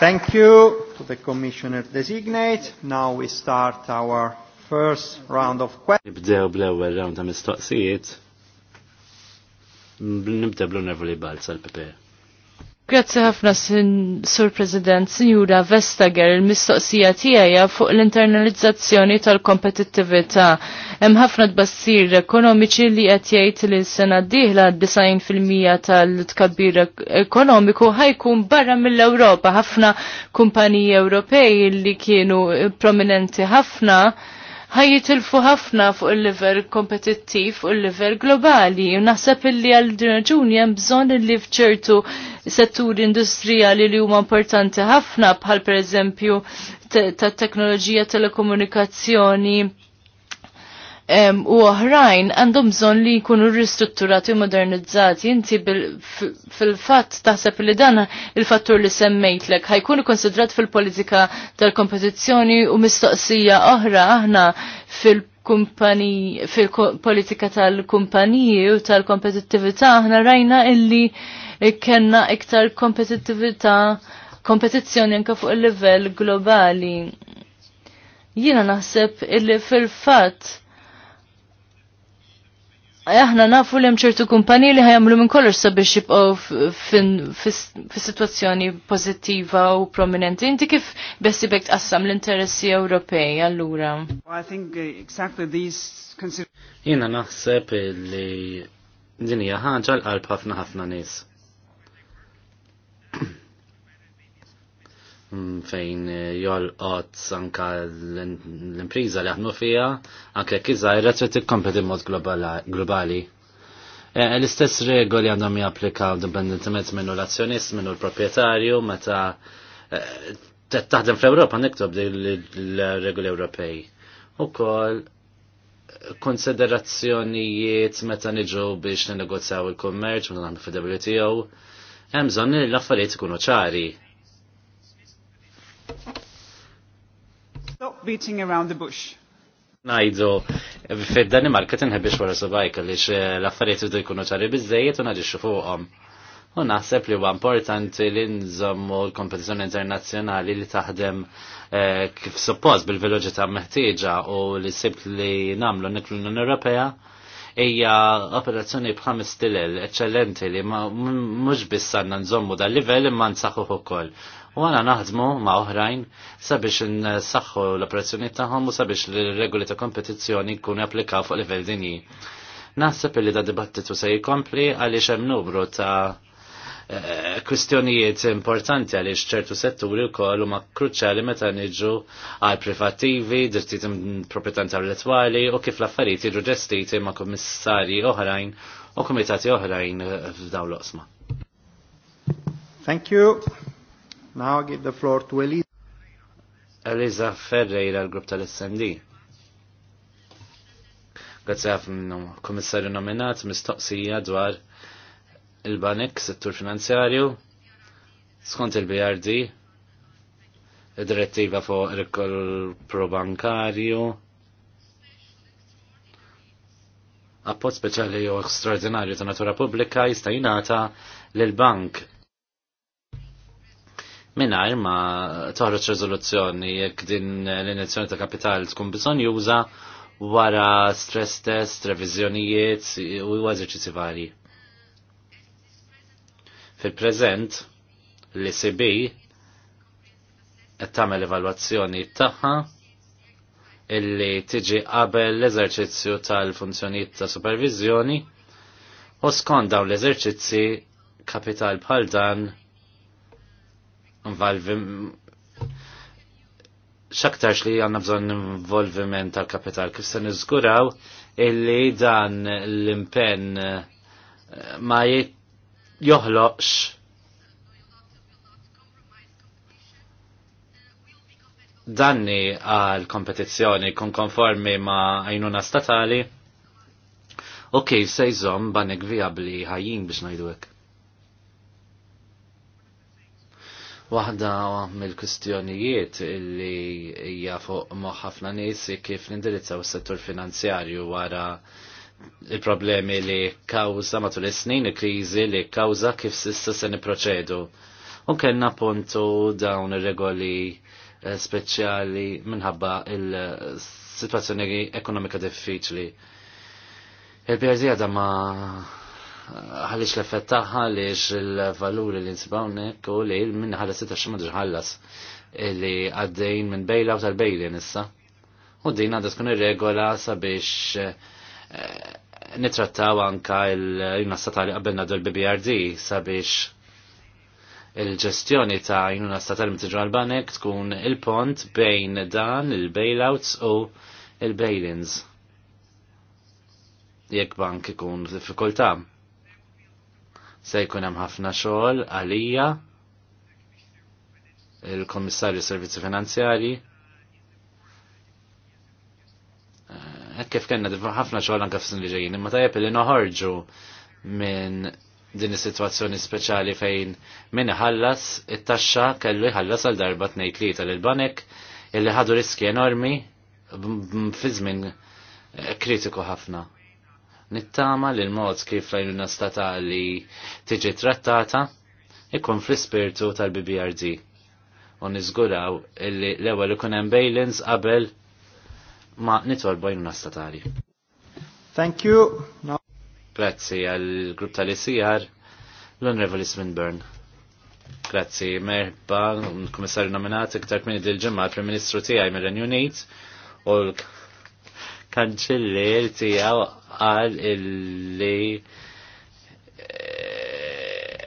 Thank you to the Commissioner Designate. Now we start our first round of questions. Nibdew ewwel round ta' mistoqsijiet. Nibdew bl-onorevoli Balza l-PP. Grazzi ħafna Sur President, Sinjura Vestager, il-mistoqsija tiegħi fuq l-internalizzazzjoni tal-kompetittività. Hemm ħafna tbassir ekonomiċi li qed jgħid li s-sena d-dieħla 90% tal-tkabbir ekonomiku ħajkun barra mill-Ewropa. Ħafna kumpaniji Ewropej li kienu prominenti ħafna ħajjitilfu ħafna fuq il-level kompetittiv u l-level globali. U naħseb illi għal raġuni hemm bżonn li fċertu setturi industrijali li huma importanti ħafna bħal pereżempju tat teknoloġija telekomunikazzjoni u oħrajn għandhom bżonn li jkunu ristrutturati u modernizzati. Inti fil-fatt taħseb li dan il-fattur li semmejtlek ħajkunu konsidrat fil-politika tal-kompetizzjoni u mistoqsija oħra aħna fil- fil-politika tal-kumpaniji u tal-kompetittività aħna rajna illi kellna iktar kompetittività kompetizzjoni anke fuq il-livell globali. Jiena naħseb illi fil-fatt aħna nafu li hemm ċertu kumpaniji li ħajamlu minn kollox sabiex jibqgħu fis-sitwazzjoni pożittiva u prominenti. Inti kif besibek tqassam l-interessi Ewropej allura? I think uh, exactly these Jiena naħseb li din hija ħaġa l-qalb ħafna ħafna nies. Mm, fejn eh, jolqot sanka l-impriża li aħnu fija, anke kizzajra trid tikkompeti mod globali. Eh, l-istess regoli għandhom japplikaw dipendentement minnu l-azzjonist, minnu l-proprietarju, meta eh, taħdem fl-Ewropa niktob l-regoli Ewropej. U kol konsiderazzjonijiet meta niġu biex n-negozzaw il-kummerċ, meta naħdu fidabiliti jew, hemm bżonn l-affarijiet ikunu ċari Stop beating around the bush. Najdu, fil-Danimarka tinħebix wara subajk li l-affarijiet idu jkunu ċari bizzejiet u naġixxu fuqhom. U naħseb li huwa importanti li nżommu l-kompetizzjoni internazzjonali li taħdem eh, kif suppost bil-veloċità meħtieġa u li sibt li nagħmlu niklu l-Unjoni Ewropea hija operazzjoni b'ħames stilel eċċellenti li mhux biss għandna nżommu dal-livell imma nsaħħuh ukoll u għana naħdmu ma' oħrajn sabiex n-saxħu l-operazzjoni taħħom u sabiex l-regoli ta' kompetizzjoni kun applikaw fuq livell dinji. Naħseb li da' dibattitu se jikompli għaliex hemm numru ta' eh, kwistjonijiet importanti għaliex ċertu setturi wkoll huma kruċjali meta niġu għal privattivi, drittijiet proprietà intellettwali u kif l-affarijiet jiġu ġestiti ma' kummissarji oħrajn u kumitati oħrajn f'dawn l-oqsma. Thank you. Now I give the floor to Elisa. Elisa Ferreira, l-grupp tal-SND. Grazie għafnu komissarju nominat, mistoqsija dwar il-banek, settur finanzjarju, skont il-BRD, id-direttiva fuq il pro-bankarju, appoġġ speċjali u straordinarju ta' natura pubblika jista' jingħata lil bank minnajr ma toħroġ rezoluzzjoni jekk din l inizjoni ta' kapital tkun bżonn juża wara stress test, reviżjonijiet u eżerċizzi varji. Fil-preżent, l-ECB qed tagħmel evalwazzjoni tagħha illi tiġi qabel l-eżerċizzju tal-funzjonijiet ta' supervizjoni u skont dawn l-eżerċizzi kapital bħal dan involvi xaktarx li għanna bżon involviment tal-kapital kif se niżguraw illi dan l-impenn eh, ma joħloqx danni għal kompetizzjoni kun konformi ma għajnuna statali ok se banek viabli ħajjin biex najdwek. Waħda mill-kwistjonijiet li hija fuq ħafna nies kif nindirizzaw is-settur finanzjarju wara il-problemi li kawza matul is-snin il-kriżi li kawza kif s'issa se niproċedu. U kellna puntu dawn ir-regoli eh, speċjali minħabba il-sitwazzjoni ekonomika diffiċli. Il-PRZ għadha ma għalix l-effett taħħa li il-valuri li nsibawnek u li minn ħalla 16 madġ ġħallas li għaddejn minn bejla u tal-bejli nissa. U din għadda tkun ir-regola sabiex eh, nitrattaw anka il-juna statali għabbenna dol BBRD sabiex il-ġestjoni ta' jnuna statal mitiġu għal-banek tkun il-pont bejn dan il-bailouts u il-bailins. Jekk bank ikun f'difikultà. Se jkun hemm ħafna xogħol għalija il-Kommissarju Servizzi Finanzjari. Eh, hekk kif kellna ħafna xogħol anke f'sin li ġejjin, imma tajjeb li noħorġu minn din is-sitwazzjoni speċjali fejn min ħallas it-taxxa kellu jħallas għal darba tnejn tlieta lil banek illi ħadu riski enormi fi żmien eh, kritiku ħafna. Nittama li l-mod kif l-għajnuna statali tiġi trattata ikun fl-ispirtu tal-BBRD u nizguraw illi l-ewel ikun hemm bailins qabel ma nitolbu għajnuna statali. Thank you. No. Grazzi għal-grupp tal-ICR l-Honorable Swinburne. Grazzi, merba, komissarju nominati, ktar kmini dil-ġemma, prim-ministru tijaj mir-Renju Unit, u l-Kħ kanċiller tiegħu qal illi eh,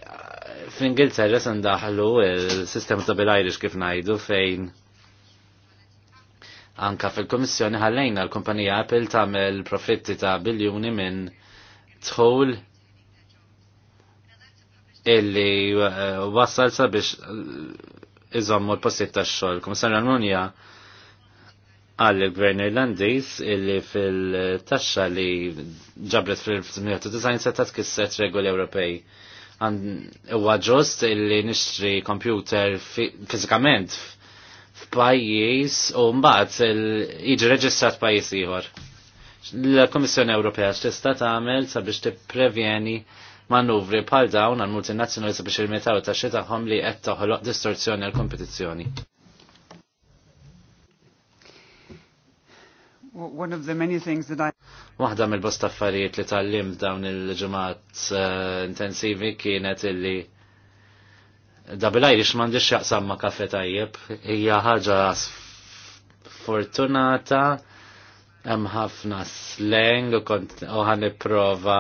fl-Ingilterra se daħlu il-sistema ta' bil-Irish kif ngħidu fejn anka fil-Komissjoni ħallejna l-kumpanija Apple tagħmel profitti ta' biljuni minn tħol illi eh, wassal sabiex iżommu l-postiet tax-xogħol. Komissarju Almunja għal il-gvern irlandiż illi fil-taxxa li ġabret fil-1990 se tkisset regoli Ewropej. Huwa ġust illi nixtri kompjuter fiżikament f'pajjiż u mbagħad jiġi reġistrat pajjiż ieħor. L-Komissjoni Ewropea x'tista' tagħmel sabiex tippreveni manuvri bħal dawn għal multinazzjonali sabiex il-metaw ta' xi tagħhom li qed toħloq distorzjoni għall kompetizzjoni one of the many things that I... Waħda mill-bosta affarijiet li tal-lim dawn il-ġemat eh, intensivi kienet illi Double Irish mandi xaqsam ma kafe tajjeb, hija ħaġa fortunata, hemm ħafna slang u ħan prova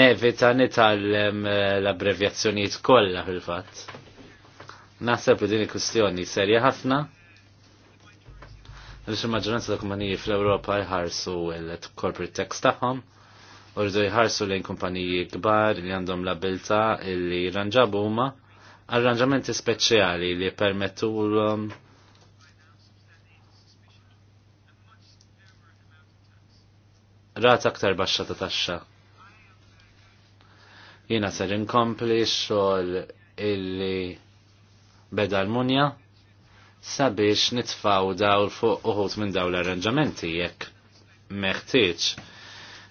nevita nitallem eh, l-abbrevjazzjonijiet kollha fil-fatt. Naħseb li din il-kustjoni serja ħafna Għalix il-maġġoranza ta' kumpaniji fl-Ewropa jħarsu il-corporate tax tagħhom u rridu jħarsu lejn kumpaniji kbar li għandhom l-abilta li jirranġabu huma arranġamenti speċjali li permettu l-om rata aktar baxxa ta' taxxa jina ser inkompli xol illi beda l-munja sabiex nitfaw daw fuq uħut minn daw l-arranġamenti jekk meħtieġ.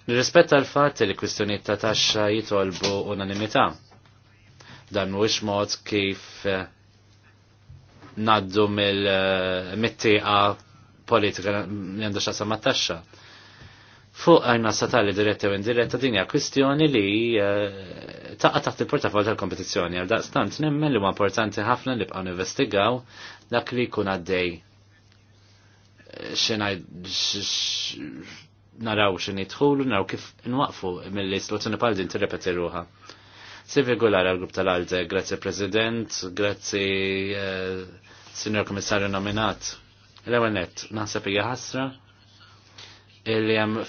Nirrispetta l-fatt li kwistjonijiet ta' taxxa jitolbu unanimità. Dan mhuwiex mod kif eh, naddu mill-mittieqa eh, politika li għandu xasa ma' taxxa. Fuq għajna satali diretta u indiretta din hija kwistjoni li eh, taqa' taħt il-portafol tal-kompetizzjoni għal daqstant nemmen li huwa importanti ħafna li bqgħu investigaw dak li jkun għaddej xena naraw xin jitħulu, naraw kif nwaqfu mill-li pal din tirrepeti ruħa. Sivi Gular għal-grupp tal-Alde, grazie President, grazzi eh, Sinjor Komissarju nominat. L-ewenet, naħseb hija ħasra illi hemm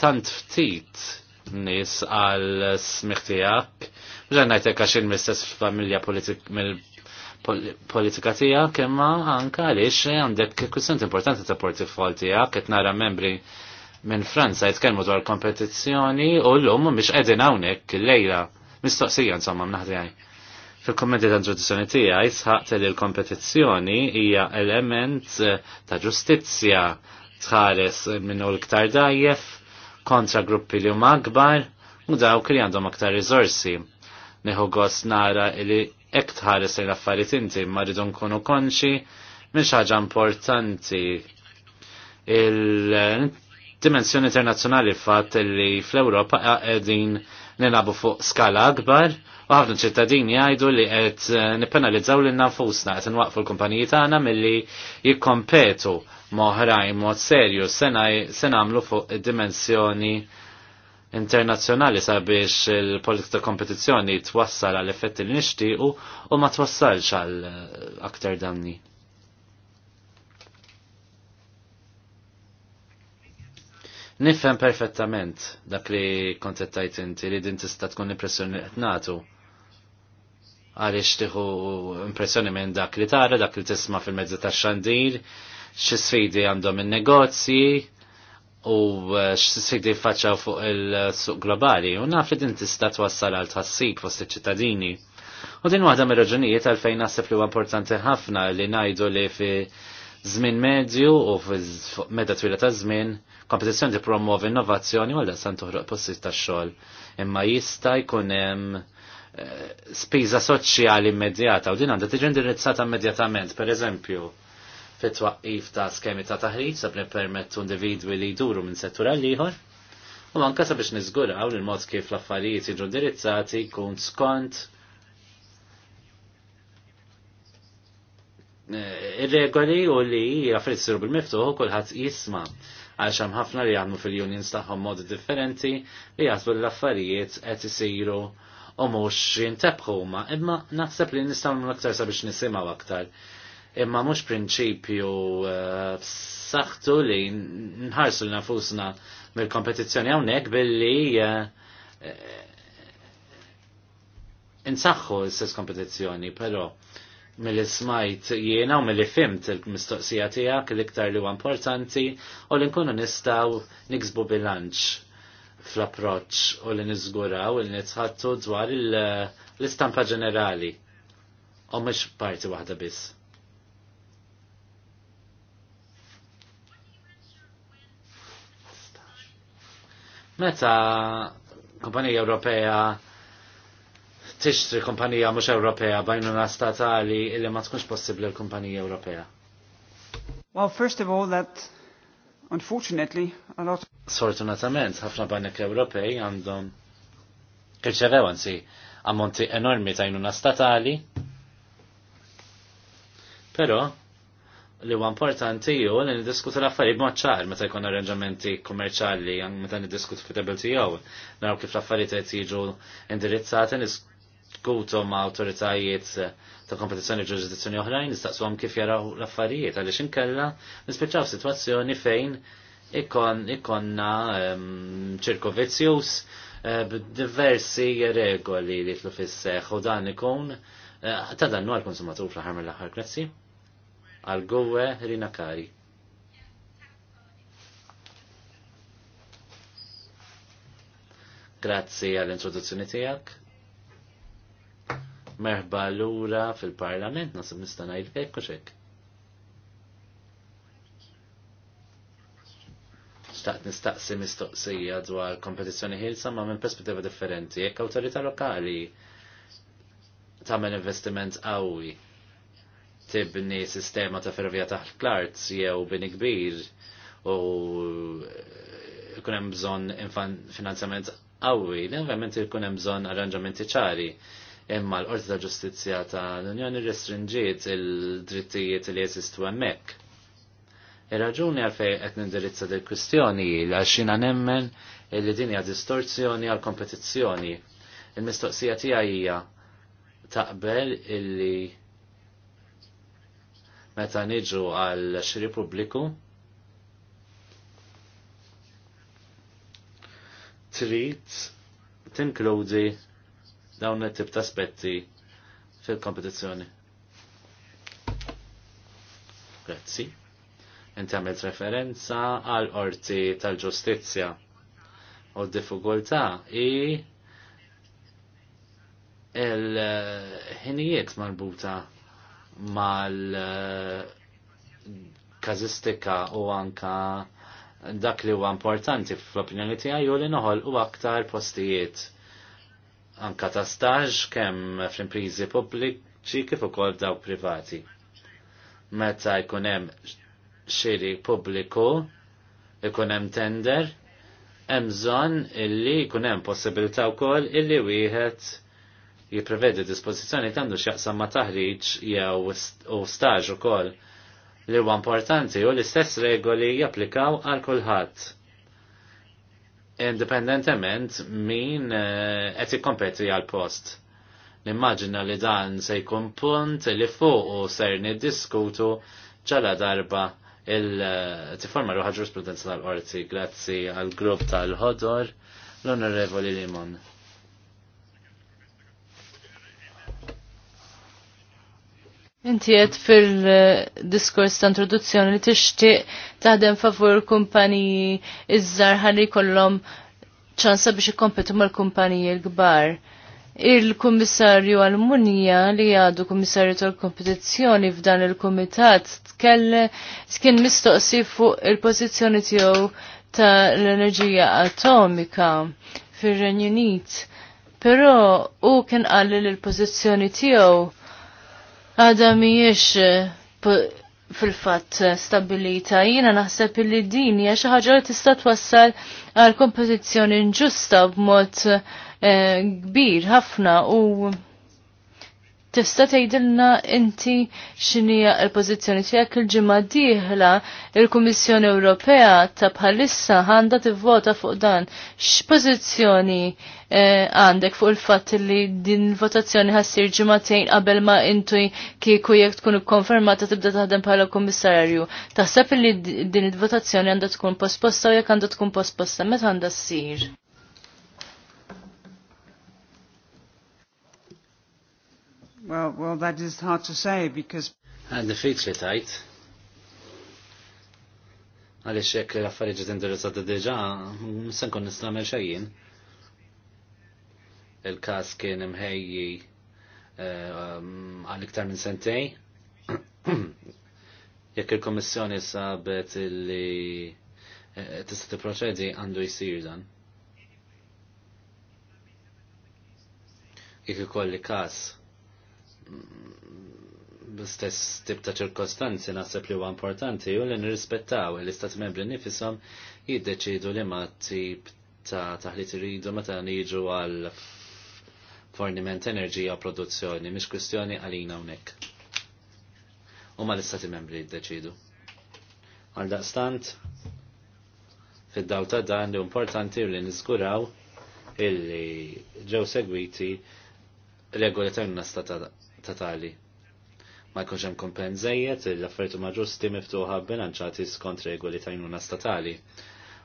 tant ftit nies għal smiħtijak, bġan najtek għax il-mistess familja politik mill politika tijak kemma anka għaliex għandek kwistjoni importanti ta' portifol tijak qed nara membri minn Franza jitkellmu dwar kompetizzjoni u l-lum biex qegħdin hawnhekk l lejla mistoqsija insomma mnaħdi għaj. Fil-kommenti ta' introduzzjoni tiegħi sħaqt li l-kompetizzjoni hija element eh, ta' ġustizzja tħares minn u l-iktar dajjef kontra gruppi li huma akbar u dawk li għandhom aktar riżorsi. Neħu gost nara li ek tħares lejn affarijiet inti ma rridu nkunu konxi minn ħaġa importanti il-dimensjoni internazzjonali fatt li fl-Ewropa qegħdin nilabu fuq skala akbar u ħafna ċittadini jgħidu li qed nippenalizzaw lil nafusna qed nwaqfu l-kumpaniji tagħna milli jikkompetu moħrajn mod serju se nagħmlu fuq id-dimensjoni internazzjonali sabiex il-politika kompetizzjoni twassal għal effetti li nixtiequ u ma twassalx għal eh, aktar danni. Nifhem perfettament dak li kontettajt inti li din tista' tkun impressjoni qed nagħtu għaliex tieħu impressjoni minn dak li tara, dak li tisma' fil-mezzi tax-xandir, xi sfidi għandhom in-negozji, u s-sigdi eh, faċċa fuq il-suq globali u naf li din tista' twassal għal tħassib fost iċ-ċittadini. U din waħda mir-raġunijiet għalfejn naħseb li huwa importanti ħafna li ngħidu li fi żmien medju u fi meta twila ta' żmien kompetizzjoni tippromovi innovazzjoni u għalda san toħroq posti tax-xogħol. Imma jista' jkun hemm eh, spiża soċjali immedjata u din għandha tiġi indirizzata immedjatament, per eżempju fit-twaqqif ta' skemi ta' taħriġ sabli permettu individwi li jduru minn settur għal ieħor. U anka sabiex niżguraw li l-mod kif l-affarijiet jiġu dirizzati jkun skont eh, ir-regoli u li għafrissiru bil-miftuħ kulħadd jisma għal xam ħafna li għandu fil-unions tagħhom modi differenti li jasbu l-affarijiet qed isiru u mhux jintebħu ma imma naħseb li nistgħu nagħmlu aktar sabiex nisimgħu aktar imma mhux prinċipju b'saħħtu eh, li nħarsu nafusna mill-kompetizzjoni hawnhekk billi eh, insaħħu s-sess kompetizzjoni, però mill smajt jiena u mill fimt il-mistoqsija tiegħek l-iktar li huwa importanti u li nkunu nistgħu niksbu bilanċ fl-approċċ u li niżguraw li nitħattu dwar l-istampa ġenerali u mhux parti waħda biss. Meta kumpanija Ewropea tixtri kumpanija mhux Ewropea na statali illi ma tkunx possibbli l-kumpanija Ewropea? Well, first of all, that unfortunately a lot Sfortunatament, ħafna banek Ewropej għandhom kirċevew anzi ammonti enormi ta'jnuna statali. Però li huwa importanti hu li niddiskutu l-affarijiet b'mod ċar meta jkun arranġamenti kummerċali meta niddiskutu fit WTO tiegħu. Naraw kif l-affarijiet qed jiġu indirizzati niskutu ma' awtoritajiet ta' kompetizzjoni ġurisdizzjoni oħrajn nistaqsuhom kif jaraw l-affarijiet għaliex inkella nispiċċaw sitwazzjoni fejn ikon ikonna ehm, ċirku eh, b'diversi regoli li tlu fisseħ u dan ikun eh, ta' dannu għal-konsumatur fl-ħar mill-ħar. Grazzi għal gowe rinakari. Grazzi għall-introduzzjoni tijak. Merħba l-ura fil-parlament, nasib nistana il fek kuxek. Xtaqt nistaqsi mistoqsija dwar kompetizzjoni ħilsa ma minn perspettiva differenti. Jekk awtorità lokali tamen investiment qawwi tibni sistema ta' ferrovija taħt l-art jew bini kbir u eh, kunem bżon finanzjament għawi, l-invament kunem bżon arranġamenti ċari imma l-Qorti ta' Ġustizzja ta' l-Unjoni restringiet il-drittijiet li jesistu hemmhekk. Ir-raġuni għalfej qed nindirizza dil kwistjoni għal jiena nemmen li din hija distorzjoni għal kompetizzjoni. Il-mistoqsija tiegħi hija taqbel illi Meta niġu għal xri pubbliku, trid tinkludi dawn it-tip ta' aspetti fil-kompetizzjoni. Grazzi. Inti għamilt referenza għal orti tal-ġustizzja u d-diffikultà i il-ħinijiet marbuta mal eh, kazistika u anka dak li huwa importanti fl-opinjoni tiegħi u li noħol u aktar postijiet anka ta' staġ kemm fl impriżi pubbliċi kif ukoll dawk privati. Meta jkun hemm xiri pubbliku, ikun hemm tender, hemm bżonn illi jkun hemm possibilità wkoll illi wieħed jiprevedi dispożizzjoni tandu x'jaqsam ma' taħriġ jew u staġ ukoll li huwa importanti u l-istess regoli japplikaw għal kulħadd. Independentement min eh, qed ikkompeti għal post. Nimmaġina li dan se jkun punt li fuq u ser niddiskutu ġala darba il-tiforma eh, ruħa ġurisprudenza tal-orti grazzi għal grupp tal-ħodor l-Onorevoli Limon. Inti fil-diskors ta' introduzzjoni li tixtieq taħdem favur kumpaniji iż-żar ħalli jkollhom ċansa biex ikkompetu mal-kumpaniji l-kbar. Il-Kummissarju għall-munija li għadu Kummissarju tal-Kompetizzjoni f'dan il-Kumitat tkelle skin mistoqsi fuq il-pożizzjoni tiegħu ta' l-enerġija atomika fir-Renju Unit. Però u kien qalli li l-pożizzjoni tiegħu għada miex eh, fil-fatt eh, stabilita. Jina naħseb li din hija xi ħaġa li tista' twassal għal kompożizzjoni inġusta b'mod eh, kbir ħafna u Tista' tgħidilna inti x'inhija l-pożizzjoni tiegħek il-ġimgħa dieħla il-Kummissjoni Ewropea ta' bħalissa għandha tivvota fuq dan. X'pożizzjoni eh, għandek fuq il-fatt li din votazzjoni ħassir ġimgħatejn qabel ma intu kieku jekk tkun ikkonfermata tibda taħdem bħala kummissarju. Taħseb li din il-votazzjoni għandha tkun posposta u jekk għandha tkun posposta meta għandha ssir? Well, well, that is hard to say because... Għad diffiċ li tight. Għalli xek l-affariġi t-indirizzat d-deġa, msan kon nistamel xejjien. Il-kas kien imħejji eh, għal iktar minn sentej. Jekk il-Komissjoni sabet li eh, tista' tipproċedi għandu jisir dan. Jekk ikolli kas bl-istess tip ta' ċirkostanzi naħseb li huwa importanti u li nirrispettaw l istati membri nifisom jiddeċidu li ma tip ta' taħlit iridu meta niġu għal forniment enerġija u produzzjoni, mhix kwistjoni għalina hawnhekk. U ma l-istati membri jiddeċidu. Għal daqstant, fid-daw ta' dan li importanti u li niżguraw illi ġew segwiti regoli tal ta' ta' tali. Ma jkunx hemm kompenżejjed l-affarijiet huma ġusti miftuħa bilanċati skont regoli ta' jnuna statali.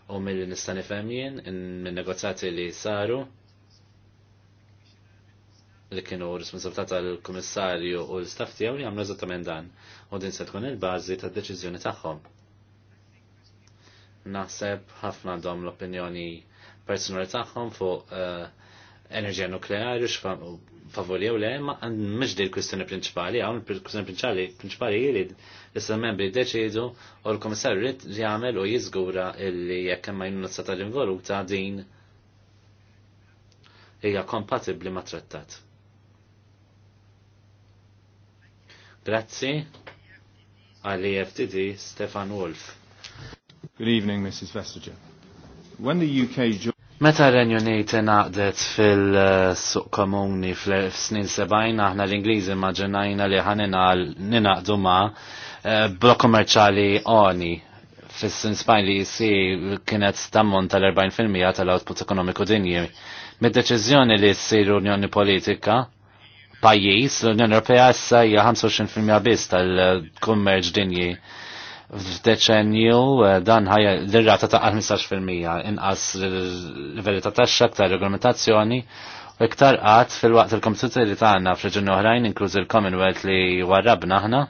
U milli nista' nifhem jien min-negozjati li saru li kienu responsabilità tal-Kummissarju u l-staff tiegħu li għamlu eżattament dan u din se tkun il-bażi tad-deċiżjoni tagħhom. Naħseb ħafna għandhom l-opinjoni personali tagħhom fuq eh, enerġija nukleari x'fam favori jew le, ma mhux di l-kwistjoni prinċipali, hawn il-kwistjoni prinċipali prinċipali jrid issa membri jiddeċidu u l komissar jrid jagħmel u jiżgura li jekk hemm jinunazza tal-involuta din hija kompatibbli ma' trattat. Grazzi għal FTD Stefan Wolf. Good evening, Mrs. Vestager. When the UK Meta r naqdet fil-suq komuni fl-snin aħna l-Ingliżi maġenajna li ħanina ninaqdu ma' eh, blok komerċali oni fis-sin li jissi kienet stammon tal-40% tal-output ekonomiku dinji. Mid-deċiżjoni li jisir Unjoni Politika, pajjiż l-Unjoni Ewropea issa hija 25% biss tal-kummerġ dinji f'deċenju eh, dan ħajja l-rata ta' 15% inqas livelli ta' taxxa aktar regolamentazzjoni u iktar qatt fil-waqt il-kompjuter li tagħna f'reġuni oħrajn inkluż il-Commonwealth li warrabna aħna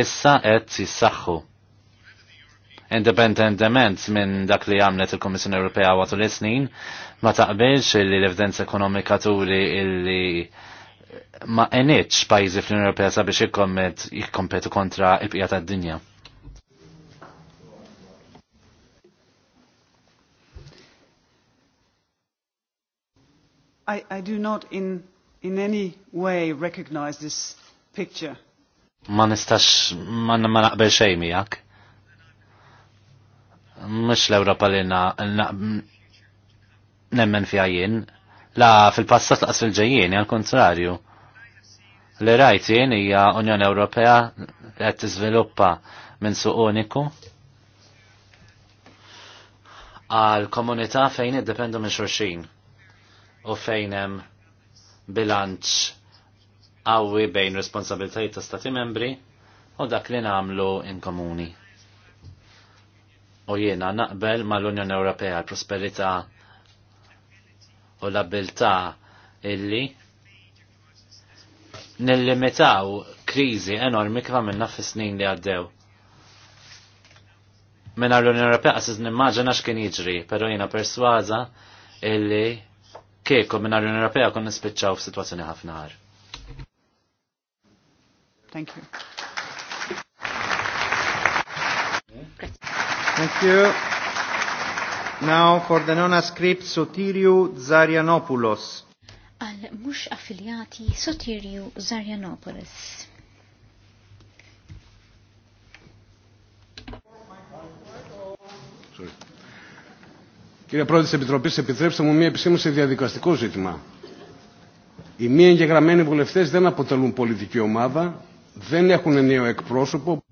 issa qed jissaħħu independentement minn dak li għamlet il-Kommissjoni Ewropea għatu l-snin, ma taqbilx li l-evidenza ekonomika turi illi ma enitx pajzi fl-Unjoni Ewropea sabiex jikkompetu kontra il pijata tad-dinja. I, I do not in, in any way recognize this picture. Ma nistax, ma, ma naqbel xejn miegħek. Mhux l-Ewropa li nemmen fiha jien. La fil-passat laqas fil-ġejjien, għal kontrarju. Li rajt jien hija Unjoni Ewropea li qed tiżviluppa minn suq uniku għal komunità fejn iddependu minn xulxin u fejn hemm bilanċ qawwi bejn responsabiltajiet ta' stati membri u dak li nagħmlu in komuni. U jiena naqbel mal-Unjoni Ewropea l-prosperità u l-abilità illi nillimitaw kriżi enormi kif għamilna fis-snin li għaddew minna l-Unjoni Ewropea għas nimmaġina x'kien jiġri, pero jiena persważa illi kieku minna l-Unjoni Ewropea kon nispiċċaw f'sitwazzjoni ħafna ħar. Thank you. Thank you. Now for the nona script Sotiriu Zarianopoulos. Al mux affiliati Sotiriu Zarianopoulos. Sorry. Κύριε Πρόεδρε της Επιτροπής, επιτρέψτε μου μια επισήμωση διαδικαστικό ζήτημα. Οι μη εγγεγραμμένοι βουλευτές δεν αποτελούν πολιτική ομάδα, δεν έχουν νέο εκπρόσωπο.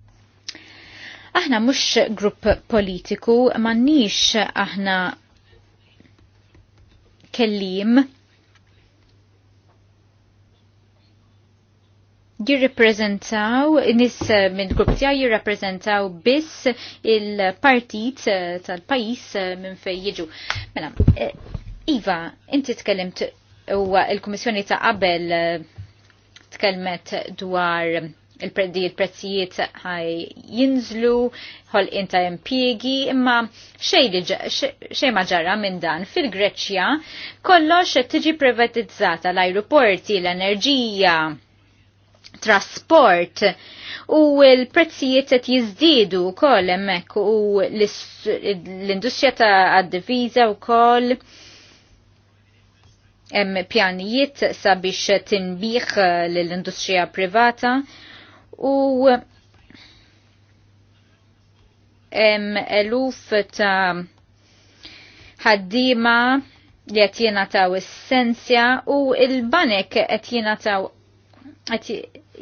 Aħna mhux grupp politiku, m'għandniex αχνα κελίμ jirrepreżentaw nis eh, minn grupp tiegħi jirrepreżentaw biss il-partit eh, tal-pajjiż eh, minn fejn jiġu. Mela, Iva, inti tkellimt u il-Kummissjoni ta' qabel tkellmet dwar il-prezzijiet ħaj jinżlu, ħol inta impiegi, imma xej ma ġara minn dan fil-Greċja kollox tiġi privatizzata l-ajruporti, l-enerġija, trasport u l-prezzijiet qed jiżdiedu wkoll hemmhekk u l-industrija ta' għad-diviża wkoll hemm pjanijiet sabiex tinbih l-industrija privata u hemm eluf ta' ħaddiema li qed jingħataw essenzja u l-banek qed jingħataw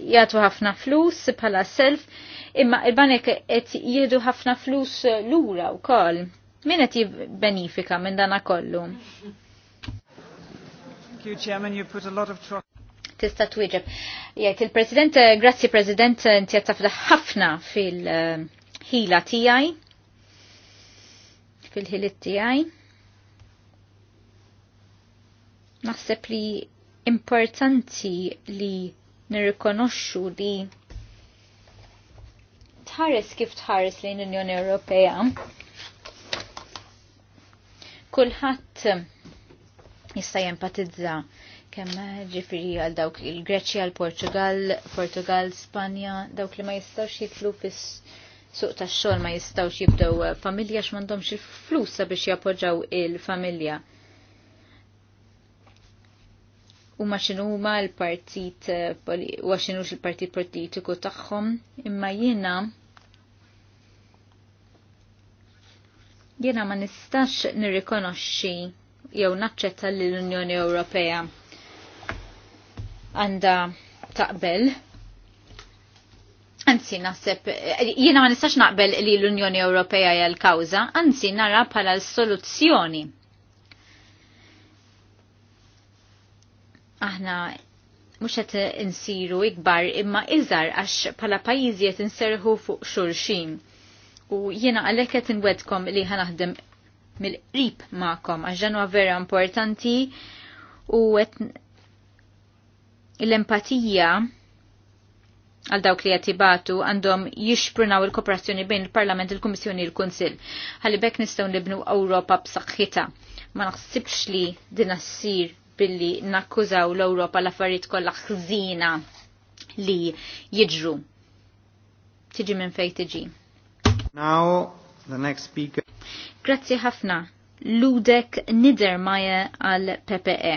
Jatu ħafna flus bħala self imma il-banek qed jiedu ħafna flus lura wkoll. Min qed jibbenifika minn dana kollu? tista' twieġeb. Jgħid il-President, eh, grazzi President, eh, inti qed tafda ħafna fil-ħila tiegħi fil-ħilit tiegħi. Naħseb li importanti li nirrikonoxxu li tħares kif tħares lejn l-Unjoni Ewropea kulħadd jista' jempatizza kemm ġifiri għal dawk il-Greċja, l-Portugal, Portugal, Spanja, dawk li ma jistawx jitlu fis suq tax xogħol ma jistawx jibdew familja x'mandhomx il-flus sabiex jappoġġaw il-familja. il familja huma x'inhuma l-partit eh, u x'inhux il-partit politiku tagħhom, imma jiena jiena ma nistax nirrikonoxxi jew naċċetta li l-Unjoni Ewropea għandha taqbel Anzi, naħseb, eh, jiena ma nistax naqbel li l-Unjoni Ewropea hija l-kawża, anzi nara bħala l-soluzzjoni aħna mux qed insiru ikbar imma iżar għax pala pajjiżi qed inserħu fuq xulxin. U jiena għalhekk qed inwedkom li ħanaħdem mill-qrib magħkom għax ġenwa vera importanti u qed l-empatija għal dawk li jattibatu għandhom jixprunaw il-kooperazzjoni bejn il-Parlament, il-Kummissjoni, il-Kunsil. Għalli bekk nistaw nibnu Ewropa b'saħħitha. Ma naħsibx li din assir billi nakkużaw l-Ewropa l-affarijiet kollha ħżina li jiġru. Tiġi minn fejn tiġi. Now, the next speaker. Grazzi ħafna. Ludek Maje għal PPE.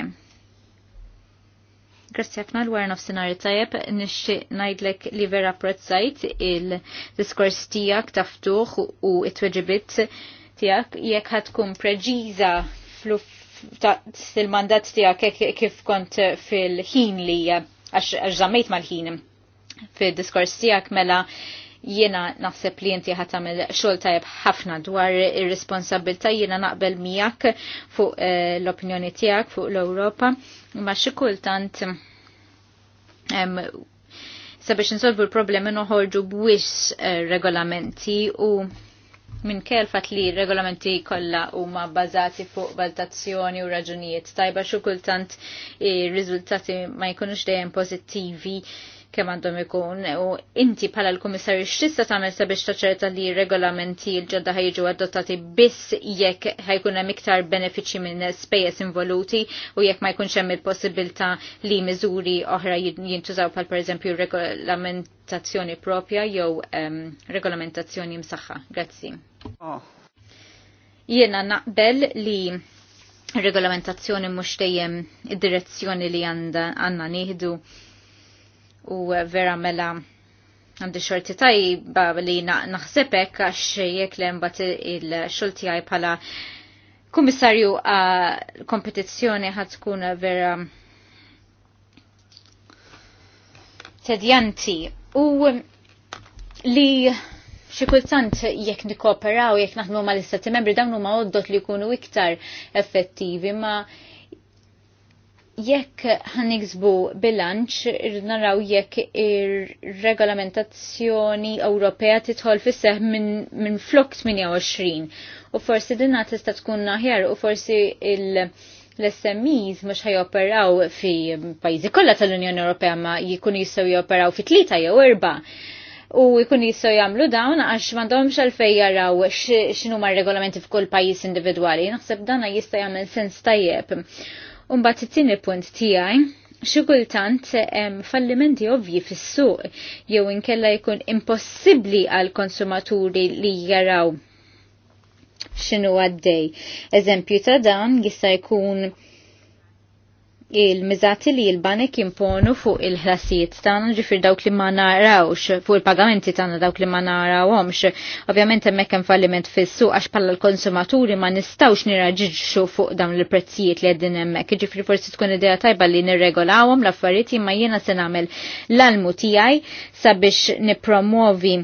Grazzi ħafna l-wara nofsinari tajjeb, nixtieq ngħidlek li vera apprezzajt il-diskors tiegħek taftuħ u t-tweġibiet tiegħek jekk ħadkun preġiza fluff il-mandat tiegħek kif kont fil-ħin li għax żammejt mal-ħin fil-diskors tiegħek mela jiena naħseb li jinti ħat tagħmel xogħol tajjeb ħafna dwar ir responsabilta jiena naqbel miegħek fuq eh, l-opinjoni tiegħek fuq l-Ewropa ma xi kultant sabiex insolvu l-problemi noħorġu b'wis eh, regolamenti u minn kelfat li regolamenti kollha huma bbażati fuq valutazzjoni u raġunijiet tajba xi kultant rizultati riżultati ma jkunux dejjem pożittivi kemm għandhom ikun u inti bħala l-Kummissarju x'tista' tagħmel sabiex ċerta li regolamenti l-ġodda ħajġu adottati biss jekk ħajkun hemm iktar benefiċċji minn spejjeż involuti u jekk ma jkunx hemm il-possibilità li miżuri oħra jintużaw bħal pereżempju regolamentazzjoni propja jew um, regolamentazzjoni msaħħa. Grazzi. Oh. Jiena naqbel li regolamentazzjoni mhux dejjem id-direzzjoni li għandna nieħdu u vera mela għandi xorti tajba li naħsebek għax jek l il-xolti għaj pala kummissarju kompetizzjoni ħad tkun vera tedjanti u li xi kultant jekk nikkooperaw jekk naħdmu mal-istati membri dawn huma oddot li jkunu iktar effettivi ma' jekk ħaniksbu bilanċ naraw jekk ir-regolamentazzjoni Ewropea titħol fis minn min flok 28 u forsi dinna tista' tkun aħjar u forsi l-SMEs mhux ħajoperaw fi pajzi kollha tal-Unjoni Ewropea ma jkunu jistgħu joperaw fi tlita jew erba' u jkun jistgħu jagħmlu dawn għax m'għandhomx għalfejn jaraw x'inhuma r-regolamenti f'kull pajjiż individwali. Naħseb dana jista' jagħmel sens tajjeb Umbat it-tieni punt tiegħi xi kultant hemm fallimenti ovvji fis-suq jew inkella jkun impossibbli għal konsumaturi li jaraw x'inhu għaddej. Eżempju ta' dan jista' jkun il-mizati li l-banek imponu fuq il-ħlasijiet tagħna ġifir dawk li ma narawx fuq il-pagamenti tagħna dawk li ma narawhomx. Ovvjament hemmhekk hemm falliment fis-suq għax bħala l-konsumaturi ma nistgħux niraġiġxu fuq dawn il-prezzijiet li qegħdin hemmhekk. Ġifri forsi tkun idea tajba li nirregolawhom l-affarijiet imma jiena se nagħmel l-almu tiegħi sabiex nippromovi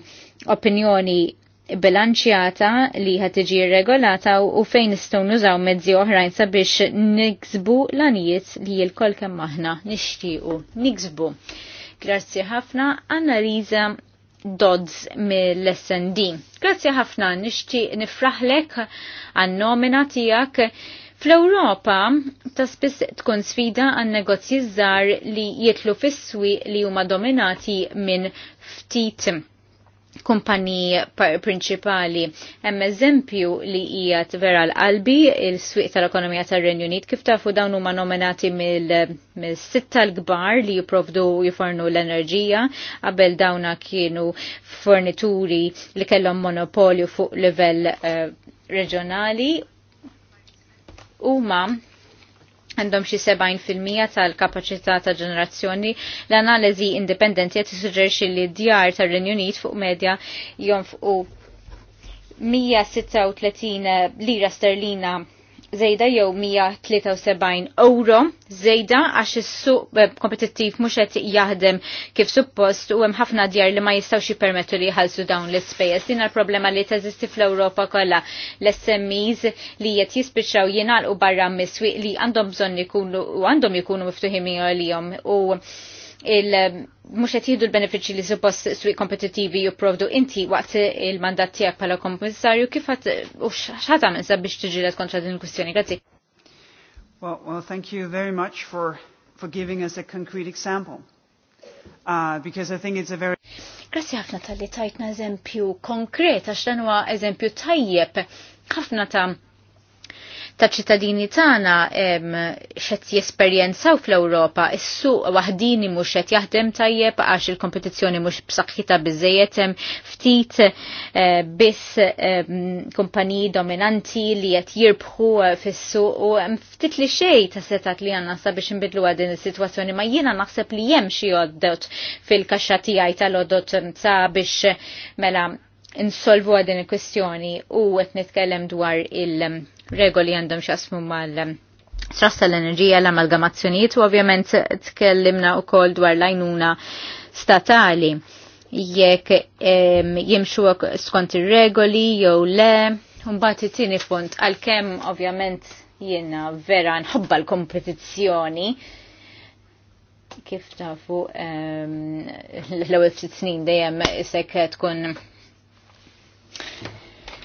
opinjoni bilanċjata li ħat tiġi regolata u fejn nistgħu nużaw mezzi oħrajn sabiex niksbu l-anijiet li jilkol kemm aħna nixtiequ niksbu. Grazzi ħafna Annalisa Dodds mill-SND. Grazzi ħafna nixtieq nifraħlek għan-nomina tiegħek Fl-Europa ta' spiss tkun sfida għan negozji żgħar li jitlu fis-swi li huma dominati minn ftit kumpanji prinċipali. Hemm eżempju li hija vera l-qalbi il-swieq tal-ekonomija tar-Renju Unit kif tafu dawn huma nominati mill-sitta l-kbar li jipprovdu jifornu l-enerġija qabel dawna kienu fornituri li kellhom monopolju fuq livell eh, reġjonali huma għandhom xi 70% tal-kapaċità ta' ġenerazzjoni l-analiżi indipendenti qed tissuġġerixxi li d-djar tar-Renju Unit fuq medja jonfqu 136 lira sterlina zejda jew 173 euro zejda għax is-suq eh, kompetittiv mhux qed jaħdem kif suppost u hemm ħafna djar li ma jistgħux jippermettu li jħallsu dawn l-ispejjeż. Din l-problema li teżisti fl-Ewropa kollha l-SMEs li qed jispiċċaw jingħalqu barra miswiq li għandhom bżonn ikunu u għandhom ikunu miftuħin għalihom u il- mux um, qed jieħdu l-benefiċċji li suppost swieq kompetittivi jipprovdu inti waqt il-mandat tiegħek bħala kompensarju kif ħadd u x'ħadd għamel sabiex tiġilet kontra din il-kwistjoni. Grazzi. Well, well, thank you very much for for giving us a concrete example. Uh, because I think it's a very Grazzi ħafna tal-li tajtna eżempju konkret għax dan huwa eżempju tajjeb ħafna ta' ta' ċittadini tagħna xed jesperjenzaw fl-Ewropa is-suq waħdini mhux qed jaħdem tajjeb għax il-kompetizzjoni mhux b'saħħitha biżejjed hemm ftit eh, biss kumpaniji dominanti li qed jirbħu eh, fis-suq u hemm ftit li xejn ta' setat li għandna sabiex inbidlu din is-sitwazzjoni ma jiena naħseb li hemm xi oddot fil-kaxxa tiegħi tal-odot sabiex eh, mela insolvu għadin il-kwestjoni u għet nitkellem dwar il- regoli għandhom xasmu mal strassa ehm, l-enerġija l-amalgamazzjonijiet u ovvjament tkellimna u kol dwar lajnuna statali jekk ehm, jimxu skont ir-regoli jew le. Mbagħad it-tieni punt għalkemm ovvjament jiena vera nħobba l-kompetizzjoni kif tafu ehm, l-ewwel ftit snin dejjem isek tkun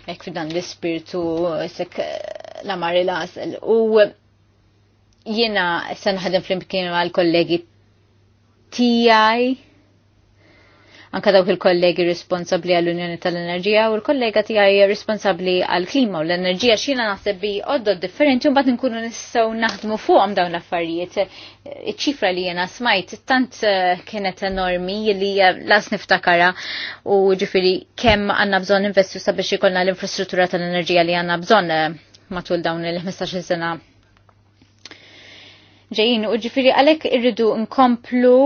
jekk f'dan l-ispirtu sek la mari lasel. U jiena se fl flimkien għal kollegi tijaj, anka dawk il-kollegi responsabli għall-Unjoni tal-Enerġija u l-kollega tiegħi responsabli għall-klima u l-enerġija xina naħseb bi għoddod differenti u mbagħad nkunu nistgħu naħdmu fuqhom dawn l-affarijiet. Iċ-ċifra li jena smajt tant eh, kienet enormi li las niftakara u ġifiri kemm għandna bżonn investu sabiex ikollna l-infrastruttura tal-enerġija li għandna bżonn eh, matul dawn il-15 sena ġejjin u ġifiri għalek irridu nkomplu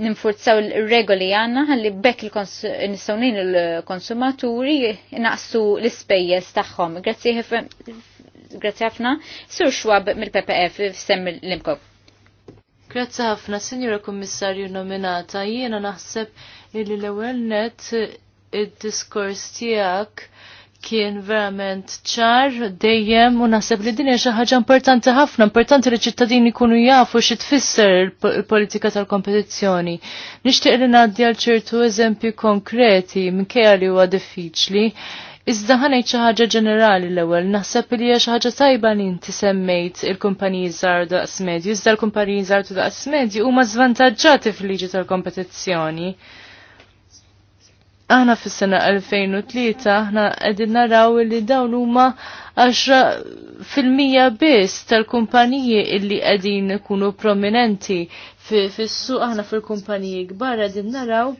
ninfurzaw il-regoli għanna għalli bekk il nissawnin il-konsumaturi naqsu l-ispejjeż tagħhom. Grazzi ħafna, Sur Schwab mill-PPF f'semm l imkob Grazzi ħafna, Signora Kommissarju nominata, jiena naħseb illi l-ewwel net id-diskors tiegħek kien verament ċar dejjem u naħseb li din hija xi ħaġa importanti ħafna, importanti li ċittadini jkunu jafu xi tfisser il-politika tal-kompetizzjoni. Nixtieq li ngħaddi għal ċertu eżempji konkreti minkejja li huwa diffiċli. Iżda ħanajt xi ħaġa ġenerali l-ewwel, naħseb li hija xi ħaġa tajba li inti semmejt il-kumpaniji żgħar daqs medju, iżda l-kumpaniji żgħar daqs medju huma żvantaġġati fil-liġi tal-kompetizzjoni aħna fis-sena 2003 aħna qegħdin naraw li dawn huma 10% biss tal-kumpaniji illi qegħdin kunu prominenti fis-suq aħna fil-kumpaniji kbar qegħdin naraw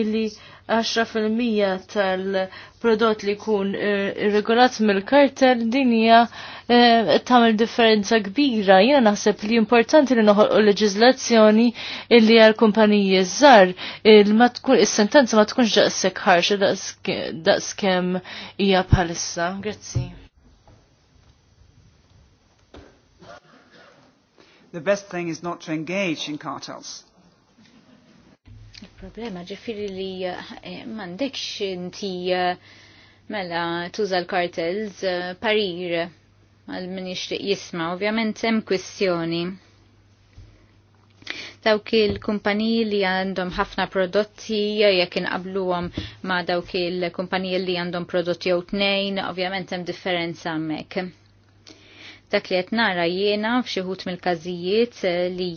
illi 10% tal-prodott li kun eh, irregolat mill-kartel din hija eh, tagħmel differenza kbira. Jena naħseb li importanti li noħolqu leġizlazzjoni illi għal kumpaniji żgħar il is-sentenza ma tkunx daqshekk ħarxa daqskem hija bħalissa. Grazzi. The best thing is not to engage in cartels. Il-problema ġifiri li eh, mandekx inti eh, mela tuża l-kartels eh, parir għal min jisma, ovvjament hemm kwistjoni. Dawk il-kumpaniji li għandhom ħafna prodotti jekk inqabluhom ma' dawk il-kumpaniji li għandhom prodotti jew tnejn, ovvjament hemm differenza hemmhekk. Dak li qed nara jiena f'xi mill-każijiet li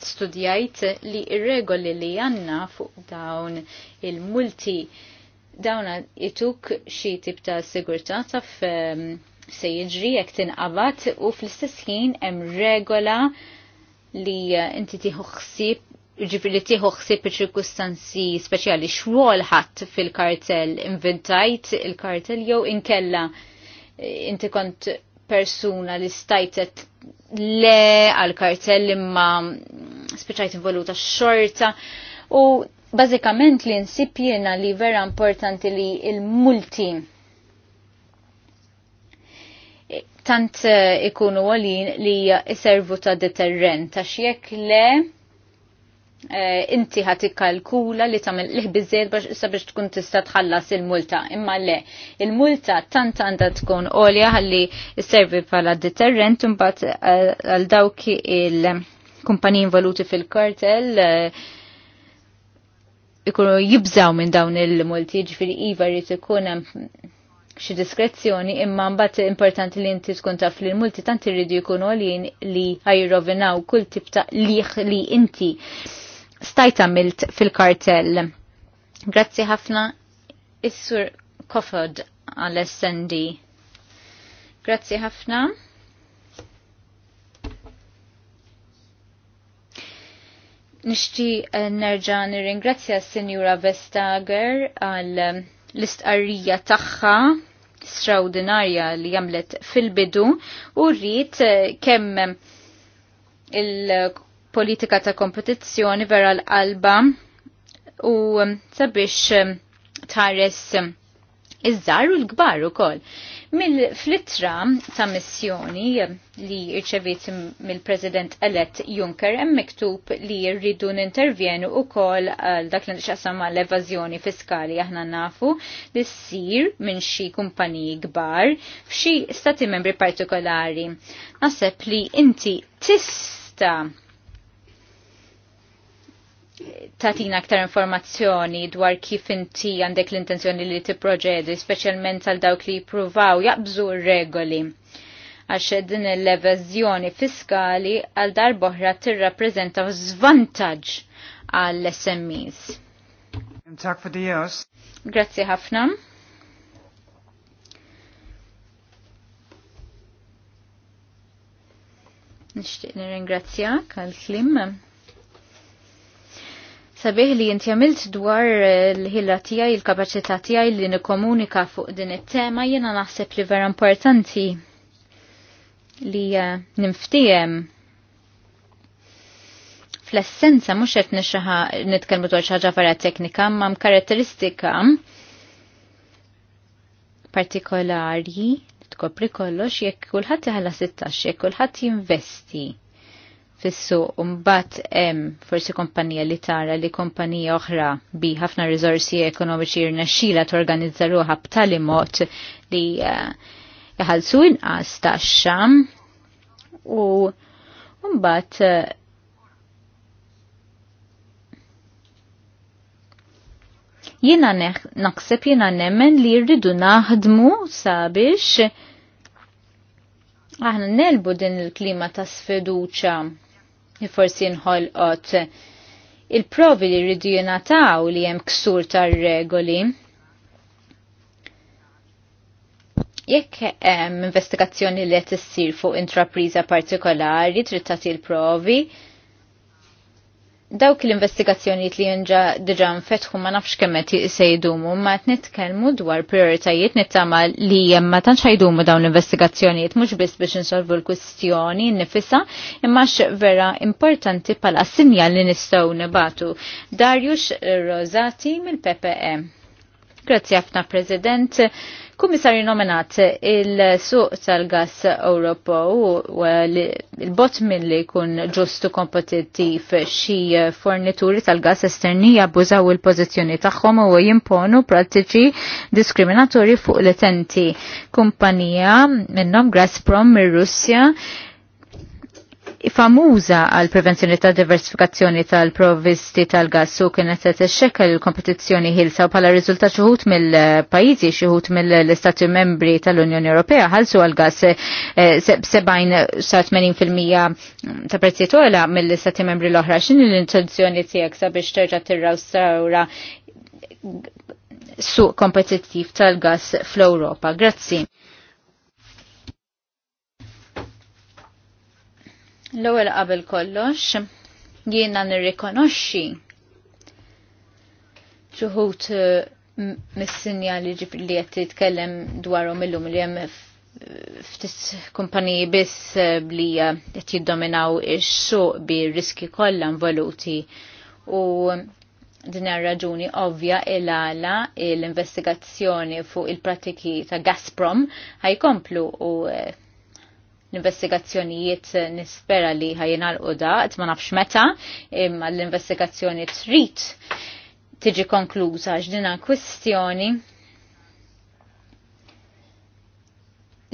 studjajt li ir-regoli li għanna fuq dawn il-multi dawna jituk xi tip ta' sigurtà taf se jiġri jekk tinqabad u fl-istess ħin hemm regola li inti tieħu ħsieb ġifri li tieħu ħsieb ċirkustanzi speċjali xwol ħadd fil-kartell inventajt il-kartell jew inkella eh, inti kont persuna li stajtet le għal kartell imma spiċajt involuta xorta u bazikament li nsipjena li vera importanti li il-multi tant eh, ikunu għalin li jiservu ta' deterrent ta' jekk le Eh, inti ħat ikkalkula li tagħmel liħ biżejjed sabiex tkun tista' tħallas il-multa. Imma le, il-multa tant għandha tkun għolja ħalli servi bħala deterrent imbagħad eh, għal dawk il-kumpaniji involuti fil-kartell eh, ikunu jibżaw minn dawn il-multi, ġifieri iva rrid ikun hemm xi diskrezzjoni imma mbagħad importanti li inti tkun taf li l-multi tant irridu jkunu għolin li ħajrovinaw kull tip ta' liħ li inti stajt għamilt fil-kartell. Grazzi ħafna is-sur Kofod għal-SND. Grazzi ħafna. Nishti eh, nerġa nirringrazzja s-Senjura Vestager għal eh, l-istqarrija tagħha straordinarja li jamlet fil-bidu u rrit eh, kemm il politika ta' kompetizzjoni vera l-qalba u um, sabiex um, tħares um, iż-żar u l-kbar ukoll. Mill-flittra ta' missjoni li irċevit mill-President elett Juncker hemm miktub li rridu nintervjenu u kol dak li nixqasam l evażjoni fiskali aħna nafu li ssir minn xi kumpaniji kbar f'xi stati membri partikolari. Naħseb li inti tista' tatina aktar informazzjoni dwar kif inti għandek l-intenzjoni li tipproġedi, speċjalment għal dawk li jippruvaw jaqbżu regoli għax din l-evażjoni fiskali għal darboħra tirrappreżenta żvantaġġ għall SMEs. Tak for dijos. Grazzi ħafna. Nishtiq nirringrazzjak għal-klim sabiħ li inti għamilt dwar eh, l-ħilla tijaj, il-kapacità tijaj li nikomunika fuq din it-tema jena naħseb li vera importanti li eh, nimftijem fl-essenza mux qed nixaħa nitkellmu dwar xi ħaġa vera teknika, mam karatteristika partikolari tkopri kollox jekk kulħadd iħalla 16 jekk kulħadd jinvesti fissu umbat em forsi kompanija li tara li kompanija oħra bi ħafna rizorsi ekonomiċi jirnexxila torganizza ruħa b'tali mod li jħalsu eh, inqas taxxa u mbagħad eh, jiena naħseb jiena nemmen li rridu naħdmu sabiex aħna nelbu din il-klima ta' sfiduċa forsi nħolqot il-provi li rridu jenataw li jem ksur tar regoli. Jekk hemm investigazzjoni li qed issir fuq intrapriża partikolari trid tagħti l-provi, dawk l-investigazzjonijiet li jenġa diġa fetħu ma nafx kemmet jisejdumu, ma t-nitkelmu dwar prioritajiet nittama li jemma tanċ ħajdumu dawn l-investigazzjonijiet, mux bis biex nsolvu l-kustjoni nifisa, immax vera importanti pala sinjal li nistaw nibatu. Darjux Rosati mill-PPE. Grazie għafna, President. Kummissarju nominat il-suq tal-gas u il-bot li jkun ġustu kompetittiv xi fornituri tal-gas esterni jabbużaw il-pożizzjoni tagħhom u jimponu prattiċi diskriminatorji fuq l-etenti. Kumpanija minnhom Gazprom mir-Russja famuża għal prevenzjoni ta' diversifikazzjoni tal-provisti tal-gas u kienet se tixxekkel il-kompetizzjoni ħilsa u bħala riżultat xi mill-pajjiżi xi mill-Istati Membri tal-Unjoni Ewropea ħalsu għal gas 70 eh, 80% ta' prezzijiet ola mill-Istati Membri l-oħra. X'inhi l-intenzjoni tiegħek sabiex terġa' sawra suq kompetittiv tal-gas fl-Ewropa. Grazzi. L-ewwel qabel kollox jiena nirrikonoxxi ċuħut eh, mis-sinjali li qed titkellem dwarhom illum li hemm ftit kumpaniji biss eh, li eh, qed jiddominaw ix-suq bi riski kollha involuti u din raġuni ovvja il għala l-investigazzjoni fuq il-pratiki ta' Gazprom ħajkomplu u l-investigazzjonijiet nispera li ħajinal l-qoda, ma nafx meta, imma l-investigazzjoni trit tiġi konkluża ġdina kwistjoni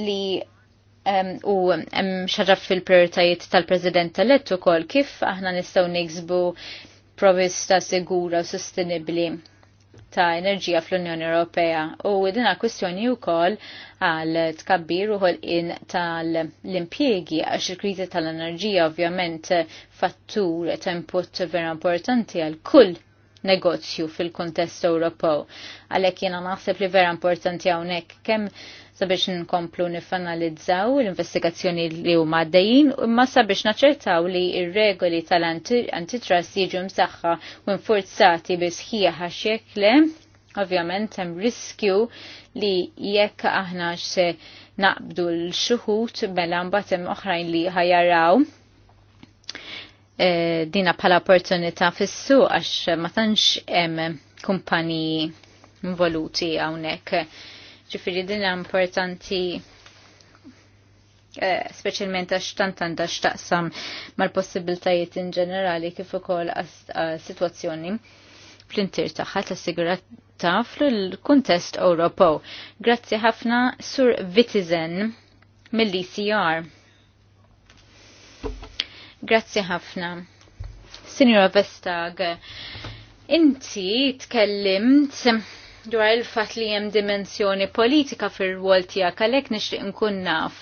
li um, u hemm xaġa fil-prioritajiet tal-President tal-Ettu kol kif aħna nistgħu niksbu provista sigura u sostenibli ta' enerġija fl-Unjoni Ewropea u dina kwistjoni wkoll għal tkabbir u in tal impiegi għax il-kriżi tal-enerġija ovvjament fattur tempot vera importanti għal kull negozju fil-kontest Ewropew. Għalhekk jiena naħseb li vera importanti hawnhekk kemm sabiex nkomplu nifanalizzaw l-investigazzjoni li huma għaddejjin imma sabiex naċertaw li r regoli tal-antitrust jiġu msaħħa u nfurzati bi sħiħa xekle ovvjament hemm riskju li jekk aħna se naqbdu l-xuħut mela mbagħad hemm oħrajn li ħajaraw Eh, dina pala opportunita fissu għax ma tantx hemm kumpani involuti hawnhekk. Ġifiri dina importanti e, speċjalment għax tant għandha x'taqsam mal-possibiltajiet in ġenerali kif ukoll sitwazzjoni fl-intir tagħha tas flu fl-kuntest Ewropew. Grazzi ħafna Sur Vitizen mill-ECR. Grazzi ħafna. Signora Vestag, inti tkellimt dwar il-fat li jem dimensjoni politika fil-rwol tijak, għalek nixtieq nkun naf.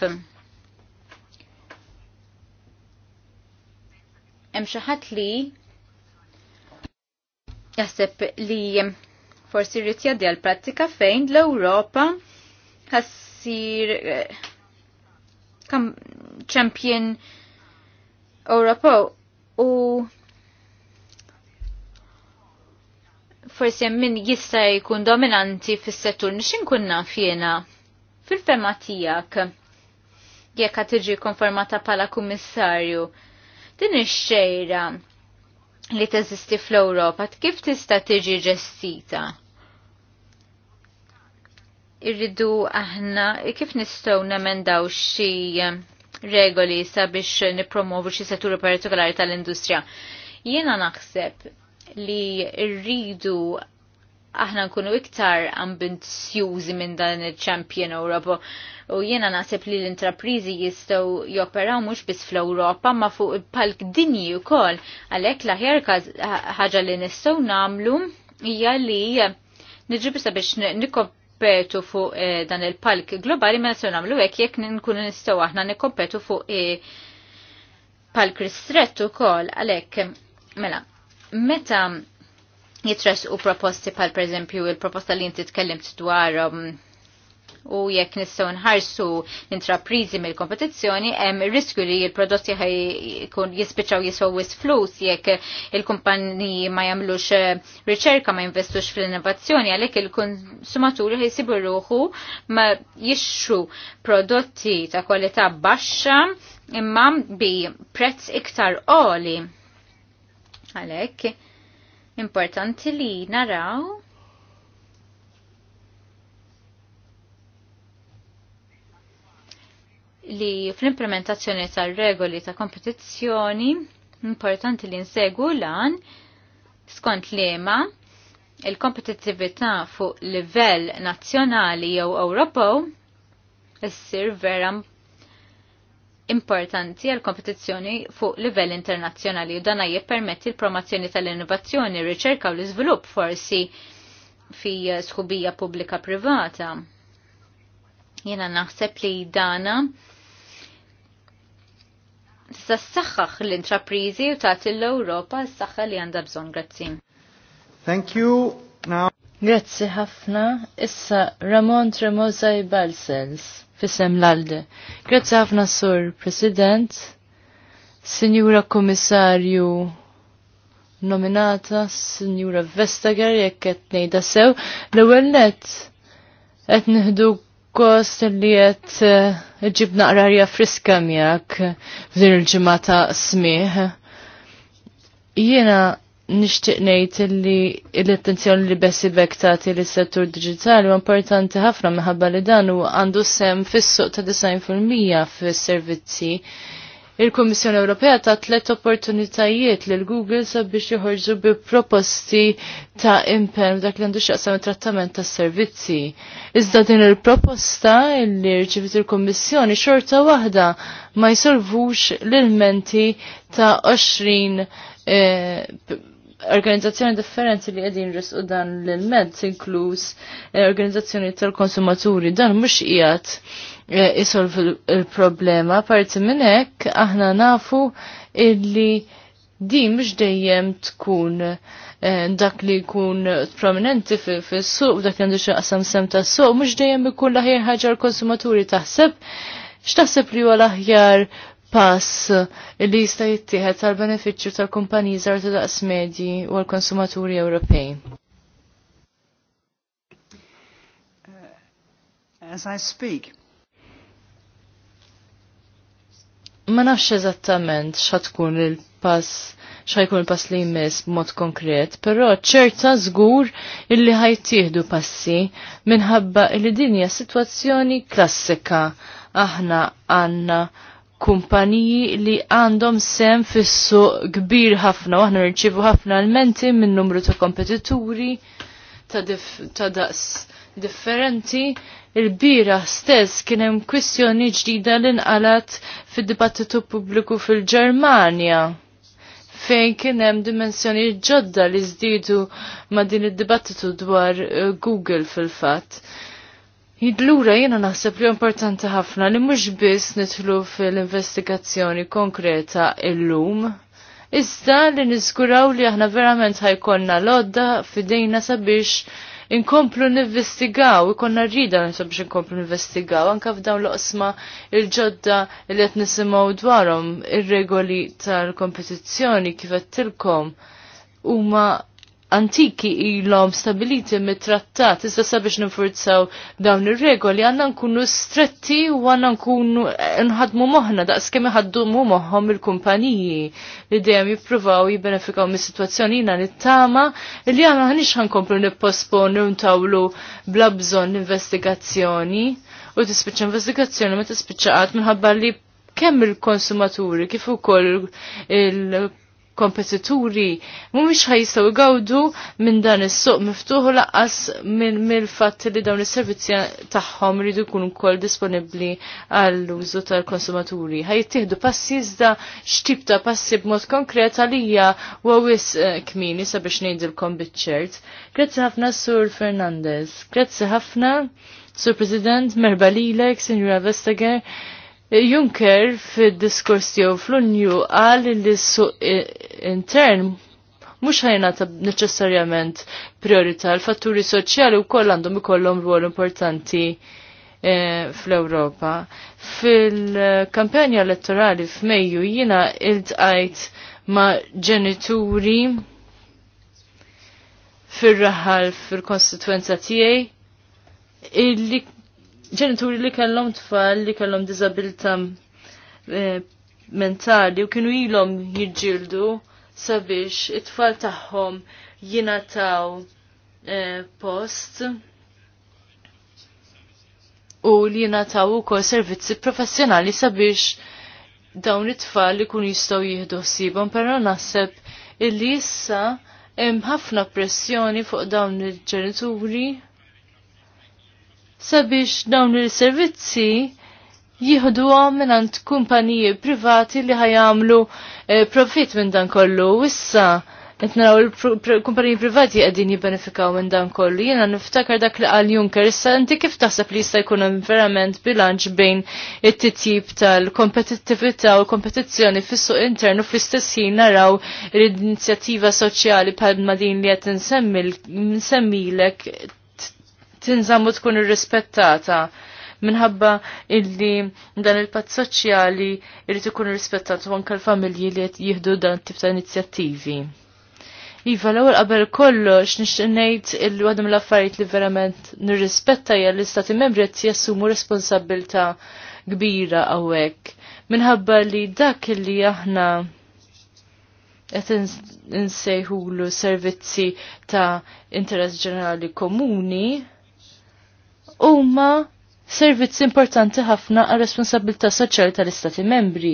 Hemm xi ħadd li jaħseb li forsi rrid jgħaddi għal prattika fejn l-Ewropa ħassir eh, kam champion po, u forsi min jista' jkun dominanti fis-settur nixin kun naf jiena fil-fema tiegħek jekk qed tiġi konfermata bħala kummissarju. Din ix-xejra li teżisti fl-Ewropa kif tista' tiġi ġestita? Irridu aħna kif nistgħu nemendaw xi regoli sabiex nipromovu xi setturi partikolari tal-industrija. Jiena naħseb li rridu aħna nkunu iktar ambizjużi minn dan il-Champion Europa u jiena naħseb li l-intraprizi jistgħu joperaw mhux biss fl-Ewropa ma fuq palk dinji wkoll għalhekk l-aħjar ħaġa li nistgħu nagħmlu hija li niġibu sabiex nikop nikkompetu fuq eh, dan il-palk globali ma nistgħu nagħmlu hekk jekk nkunu nistgħu aħna nikkompetu fuq eh, palk ristrettu ukoll għalhekk mela meta jitres u proposti pal per eżempju il-proposta li inti tkellimt dwar um, u jekk nistgħu nħarsu intraprizi mill-kompetizzjoni hemm riskju li l-prodotti jkun jispiċċaw wis flus jekk il-kumpaniji ma jagħmlux eh, riċerka ma jinvestux fl-innovazzjoni għalhekk il-konsumaturi ħejsibu ruħu ma jixxu prodotti ta' kwalità baxxa imma bi prezz iktar qoli. Għalhekk importanti li naraw li fl-implementazzjoni tal-regoli ta' kompetizzjoni importanti li nsegu lan skont lema il-kompetittività fuq livell nazzjonali jew Ewropew issir vera importanti għal kompetizzjoni fuq livell internazzjonali u dana jippermetti l-promozzjoni tal-innovazzjoni, riċerka u l-iżvilupp forsi fi skubija pubblika privata. Jena naħseb li dana tista' ssaħħaħ l-intraprizi u tagħti l-Ewropa s-saħħa li għandha bżonn. Grazzi. Thank you. Now. Grazzi ħafna. Issa Ramon Tremosa Balsels fisem l-alde. Grazzi ħafna sur President, Signora Komissarju nominata, Signora Vestager, jekk qed ngħidha sew, l-ewwel net qed kos li jett eh, ġib naqrarja friska miegħek f'din il-ġimgħa ta' smih. Jiena nixtieq ngħid li l-attenzjoni li besibek tagħti lis-settur digitali huwa importanti ħafna minħabba li dan u għandu sem fis-suq ta' 90% fis-servizzi Il-Kummissjoni Ewropea ta' tlet opportunitajiet l Google sabiex joħorġu bi proposti ta' impen dak li għandu xaqsam trattament ta' servizzi. Iżda din il-proposta li rċivit il-Kummissjoni xorta waħda ma jisolvux l-ilmenti ta' 20 eh, organizzazzjoni differenti li għedin risqu dan l-med, inkluż eh, organizzazzjoni tal-konsumaturi, dan mux qiegħed jisolv eh, il-problema, parti minn hekk aħna nafu illi di mhux dejjem tkun eh, dak li jkun prominenti fis-suq, dak li għandu għasam sem tas-suq, mhux dejjem ikun l ħagġar ħaġa l-konsumaturi taħseb x'taħseb li huwa l-aħjar pass li jista' jittieħed tal-benefiċċju tal-kumpaniji żgħar ta' daqs medji u l konsumaturi Ewropej. As I speak, ma nafx eżattament xatkun il-pass xajkun il-pass li jmiss b'mod konkret, però ċerta żgur illi ħajtieħdu passi minħabba li din hija sitwazzjoni klassika aħna għandna kumpaniji li għandhom sem fissu kbir ħafna u aħna nirċivu ħafna almenti minn numru ta' kompetituri ta', ta daqs differenti il-bira stess kien hemm kwistjoni ġdida li nqalat fid-dibattitu pubbliku fil-Ġermanja fejn kien hemm dimensjoni ġodda li żdiedu ma' din id-dibattitu dwar eh, Google fil-fatt. Jidlura jena naħseb li importanti ħafna li mhux biss nidħlu fil-investigazzjoni konkreta illum, iżda li niżguraw li aħna verament ħajkonna lodda fidejna sabiex inkomplu nivvestigaw, ikonna rrida nisa biex inkomplu nivvestigaw, anka f'dawn l-osma il-ġodda li qed nisimgħu dwarhom ir-regoli tal-kompetizzjoni kif qed tilkom huma antiki ilhom stabiliti mit-trattat issa sabiex nifurzaw dawn ir-regoli għandna nkunu stretti u għandna nkunu eh, nħadmu moħħna daqskemm iħaddumu moħħhom il-kumpaniji li dejjem jippruvaw jibbenefikaw mis-sitwazzjoni jina nittama li għandna ħanix ħankomplu nipposponu ntawlu bla bżonn investigazzjoni u tispiċċa investigazzjoni ma tispiċċa qatt minħabba li kemm il-konsumaturi kif ukoll il kompetituri mhumiex ħajjistgħu għawdu minn dan is-suq miftuħ laqqas mill-fatt li dawn is-servizzi tagħhom iridu jkunu wkoll disponibbli għall-użu tal-konsumaturi. Ħajjittieħdu passi iżda x'tip ta' passi b'mod konkret għalija u wis eh, kmini sabiex ngħidilkom biċ-ċert. Grazzi ħafna Sur Fernandez. Grazzi ħafna Sur President, merba lilek, Signora Vestager. Juncker fid-diskors tiegħu fl-Unju qal li s-suq intern mhux ħajnata neċessarjament priorità l-fatturi soċjali wkoll għandhom ikollhom rwol importanti eh, fl-Ewropa. Fil-kampanja elettorali f'Mejju jiena iltqajt ma' ġenituri fir raħal fil-konstituenza tiegħi illi ġenituri li kellhom tfal li kellhom diżabilità eh, mentali u kienu ilhom jiġġieldu sabiex it-tfal tagħhom jingħataw eh, post u li jingħataw ukoll servizzi professjonali sabiex dawn it-tfal li kun jistaw jihdu ħsibhom, però naħseb illi issa hemm ħafna pressjoni fuq dawn il-ġenituri sabiex dawn il-servizzi jihdu minant kumpaniji privati li ħajamlu eh, profit minn dan kollu. Issa, etnaraw il-kumpaniji privati għedin jibbenefikaw minn dan kollu. Jena niftakar dak li għal Junker, issa inti kif taħseb li jista' jkun hemm verament bilanċ bejn it-titjib tal-kompetittività u kompetizzjoni fis-suq internu fl-istess jien naraw l-inizjattiva soċjali bħal din li qed nsemmilek tinżammu tkun irrispettata minħabba illi dan il pazz soċjali irrid ikun irrispettat anke l-familji li qed jieħdu dan tip ta' inizjattivi. Iva, l-ewwel qabel kollox nixtieq ngħid il waħda mill-affarijiet li verament nirrispetta hija l-istati membri qed jassumu responsabilità kbira hawnhekk. Minħabba li dak li aħna qed insejħulu servizzi ta' interess ġenerali komuni, huma servizz importanti ħafna għal responsabilità soċjali tal-Istati membri.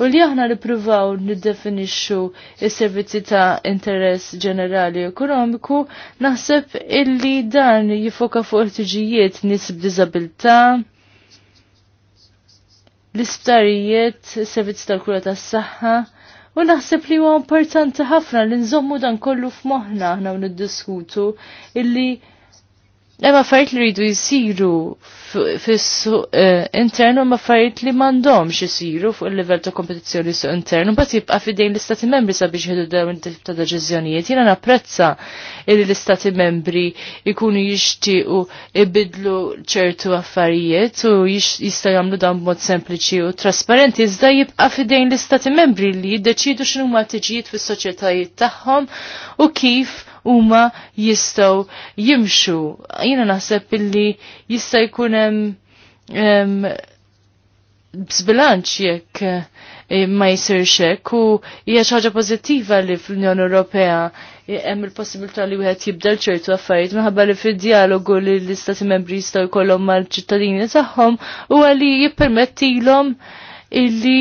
U li aħna nippruvaw niddefinixxu s-servizzi ta' interess ġenerali ekonomiku, naħseb illi dan jifoka fuq il-tiġijiet nies b'diżabilità, l-isptarijiet, is-servizzi tal-kura tas-saħħa, U naħseb li huwa importanti ħafna li nżommu dan kollu f'moħħna aħna u niddiskutu illi Hemm fajt li rridu jsiru fis-suq eh, internu ma fajt li m'għandhomx isiru fuq il-livell ta' kompetizzjoni su internu, bat jibqa' fidejn l-istati membri sabiex jieħdu dawn tip ta' deċiżjonijiet. Jena napprezza li l-istati membri jkunu jixtiequ ibidlu ċertu affarijiet u jista' jagħmlu dan b'mod sempliċi u trasparenti, iżda jibqa' fidejn l-istati membri li jiddeċidu x'inhuma t fis-soċjetajiet tagħhom u kif huma jistgħu jimxu. Jiena naħseb illi jista' jkun hemm jekk eh, ma jsirx u hija xi ħaġa pożittiva li fl-Unjoni Ewropea eh, hemm il-possibilità li wieħed jibdel ċertu affarijiet minħabba li fid-dialogu li l-istati membri jistgħu jkollhom mal-ċittadini tagħhom huwa li jippermettilhom illi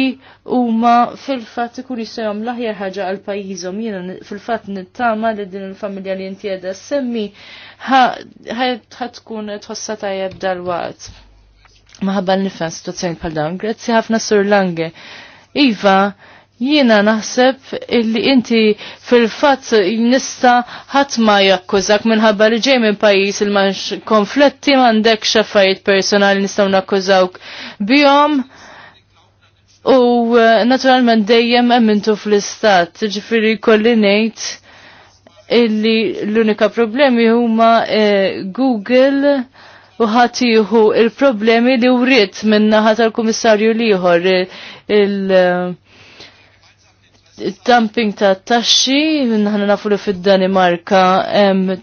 huma fil-fatt ikun jistajhom l-aħjar ħaġa għal pajjiżhom jiena fil-fatt nittama li din il-familja li inti qiegħda semmi ħatkun tħossata tajjeb dal-waqt. Maħabba l-nifan situazzjoni bħal dawn. Grazzi ħafna Sur Lange. Iva, Jiena naħseb illi inti fil-fatt nista ħadd ma jakkużak minħabba li ġej minn pajjiż il konfletti m'għandek xaffajt personali nistgħu nakkużawk bihom U eh, naturalment dejjem emmintu fl-istat, ġifiri kolli nejt illi l-unika problemi huma eh, Google u ħatiħu il-problemi li writ minna ħatar komissarju liħor il-dumping eh, ta' taxxi, naħna nafu li fid-Danimarka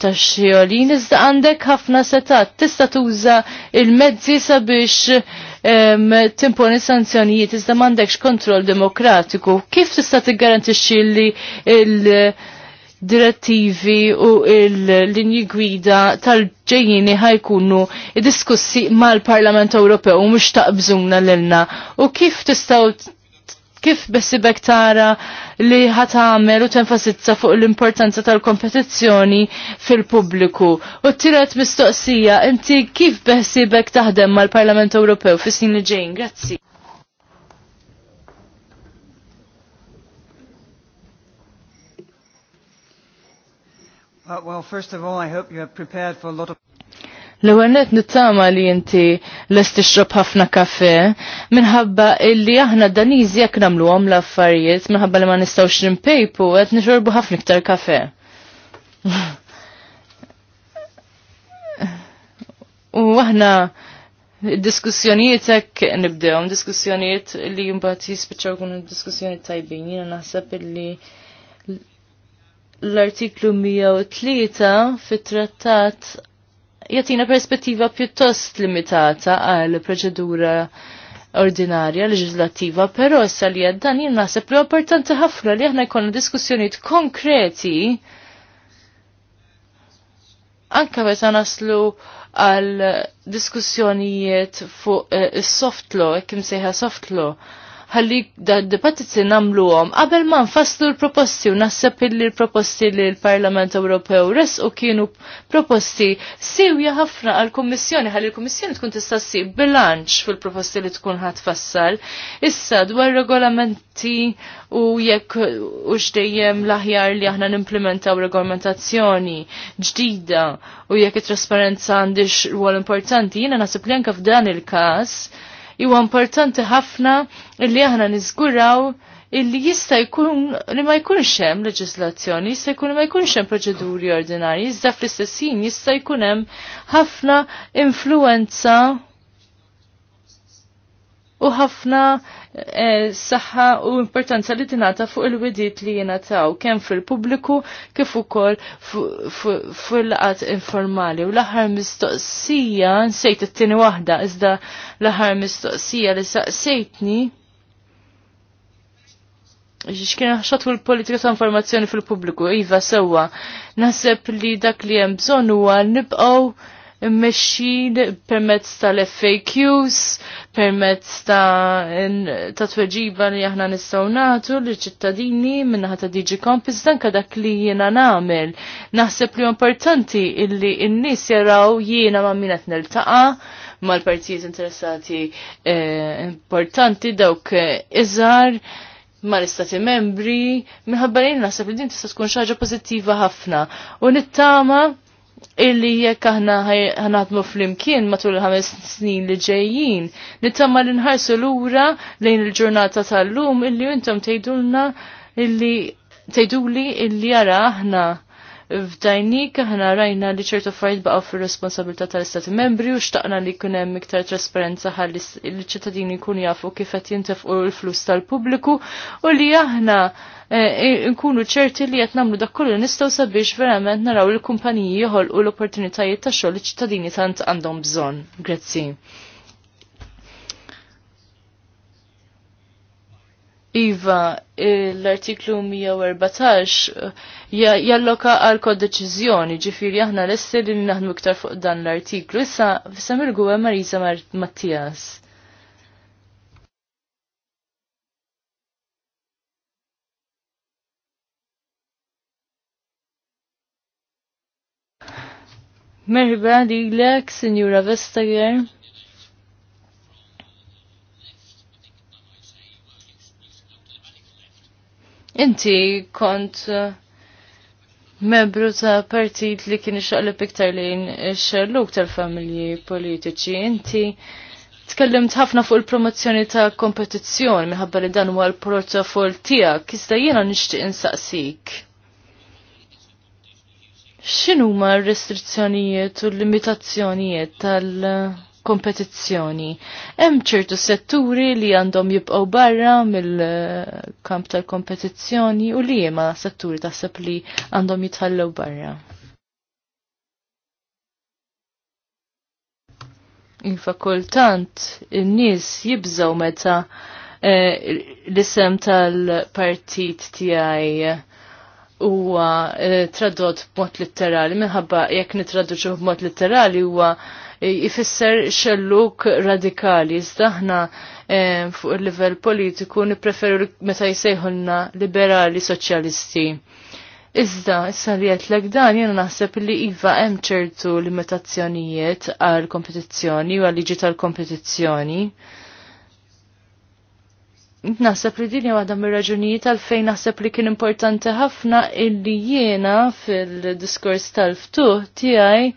taxxi għalin, iżda għandek ħafna setat, tista' tuża il-mezzi sabiex timponi sanzjonijiet iżda m'għandekx kontroll demokratiku. Kif tista' tiggarantixxi li il- direttivi u l-linji gwida tal-ġejjini ħajkunu diskussi mal-Parlament Ewropew u mhux taqbżuna lilna. U kif tistgħu Kif bessi tara li ħatamel u tenfasizza fuq l-importanza tal-kompetizzjoni fil-pubbliku? U t-tiret mistoqsija, inti kif bek taħdem mal-Parlament Ewropew fi snin li ġejn? Grazzi. Well, first of all, I hope you have prepared for a lot of... L-ewwel net nittama li inti lest tixrob ħafna kafe minħabba illi aħna Daniżi jekk nagħmluhom l-affarijiet minħabba li ma nistgħux nimpejpu qed nixorbu ħafna iktar kafe. U aħna diskussjonijiet hekk nibdew, diskussjonijiet li mbagħad jispiċċaw kunu diskussjonijiet tajbin, jiena naħseb illi l-artiklu 103 fit-trattat jatina perspettiva pjuttost limitata għal proċedura ordinarja leġislattiva, però issa li għaddan jien naħseb li importanti ħafna li aħna jkollna diskussjonijiet konkreti anke meta naslu għal diskussjonijiet fuq is-soft law, kim seħa soft law ħalli dan dibattiti namluhom qabel ma nfasslu l-proposti u naħseb illi l-proposti li l-Parlament Ewropew res u kienu proposti siwja ħafna għall-Kummissjoni ħalli l-Kummissjoni tkun tista' ssib bilanċ fil-proposti li tkun ħatfassal. Issa dwar regolamenti u jekk u xdejjem l-aħjar li aħna nimplementaw regolamentazzjoni ġdida u jekk it-trasparenza għandix rwol importanti, jiena naħseb li anke f'dan il-każ Huwa importanti ħafna illi aħna niżguraw illi jista' jkun li ma jkunx hemm leġislazzjoni, jista' jkun li ma jkunx hemm proċeduri ordinarji, iżda fl-istess jista' jkun hemm ħafna influenza u ħafna eh, saħħa u importanza li tingħata fuq il-wedit li jingħataw kemm fil-pubbliku kif ukoll fil-laqat informali. U l-aħħar mistoqsija nsejt it-tieni waħda iżda l-aħħar mistoqsija li saqsejtni xkien ħaxatu l-politika ta' informazzjoni fil-pubbliku, iva sewwa. Naħseb li dak li hemm bżonn huwa nibqgħu Mexxin permezz tal-FAQs, permezz ta' ta' tweġiba li aħna nistgħu nagħtu li ċittadini minnaħa ta' Diġi Kompis danka dak li jiena nagħmel. Naħseb li importanti illi n-nies jaraw jiena ma' min qed niltaqa' mal-partijiet interessati eh, importanti dawk eh, iżgħar ma l-istati membri, minħabba li naħseb li din tista' tkun xaġa pozittiva ħafna. U nittama' illi jekk aħna ħanatmu fl-imkien matul ħames snin li ġejjin, nittama li nħarsu lura lejn il-ġurnata tal-lum illi intom tgħidulna illi tgħiduli illi jara aħna f'dajnik aħna rajna li ċertu affarijiet baqgħu fir-responsabilità tal-Istati Membri u xtaqna li jkun hemm iktar trasparenza ħalli l-ċittadini jkunu jafu kif qed jintefqu l-flus tal-pubbliku u li aħna eh, nkunu ċerti li qed nagħmlu dak kollu nistgħu sabiex verament naraw il-kumpaniji joħolqu l-opportunitajiet ta' xogħol li ċittadini tant għandhom bżonn. Grazzi. Iva, l-artiklu 114 eh, jalloka għal deċizjoni ġifiri aħna l-essi li naħdmu iktar fuq dan l-artiklu. Issa, fissam il Marisa Mattias. Merħba li l Signora Vestager. Inti kont eh, membru ta' partit li kien ixaqleb iktar lejn xelluk tal-familji politiċi. Inti Tkellimt ħafna fuq il-promozzjoni ta' kompetizzjoni minħabba li dan huwa l-portafol tiegħek, iżda jiena nixtieq insaqsik. X'inhuma r-restrizzjonijiet u l-limitazzjonijiet tal- kompetizzjoni. Hemm ċertu setturi li għandhom jibqgħu barra mill-kamp tal-kompetizzjoni u li setturi taħseb li għandhom jitħallew barra. Il-fakultant, in-nies jibżgħu meta eh, l-isem tal-partit tiegħi huwa eh, tradot b'mod litterali minħabba jekk nitraduċu b'mod litterali huwa Jifisser xelluk radikali. Zdaħna eh, fuq il-level politiku nipreferu meta jisejħulna liberali soċjalisti. Iżda, issa li għetlek dan jena naħseb li iva hemm ċertu limitazzjonijiet għal kompetizzjoni u għal liġi tal-kompetizzjoni. Naħseb li din għadha mir-raġunijiet għalfejn naħseb li kien importanti ħafna illi jiena fil-diskors tal-ftuħ tiegħi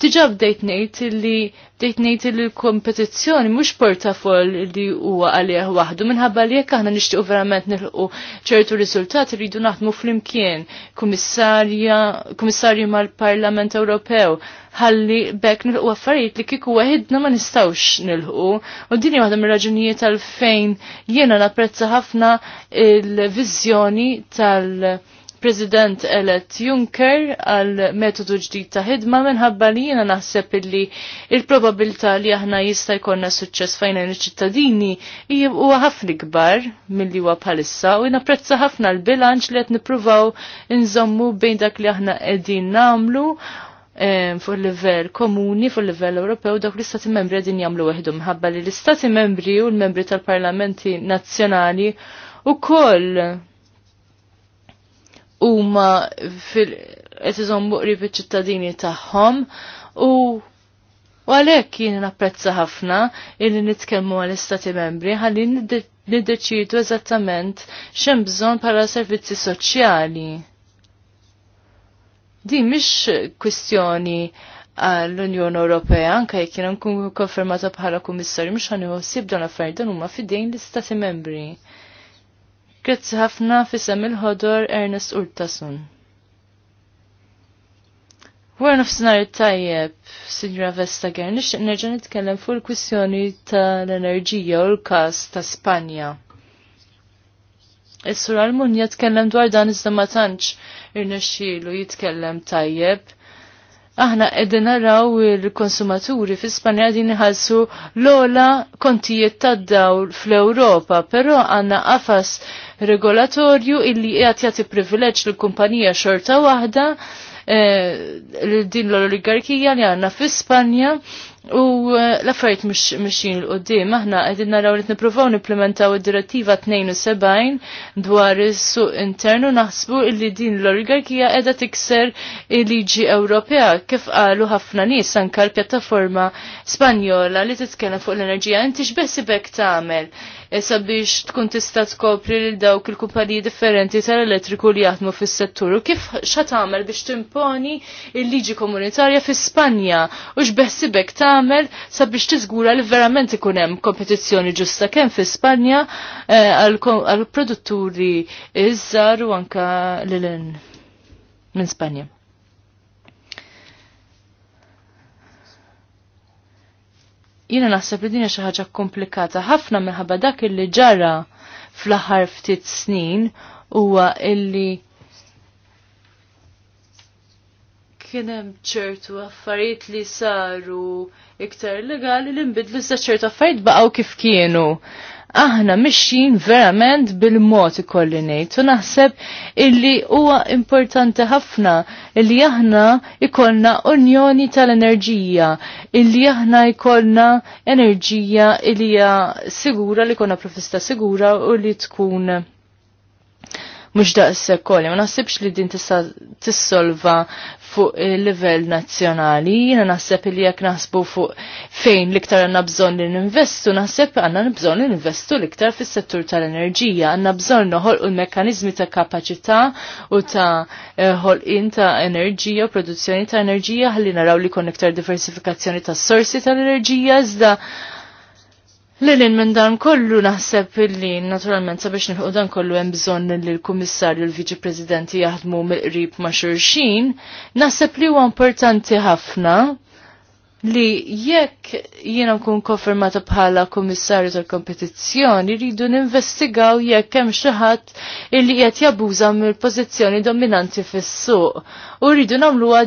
Diġa bdejt ngħid li bdejt ngħid li l-kompetizzjoni mhux portafol li huwa għalih waħdu minħabba li jekk aħna nixtiequ verament nilħu ċertu riżultati rridu naħdmu flimkien kummissarju mal-Parlament Ewropew ħalli bekk nilħu affarijiet li kiku waħedna ma nistawx nilħu. U dini għadam mir-raġunijiet tal-fejn jiena napprezza ħafna il-vizjoni tal- President elet Juncker għal metodu ġdid ta' ħidma minħabba li jiena naħseb illi il-probabilità li aħna jista' jkollna suċċess fejna l-ċittadini huwa ħafna kbar milli huwa bħalissa u napprezza ħafna l-bilanċ li qed nippruvaw inżommu bejn dak li aħna qegħdin nagħmlu fuq livell komuni, fuq livell Ewropew, dawk l-istati membri qegħdin jagħmlu waħdu minħabba li l-istati membri u l-membri tal-parlamenti nazzjonali u koll huma fil-qed buqri qrib iċ-ċittadini tagħhom u għalhekk jien napprezza ħafna illi nitkellmu għal istati membri ħalli niddeċidu eżattament x'hemm bżonn bħala servizzi soċjali. Din mhix kwistjoni għall-Unjoni Ewropea anke jekk jien nkun konfermata bħala kummissarju mhux ħanieħu ħsieb dan affarijiet dan huma fidejn l-istati membri. Grazzi ħafna fisem il-ħodor Ernest Urtasun. Wara nofsinhar tajjeb, sinjora Vestager, nixtieq nerġa' nitkellem fuq il-kwistjoni tal-enerġija u l-każ ta' Spanja. Is-sur Almunja tkellem dwar dan iżda ma tantx irnexxielu jitkellem tajjeb. Aħna qegħdin naraw il-konsumaturi fi Spanja din iħallsu l-ola kontijiet tad-dawl fl-Ewropa, però għandna qafas regolatorju illi qiegħed jagħti privileġġ lill kumpanija xorta waħda eh, din l-oligarkija li għandna fi Spanja U eh, l-affarijiet mixin l-qoddim, aħna qegħdin naraw li nippruvaw nipplementaw id-direttiva 72 dwar is-suq internu naħsbu li din l-oligarkija qiegħda tikser il-liġi Ewropea kif qalu ħafna nies anke l-pjattaforma Spanjola li titkellem fuq l-enerġija inti x'beħsibek tagħmel E sabiex tkun tista' tkopri lil dawk il-kumpaniji differenti tal-elettriku li jaħdmu fis-settur u kif xa tagħmel biex timponi il-liġi komunitarja fi Spanja u x'beħsibek tagħmel sabiex tiżgura li verament ikun hemm kompetizzjoni ġusta kemm fi Spanja eh, għal produtturi iż-żar u anka lil minn Spanja. Jiena naħseb li dinja xi ħaġa komplikata ħafna minħabba dak illi ġara fl-aħħar ftit snin huwa illi kien hemm ċertu affarijiet li saru iktar legali li nbidlu iżda ċertu affarijiet baqgħu kif kienu aħna mixin verament bil-mod ikolli ngħid u naħseb illi huwa importanti ħafna illi aħna ikollna unjoni tal-enerġija, illi aħna ikollna enerġija illi hija sigura li konna profista sigura u li tkun mhux daqshekk kolli. Ma naħsibx li din tissolva fuq il-livell nazzjonali, jiena naħseb li jekk naħsbu fuq fejn l-iktar għandna bżonn li ninvestu, naħseb għanna bżon li ninvestu l-iktar fis-settur tal-enerġija, għandna bżonn noħolqu l-mekkaniżmi ta' kapaċità u ta' eh, ħolqien ta' enerġija u produzzjoni ta' enerġija ħalli naraw li kon iktar diversifikazzjoni ta' sorsi tal-enerġija iżda Lilin minn dan kollu naħseb illi naturalment sabiex nifqu dan kollu hemm bżonn li l-Kummissarju l-Viċi Presidenti jaħdmu mill-qrib ma' xulxin, naħseb li huwa importanti ħafna li jekk jiena nkun konfermata bħala kummissarju tal-kompetizzjoni rridu ninvestigaw jekk hemm xi ħadd illi qed jabuża mill-pożizzjoni dominanti fis-suq u rridu nagħmluha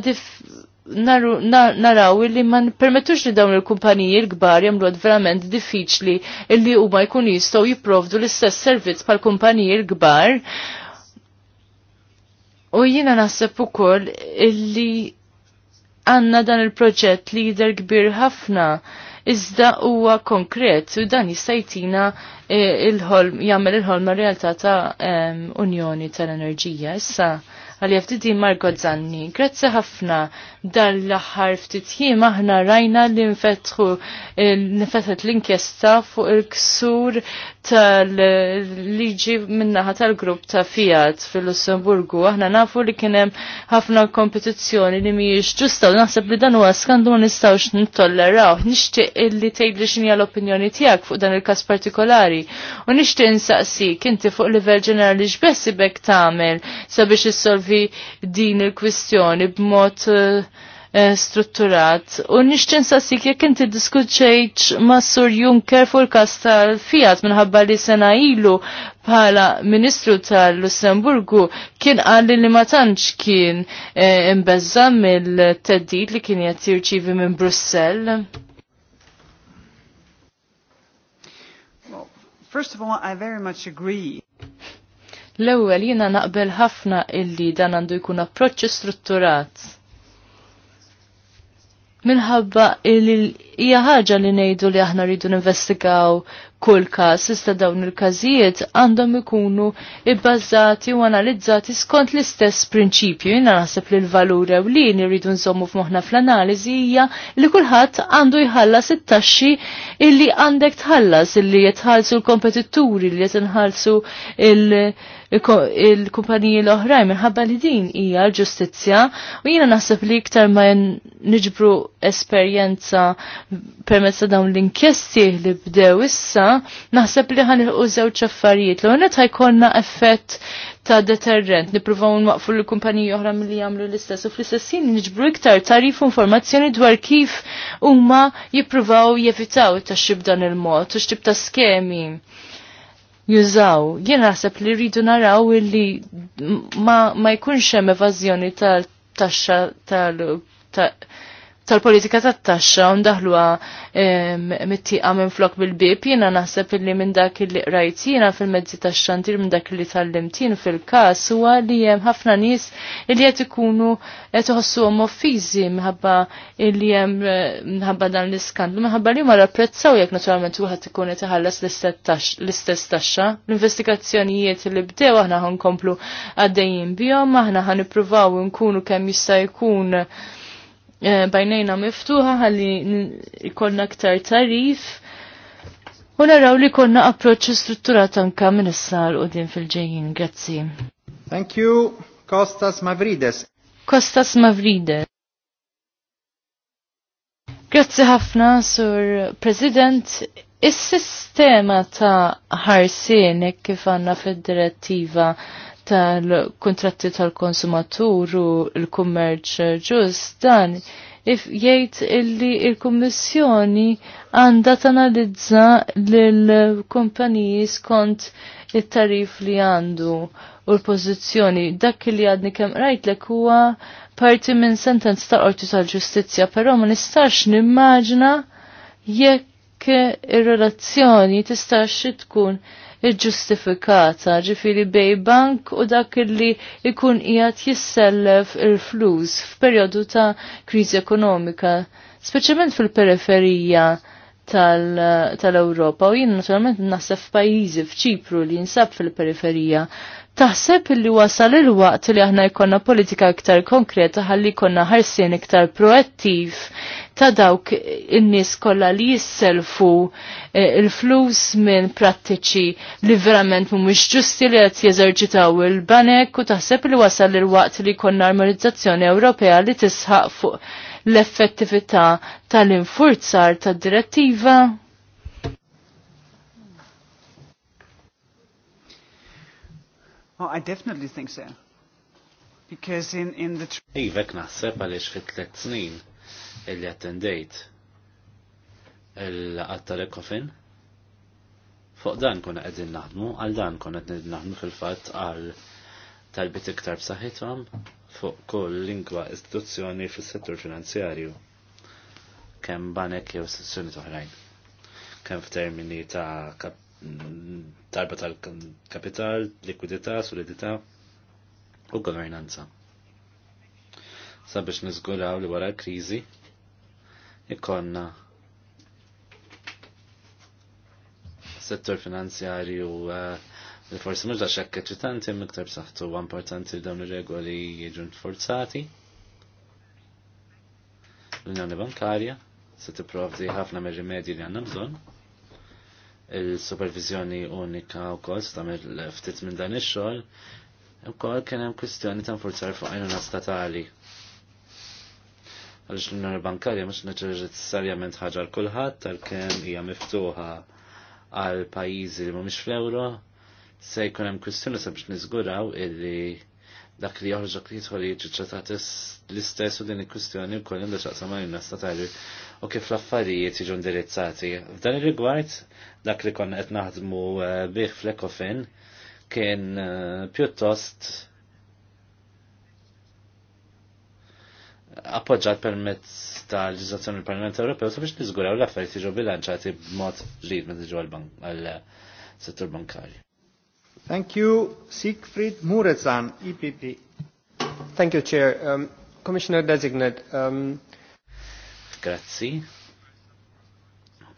naraw li ma permettux li dawn il-kumpaniji l-kbar jamlu verament diffiċli illi huma jkun jistgħu jipprovdu l-istess servizz pal kumpaniji l-kbar. U jiena naħseb ukoll illi għandna dan il-proġett li jider kbir ħafna iżda huwa konkret u dan jistajtina eh, il-ħolm jagħmel il-ħolm realtà ta' ehm, Unjoni tal-Enerġija issa għal-FTD Marko Zanni. Grazzi ħafna dan l-aħħar ftit aħna rajna li nfetħu eh, nfetħet l-inkjesta fuq il-ksur tal-liġi minnaħa tal-grupp ta' Fiat fil-Lussemburgu. Aħna nafu li kienem ħafna kompetizzjoni li mhijiex ġusta u naħseb li dan huwa skandu ma nistgħux nittolleraw. Nixtieq illi tgħidli x'inhi l-opinjoni tiegħek fuq dan il-każ partikolari u nixtieq insaqsik inti fuq livell ġenerali x'bess ibek tagħmel sabiex issolvi jippromovi din il-kwistjoni b'mod eh, eh, strutturat. U nixċen sassik jek inti diskutxejċ ma' Sur Juncker fuq l kas tal-Fiat minħabba li sena ilu bħala Ministru tal-Lussemburgu kien għalli li ma tantx kien eh, imbezza mill-teddit li kien qed jirċivi minn Brussell. First of all, I very much agree. L-ewwel jiena naqbel ħafna illi dan għandu jkun approċċ strutturat. Minħabba illi hija ħaġa li ngħidu li aħna rridu ninvestigaw kull każ iżda dawn il-każijiet għandhom ikunu ibbażati u analizzati skont l-istess prinċipju. Jiena naħseb li l-valur ewlieni rridu nżommu f'moħħna fl-analiżi hija li kulħadd għandu jħallas it-taxxi illi għandek tħallas illi jitħallsu l-kompetitturi li jitinħallsu il- il-kumpaniji l-oħrajn minħabba li din hija l-ġustizzja u jiena naħseb li iktar ma niġbru esperjenza permezz ta' dawn l-inkjesti li bdew issa, naħseb li ħan żewġ affarijiet. L-għonet ħajkolna effett ta' deterrent, nipruvaw nwaqfu l-kumpaniji oħra milli jagħmlu l-istess u fl-istessin niġbru iktar tarif informazzjoni dwar kif huma jippruvaw jevitaw it-taxxib dan il-mod u xtib ta' skemi jużaw. Jien naħseb li rridu naraw illi ma, ma jkunx hemm evażjoni tal-taxxa tal-, tal, tal tal-politika tat-taxxa u ndaħluha mittieqa minn flok bil-bib, jiena naħseb illi minn dak li rajt jiena fil-mezzi tax-xandir minn dak li tal-limtin fil-każ huwa li hemm ħafna nies li qed ikunu qed iħossuhom offiżi minħabba li hemm eh, minħabba dan l-iskandlu, minħabba li ma rapprezzaw jekk naturalment wieħed ikun qed iħallas l-istess taxxa. L-investigazzjonijiet li bdew aħna ħankomplu għaddejjin bihom, aħna ħanippruvaw nkunu kemm jista' jkun Eh, bajnejna miftuħa ħalli ikonna ktar tarif u naraw li konna approċ strutturat anka minn issa l din fil-ġejjin. Grazzi. Thank you, Kostas Mavrides. Kostas Mavrides. Grazzi ħafna, Sur President. Is-sistema ta' ħarsienek kif għandna fid-direttiva tal-kontratti tal-konsumatur u l-kummerċ ġust dan if jgħid illi il-Kummissjoni għandha tanalizza lill-kumpaniji skont it-tarif li għandu u l-pożizzjoni dak li għadni kemm rajtlek huwa parti minn sentenz ta' qorti tal-ġustizzja, però ma nistax nimmaġna jekk ir-relazzjoni tistax tkun Ġustifikata ġifiri bej bank u dak li ikun qiegħed jissellef il-flus f'perjodu ta' kriżi ekonomika, speċjalment fil-periferija tal-Ewropa u jien naturalment naħseb f'pajjiżi f'Ċipru li jinsab fil-periferija Taħseb li wasal il-waqt li aħna jkonna politika iktar konkreta ħalli jkollna ħarsien iktar proattiv ta' dawk in-nies kollha li jisselfu eh, il-flus minn prattiċi li verament mhumiex ġusti li qed jeżerġitaw il-banek u taħseb li wasal il-waqt li jkollna armonizzazzjoni Ewropea li tisħaq fuq l-effettività tal-infurzar tad-direttiva? Oh, I definitely think so. Because in, in the... Ivek naħseb għalix fit tlet snin illi attendejt il-qatta il-kofin. Fuq dan kuna qegħdin naħdmu, għal dan kuna għedin naħdmu fil-fatt għal talbit iktar b'saħħithom fuq kull lingwa istituzzjoni fis-settur finanzjarju kemm banek jew istituzzjoni oħrajn. Kemm f'termini ta' talba tal-kapital, likwidità, solidità u governanza. Sabiex nizgulaw li wara l-kriżi ikonna settur finanzjarju eh, li forsi mhux da xekk eċitanti miktar saħtu huwa importanti li dawn ir-regoli jiġu nforzati. L-Unjoni Bankarja se tipprovdi ħafna mir-rimedji li għandna bżonn il-supervizjoni unika u kol, stamil ftit minn dan ix-xogħol, ukoll kien hemm kwistjoni ta' nfurzar fuq għajnuna statali għalix l-Unjoni Bankarja mhux neċessarjament ħaġa l kulħadd tal kem hija miftuħa għal pajjiżi li mhumiex fl-ewro, se jkun hemm kwistjoni sabiex niżguraw illi dak li joħroġ li jidħol jiġi l-istess u din il-kwistjoni wkoll għandha xaqsam għajna statali u kif l-affarijiet jiġu indirizzati. F'dan ir-rigward dak li konna qed naħdmu eh, bih fl-Ekofin kien eh, pjuttost appoġġat permezz ta' ġizazzjoni l-Parlament Ewropew sabiex niżguraw l-affarijiet jiġu bilanċati b'mod ġrid meta jiġu għall-settur eh, bankarju. Thank you, Siegfried Murezan, EPP. Thank you, Chair. Um, Commissioner Designate. Um... Grazzi.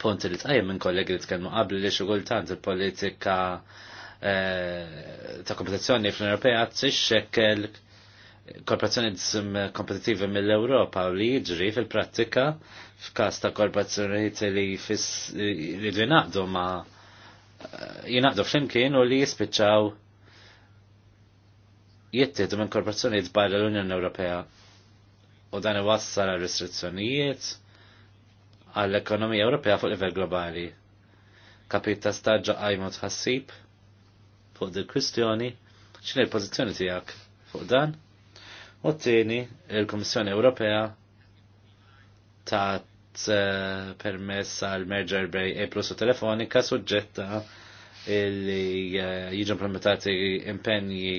Punti li tqajjem minn kollegi li tkellmu qabli li xogultant il-politika eh, ta' kompetizzjoni fl-Ewropea tixxekkel korporazzjonizm kompetitivi mill-Europa u li jiġri fil-prattika f'każ ta' korporazzjonijiet li fis li jinaqdu ma eh, jinaqdu flimkien u li jispiċċaw jittieħdu minn korporazzjonijiet barra l-Unjoni Ewropea u dan iwassal għal restrizzjonijiet għall-ekonomija Ewropea fuq livell globali. Kapit ta' staġġa għajmu tħassib fuq dil kwistjoni x'inhi l-pożizzjoni tiegħek fuq dan? U t-tieni, il-Kummissjoni Ewropea ta' eh, permessa għal merger bej e plus u telefonika suġġetta li eh, jiġu implementati impenji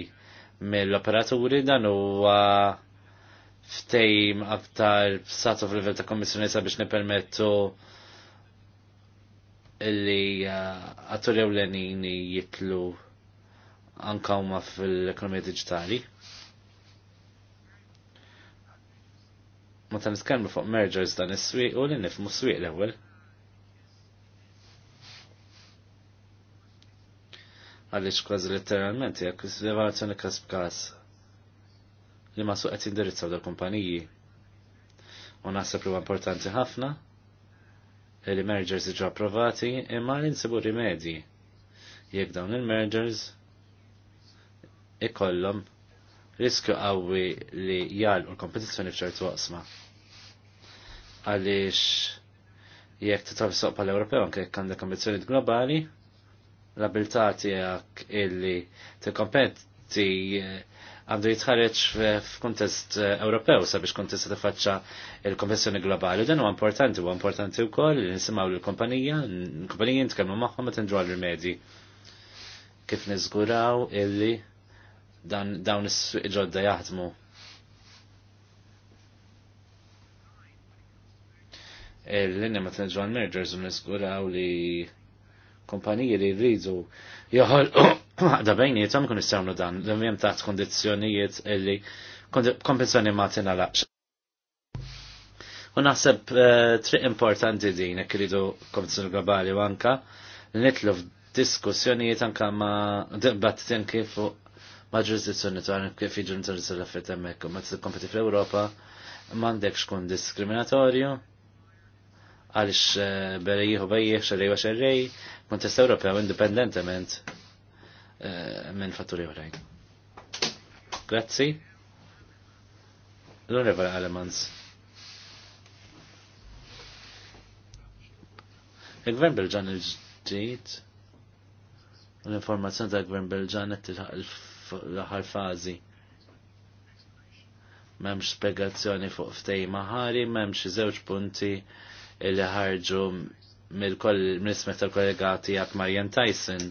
mill-operaturi dan huwa ftejm aktar b'satu fil-level ta' kommissjoni sabiex nipermettu li għattur eh, ewlenini jitlu anka huma fil-ekonomija digitali. ma ta' nitkellmu fuq mergers dan is-swieq u li nifmu s-swieq l-ewwel. Għaliex kważi letteralment jekk is-devalvazzjoni każ b'każ li ma suqet qed jindirizzaw dal kumpaniji. U naħseb li importanti ħafna li mergers iġu approvati imma li nsibu rimedji jekk dawn il-mergers ikollhom riskju qawwi li jgħalqu l-kompetizzjoni f'ċertu waqsma għaliex jekk titol soq pal-Ewropew anke jekk għandek ambizzjonijiet globali, l-abilità tiegħek illi t-kompetti eh, għandu jitħareġ f'kuntest eh, Ewropew sabiex kontest faċċa il-konvenzjoni globali. Dan huwa importanti, huwa importanti wkoll li nisimgħu lill-kumpanija, l-kumpanija nitkellmu magħhom ma nġu għall-rimedji. Kif niżguraw illi dawn is-ġodda jaħdmu l-linja ma' t-nġuan mergers un niskuraw li kompaniji li rridu joħol da bejnietom kun istawnu dan, l-mjem taħt kondizjonijiet illi kompensjoni ma' t-nalax. U naħseb eh, triq importanti din, jek rridu kompensjoni globali u anka, nitlu f'diskussjonijiet anka ma' dibattitin kif ma' ġurisdizzjoni ta' kif jiġu l-interess l-affet emmek, ma' t-kompeti fl-Europa, mandekx kun diskriminatorju, għalix eh, berriħu bejjiħ, xerrej u xerrej, kontest Ewropew indipendentement eh, minn fatturi oħrajn. Grazzi. L-Onorevole Alemans. Il-Gvern Belġan il-ġdijt, l-informazzjoni ta' Gvern Belġan għet l-ħar fazi. Memx spiegazzjoni fuq ftej maħari, memx zewġ punti Illi ħarġu mill-ismet tal kollegati għak Marian Tyson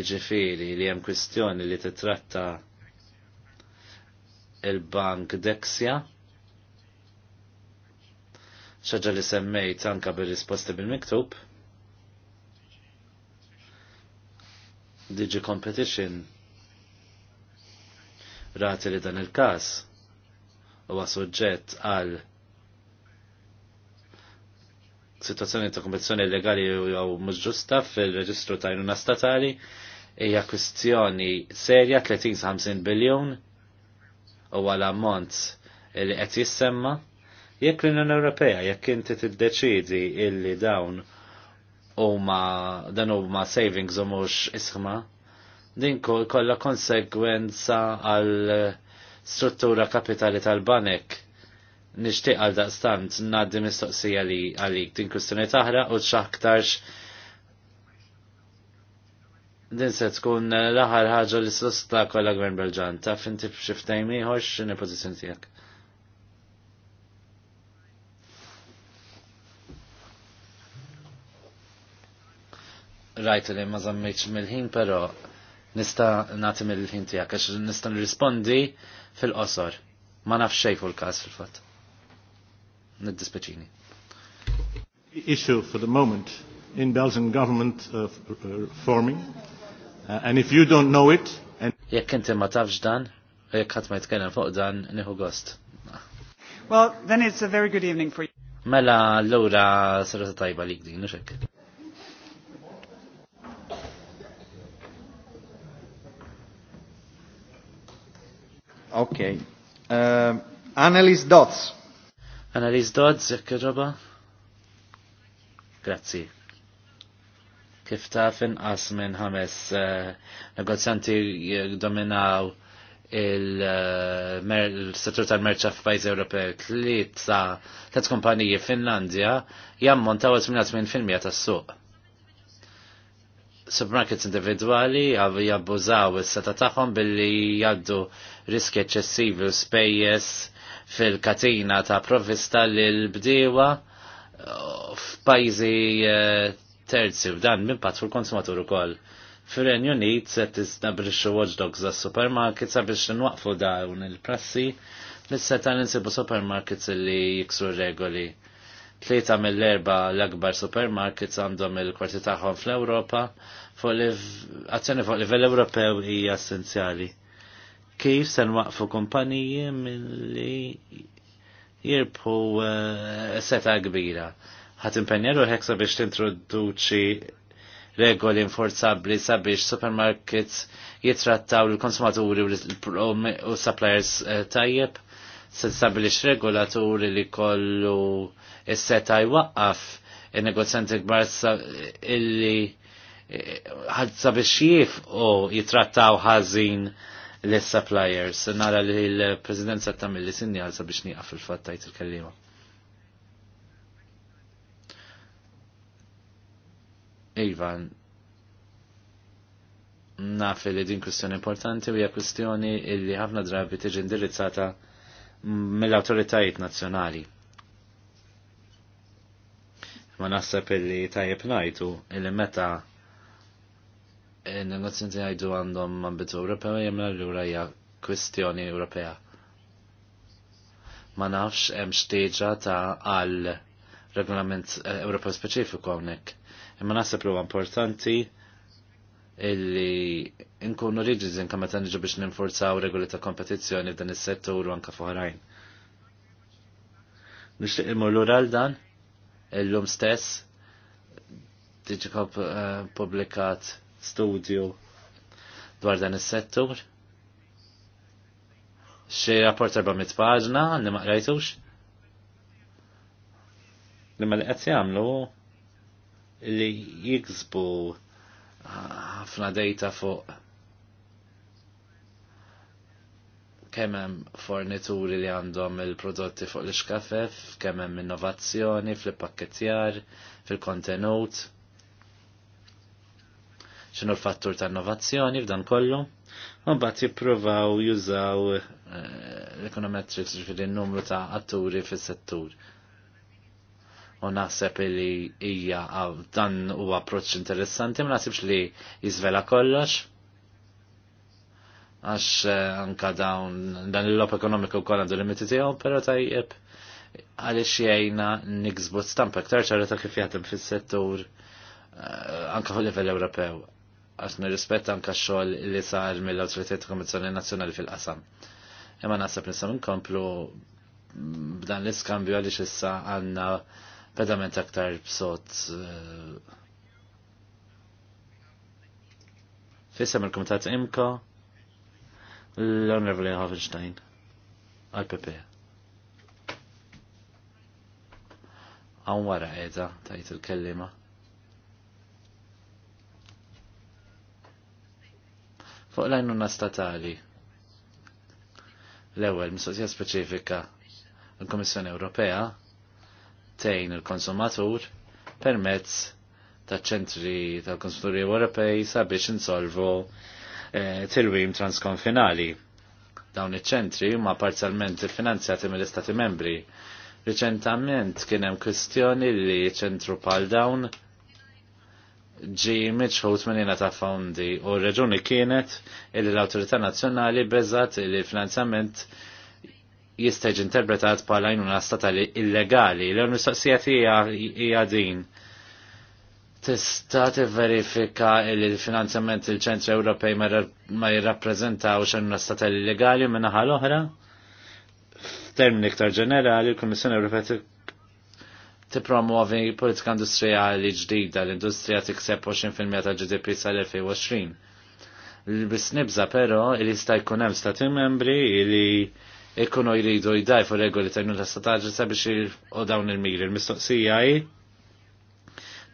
iġifiri li jem kwistjoni li titratta il-bank Dexia ċaġa li semmejt anka bil-risposti bil-miktub Digi Competition rati li dan il-kas u suġġett għal situazzjoni ta' kompetizzjoni illegali jew mhux ġusta fil-reġistru ta' jnuna statali hija kwistjoni serja 30-50 biljun u għala ammont li qed jissemma. Jekk l-Unjoni Ewropea jekk inti tiddeċidi illi dawn huma dan huma savings u mhux isħma, din kollha konsegwenza għal struttura kapitali tal-banek nishtiq għal daqstant naddi mistoqsija li għalik din kustuni taħra u xaħktarx din se tkun l ħagġa ħaġa s sosta kolla gvern Belġan ta' finti xiftajn miħor xini pozizjoni tijak. Rajt li ma zammiċ mill-ħin, pero nista nati mill-ħin tijak, għax nista nrispondi fil-qosor. Ma nafx xej fuq kas fil-fatt niddispeċini. Issue for the moment in Belgian government uh, uh, forming uh, and if you don't know it and jekk inti ma tafx dan jekk ħadd ma jitkellem fuq dan nieħu gost. Well, then it's a very good evening for you. Mela l-ura sarata tajba lik din, nuxek. Okay. Uh, Annelies Dots. Analiz Dodds, jekk ġoba? Grazzi. Kif taf inqas minn ħames eh, negozjanti eh, dominaw il-settur eh, tal-merċa f'pajzi Ewropej tliet sa tliet kumpaniji Finlandja jammontaw 88% tas-suq. Supermarkets individwali jabbużaw is-seta tagħhom billi jgħaddu riski eċċessivi u spejjeż fil-katina ta' provvista l-bdiewa uh, f'pajzi uh, terzi f'dan minn pat fil-konsumatur ukoll. Fir-Renju Unit se tisnabrixxu watchdogs għas supermarket sabiex nwaqfu dawn il-prassi li se ta' ninsibu supermarkets li jiksu regoli. Tlieta mill-erba l-akbar supermarkets għandhom il-kwarti tagħhom fl-Ewropa fuq azzjoni fuq livell Ewropew hija essenzjali kif se nwaqfu kumpaniji milli jirbu eh, seta kbira. Ħat impenjeru ħeksa biex tintroduċi regoli inforzabli sabiex supermarkets jitrattaw l-konsumaturi u suppliers eh, tajjeb se stabilix regolaturi li kollu s-seta jwaqqaf il-negozjanti gbar illi eh, ħadza biex jif u jitrattaw ħazin l-suppliers. Nara li l-Presidenza tamil li għal sabiex niqaf il-fattajt il-kellima. Ivan, naf li din kustjoni importanti u hija kwestjoni li ħafna drabi tiġi indirizzata mill-awtoritajiet nazzjonali. Ma naħseb illi tajjeb ngħidu illi meta il-negozjanti għajdu għandhom ambitu Ewropew jemna l-ura hija kwistjoni Ewropea. Ma nafx hemm xtieġa ta' għal regolament eh, Ewropew speċifiku hawnhekk. Imma naħseb li huwa importanti illi nkunu rigidi inka meta niġu biex ninforzaw regoli ta' kompetizzjoni f'dan is-settur u anke foħrajn. Nixtieq imur lura għal dan illum stess diġi eh, pubblikat studju dwar dan is-settur. Xi rapport 400 paġna li ma qrajtux. Imma li qed jagħmlu li jiksbu ħafna data fuq kemm hemm fornituri li għandhom il-prodotti fuq l-iskafef, kemm hemm innovazzjoni fil-pakketjar, fil-kontenut xinu l-fattur ta' innovazzjoni f'dan kollu. Mbagħad jippruvaw jużaw eh, l-econometrics ġifieri n-numru ta' atturi fis-settur. U naħseb li hija dan huwa approċċ interessanti, ma naħsibx li jiżvela kollox għax eh, anka dawn dan il-lop ekonomiku kol għandu limiti tiegħu, però tajjeb għaliex jgħinna niksbu stampa ktar ċara ta' kif jaħdem fis-settur eh, anka fuq livell Ewropew għax nirrispetta anka xogħol li sar mill-Awtoritajiet Kommissjoni Nazzjonali fil-qasam. Imma naħseb nisam nkomplu b'dan l-iskambju għaliex issa għandna pedament aktar b'sot eh, Fissem il-Komitat Imko l-Honorable Hoffenstein għal-PP. Għan wara qiegħda tajt il-kellima. fuq l-għajnuna statali. L-ewel, mistoqsija speċifika, l-Komissjoni Ewropea tejn il-konsumatur permezz ta' ċentri tal-konsumaturi Ewropej sabiex insolvu e, tilwim transkonfinali. Dawn iċ-ċentri huma parzjalment finanzjati mill-Istati membri. Riċentament kien hemm kwistjoni li ċentru pal dawn ġimit xħut minnina ta' fondi u reġuni kienet illi l autorita nazzjonali bezzat li finanzjament jistajġ interpretat pala jnuna statali illegali. L-mistoqsija hija din. Tista' tivverifika li l-finanzjament il-ċentri Ewropej ma jirrappreżentawx għandna statali illegali minnaħa l-oħra? F'termini iktar ġenerali, l komissjoni Ewropej tipromuovi politika industrijali ġdida l-industrija tikseb 20% tal-GDP sal-2020. Bis nibza però il jista' jkun hemm stati membri li ikunu jridu jdajfu regoli ta' ta' stataġi sabiex u dawn il-miri. l mistoqsija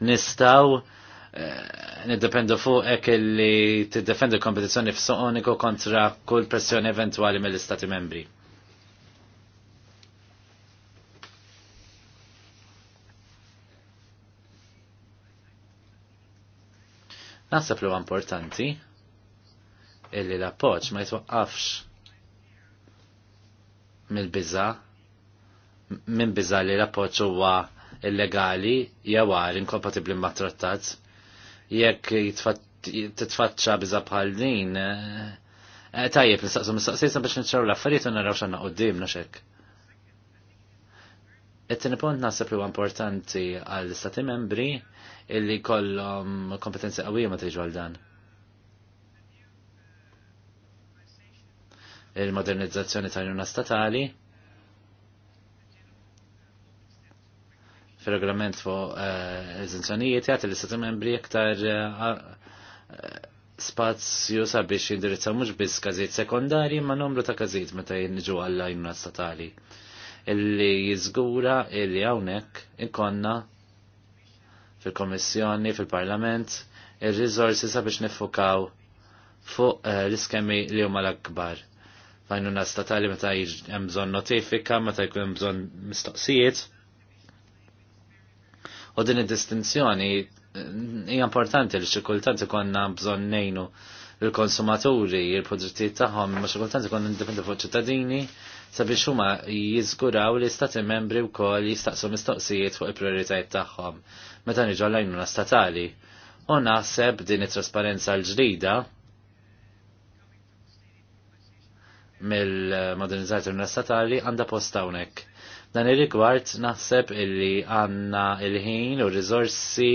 nistaw nistgħu eh, niddependu fuq hekk li tiddefendi kompetizzjoni f uniku kontra kull pressjoni eventwali mill-istati membri. Nasab li importanti illi l-appoġġ ma jitwaqqafx mill-biża minn biża li l-appoġġ huwa illegali jew għal inkompatibbli ma' trattat jekk titfaċċa biża bħal din eh, eh, tajjeb nistaqsu mistaqsejsa biex nitxaw l-affarijiet u naraw x'għandna qudiemna x'hekk. Et-tini punt nasib li importanti għal stati membri illi kollhom kompetenzi qawwija ma tiġu għal dan. Il-modernizzazzjoni tal-Unjoni Statali fil-regolament fuq eh, eżenzjonijiet jagħti l-istati membri iktar eh, spazju sabiex jindirizzaw mhux biss każijiet sekondarji ma' numru ta' każijiet meta jinġu għall-għajnuna statali illi jizgura illi hawnhekk ikonna fil komissjoni fil-Parlament, ir-riżorsi sabiex nifukaw fuq eh, l-iskemi li huma l-akbar. Fajnuna statali meta jem bżonn notifika, meta jkun hemm bżonn mistoqsijiet. U din id-distinzjoni eh, hija importanti li xi kultant ikonna bżonn ngħinu il-konsumaturi, il-produttijiet tagħhom, ma xi kultant ikun indipendi fuq ċittadini, sabiex huma jiżguraw li stati membri wkoll jistaqsu mistoqsijiet fuq il-prioritajiet tagħhom meta niġu għall-għajnuna statali. U naħseb din it-trasparenza l-ġdida mill-modernizzazzjoni statali għandha post hawnhekk. Dan ir-rigward naħseb illi għandna il-ħin u riżorsi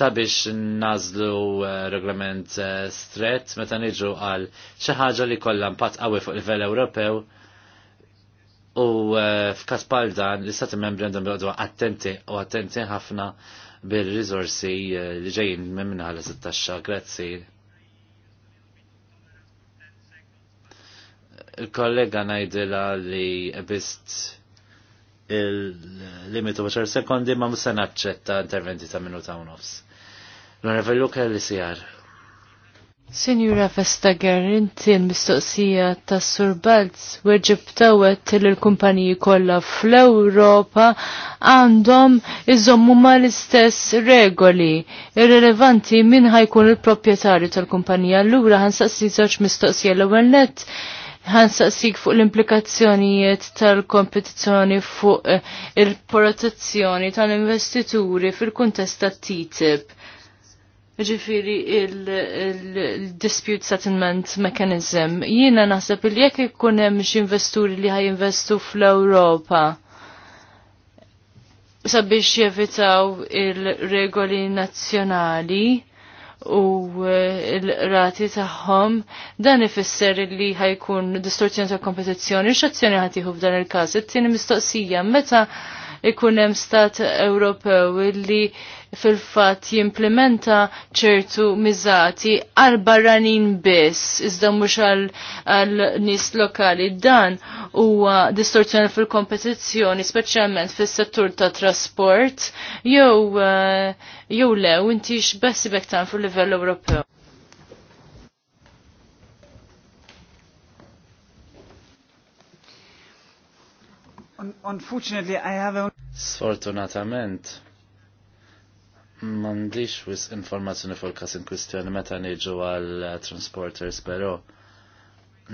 sabiex nażlu eh, reglament eh, stret meta niġu għal xi ħaġa li kollha impatt qawwi fuq livell Ewropew U eh, f'kas bħal dan, l-istati membri għandhom jgħadu attenti u attenti ħafna bil-rizorsi eh, li ġejjin minn ħalla taxxa grazzi. Il-kollega najdila li bist il-limitu 10 sekondi ma musa naċċetta interventi ta' minuta u nofs. L-onorevoli Luka li sijar. Sinjura Vestager, inti l-mistoqsija tas Sur Balz til il kumpaniji kollha fl-Ewropa għandhom iżommu ma l-istess regoli irrelevanti minn ħajkun il-proprjetarju tal-kumpanija. Allura ħansaqsi żewġ mistoqsija l-ewwel għan ħansaqsik fuq l-implikazzjonijiet tal-kompetizzjoni fuq il-protezzjoni tal-investituri fil-kuntest tat-TTIP ġifiri il-dispute settlement mechanism. Jina naħseb li jekk ikun hemm xi investuri li ħajinvestu fl-Ewropa sabiex jevitaw il-regoli nazzjonali u l-rati tagħhom dan ifisser li ħajkun distorzjoni ta' kompetizzjoni x'azzjoni ħatiħu f'dan il-każ. It-tieni mistoqsija meta ikun hemm stat Ewropew li fil-fat jimplementa ċertu miżati għal barranin biss, iżda mhux għal nies lokali dan huwa distorzjoni fil-kompetizzjoni, speċjalment fis-settur ta' trasport, jew eh, jew lew inti x'bessibek tan fil-livell Ewropew. Unfortunately, I have a... Sfortunatament, Mandiċ wis informazzjoni fuq kas in kwistjoni meta niġu għal transporters, pero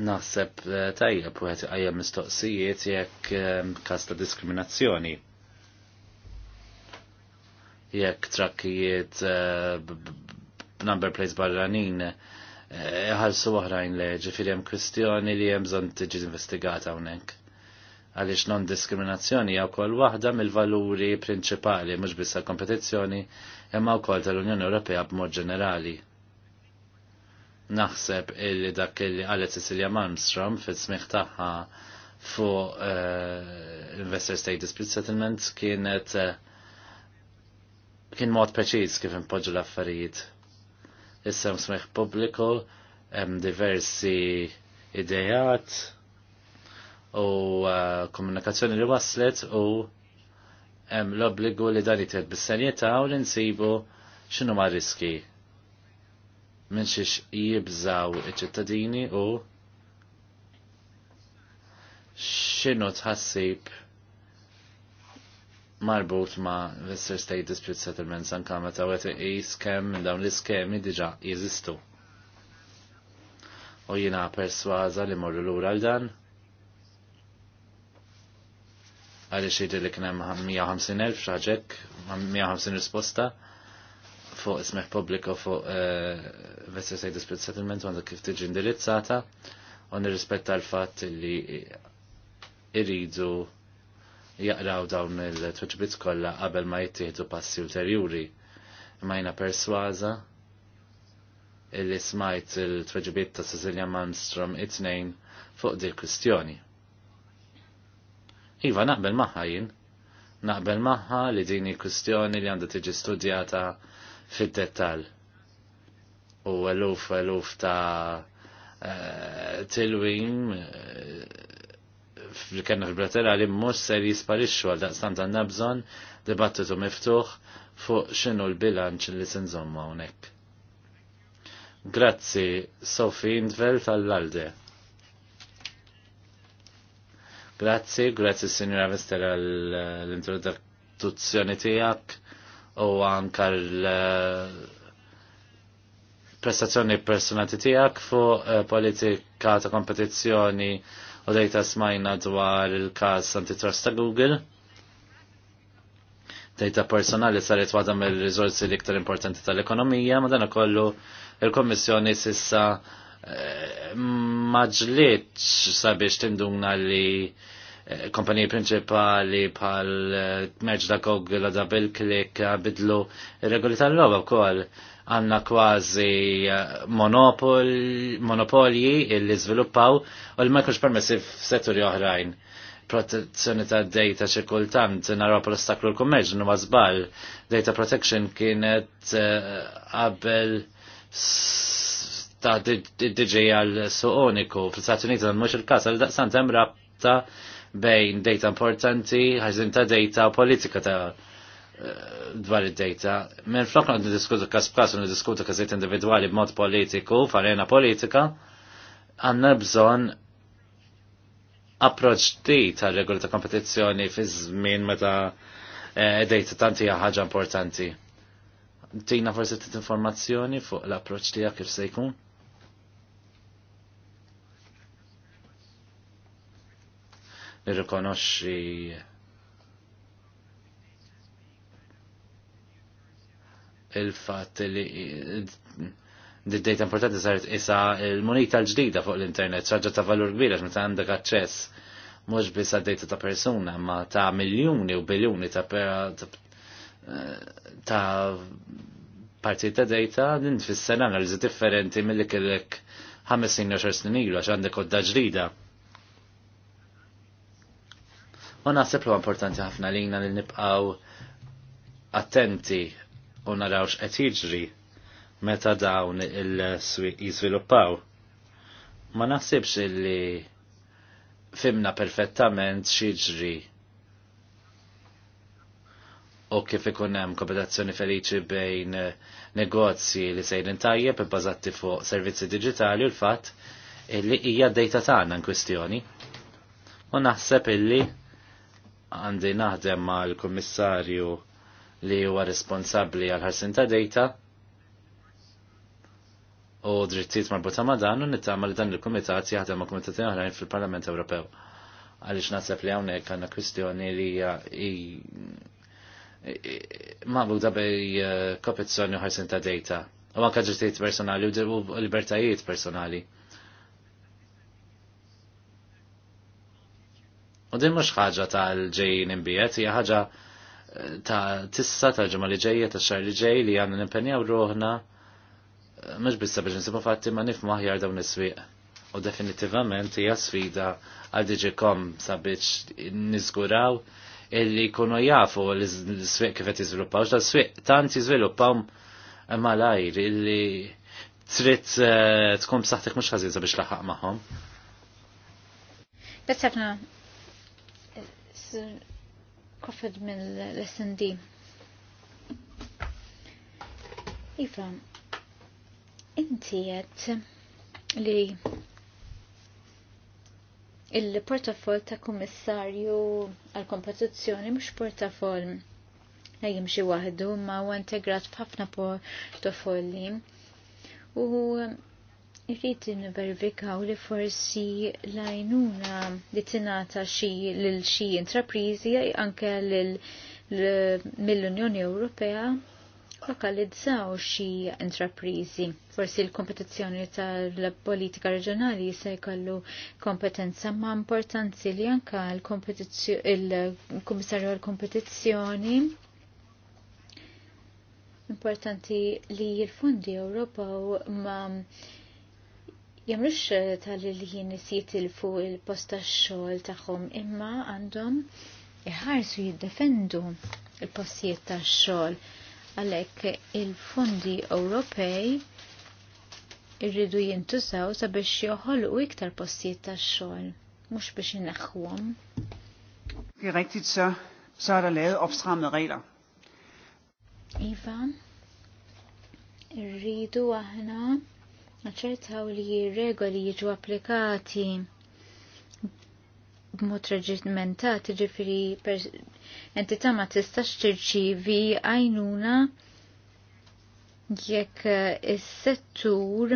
naħseb eh, tajjeb u għet għajja mistoqsijiet jekk eh, kas ta' diskriminazzjoni. Jekk trakkijiet eh, number plates barranin ħalsu oħrajn leġi firjem kwistjoni li jemżon tiġi investigata unek għaliex non-diskriminazzjoni hija wkoll waħda mill-valuri prinċipali mhux biss kompetizzjoni imma wkoll tal-Unjoni Ewropea b'mod ġenerali. Naħseb illi dak illi qalet Cecilia Malmstrom fit smigħ tagħha fuq eh, Investor State Dispute Settlement kienet eh, kien mod preċiż kif impoġġu l-affarijiet. Issa msmeħ pubbliku hemm diversi idejat u uh, komunikazzjoni li waslet u l-obbligu li dan jitet bis-senjetà u li nsibu x'inhu ma' riski minn xiex jibżaw iċ-ċittadini u x'inhu tħassib marbut ma' Mr State Dispute Settlements anka ta' wet iqis kemm minn dawn l-iskemi diġà jeżistu. U jiena persważa li morru lura l dan għaliex jidri li kien hemm 150,000 xaġek, 150 risposta fuq ismeħ pubblika fuq eh, Vessi Sejt Disprit Settlement għandu kif tiġi indirizzata u nirrispetta l-fatt li iridu jaqraw dawn il-tweġbit kollha qabel ma jittieħdu passi ulterjuri. Imma jiena persważa illi smajt il-tweġbit ta' Cecilia Malmstrom it-tnejn fuq dil kwistjoni Iva, naqbel maħħa jien. Naqbel maħħa li dini kustjoni li għandha tiġi studjata fid-dettal. U eluf eluf ta' eh, tilwim eh, li kena fil bratera li mmus ser jisparixxu għal daqstant għandna bżonn dibattitu miftuħ fuq xinu l-bilanċ li tinżomma unek. Grazzi, Sofi Indvel tal-Lalde. Grazzi, grazzi Signora Vester għall-introduzzjoni eh, tijak u anka l-prestazzjoni eh, personati tijak fu eh, politika ta' kompetizzjoni u dejta smajna dwar il-kas antitrust ta' Google. Dejta personali saret wada mill-rizorsi l-iktar importanti tal-ekonomija, ma dan kollu il-Kommissjoni sissa maġlit sabiex timduna li eh, kompaniji prinċipali bħal eh, Merġda Google da Bilklik eh, bidlu regoli tal-loba wkoll għanna kważi monopoli monopolji illi żviluppaw u li ma jkunx permessi f'setturi oħrajn. Protezzjoni ta' data xi kultant naraw pal ostaklu l-kummerġ u żball. Data protection kienet qabel uh, ta' diġi għal suqoniku fl-Stati Uniti dan mhux il-każ għal daqsan hemm rabta bejn data importanti, ħażin ta' data u politika ta' eh, dwar id-data. Men flok għad diskutu kas kas u nidiskutu każijiet individwali b'mod politiku, f'arena politika, għandna bżonn approċ di ta' regoli ta' kompetizzjoni fi żmien meta eh, data tanti ħaġa importanti tina forse t informazzjoni fuq l-approċ tijak kif se jkun? irrikonoxxi il-fatt li d-data importanti saret isa il-monita l-ġdida fuq l-internet, ċaġġa ta' valur kbira meta għandek aċċess mhux biss għad-data ta' persuna, ma ta' miljuni u biljuni ta' ta' parti ta' data din tfisser analiżi differenti mill-li kellek 50 snin ilu għandek odda ġdida U naħseb li importanti ħafna li jina li nibqaw attenti u narawx qed jiġri meta dawn il-swiq jiżviluppaw. Ma naħsibx li fimna perfettament x'jiġri u kif ikun hemm kompetizzjoni feliċi bejn negozji li sejrin tajjeb bbażati fuq servizzi diġitali u l-fatt li hija d-dejta tagħna n kwistjoni. U naħseb illi għandi naħdem ma' l-Kommissarju li huwa responsabli għal ħarsin ta' data u drittijiet marbuta ma' dan u nittama li dan il-Kumitat jaħdem ma' kumitati oħrajn fil-Parlament Ewropew. Għaliex naħseb li hawnhekk għandna kwistjoni li hija maqbuda bej eh, kopizzjoni ħarsin ta' data. U anke drittijiet personali u libertajiet personali. U din mhux ħaġa tal-ġejjin imbiet, hija ħaġa eh, ta' tissa tal ġimgħa li ġejja ta' xahar li ġej li għandna nimpenjaw ruħna eh, mhux bissa biex nsibu fatti ma nifhmu aħjar dawn is-swieq. U definittivament hija sfida għal diġikom sabiex niżguraw illi jkunu jafu l-swieq kif qed jiżviluppaw, tal-swieq tant jiżviluppaw malajr illi trid eh, tkun b'saħħtek mhux ħażin sabiex laħaq magħhom. Kofed mill l-SND. Iva, inti għed li il-portafol ta' kummissarju għal kompetizzjoni mhux portafol la jimxi wahdu ma huwa integrat f'ħafna portafolli. U Irrid verifikaw li forsi lajnuna li tingħata xi lil xi intrapriżi anke mill-Unjoni Ewropea lokalizzaw xi intrapriżi. Forsi l-kompetizzjoni tal-politika reġjonali se jkollu kompetenza ma' importanzi li anke l-Kummissarju l kompetizzjoni importanti li l-fondi Ewropew ma' jamrux eh, tal-ħin nisiet il-posta xol taħħom imma għandhom iħarsu jiddefendu il-postijiet ta' xol għalek il-fondi Ewropej irridu jintużaw sabiex joħolqu iktar postijiet ta' xol, mux biex inaħħuhom. Direktit sa så er der lavet opstrammede regler. Iva, rridu aħna naċertaw li regoli jiġu applikati b'mod reġimentat, ġifiri entità ma tistax tirċivi għajnuna jekk eh, is-settur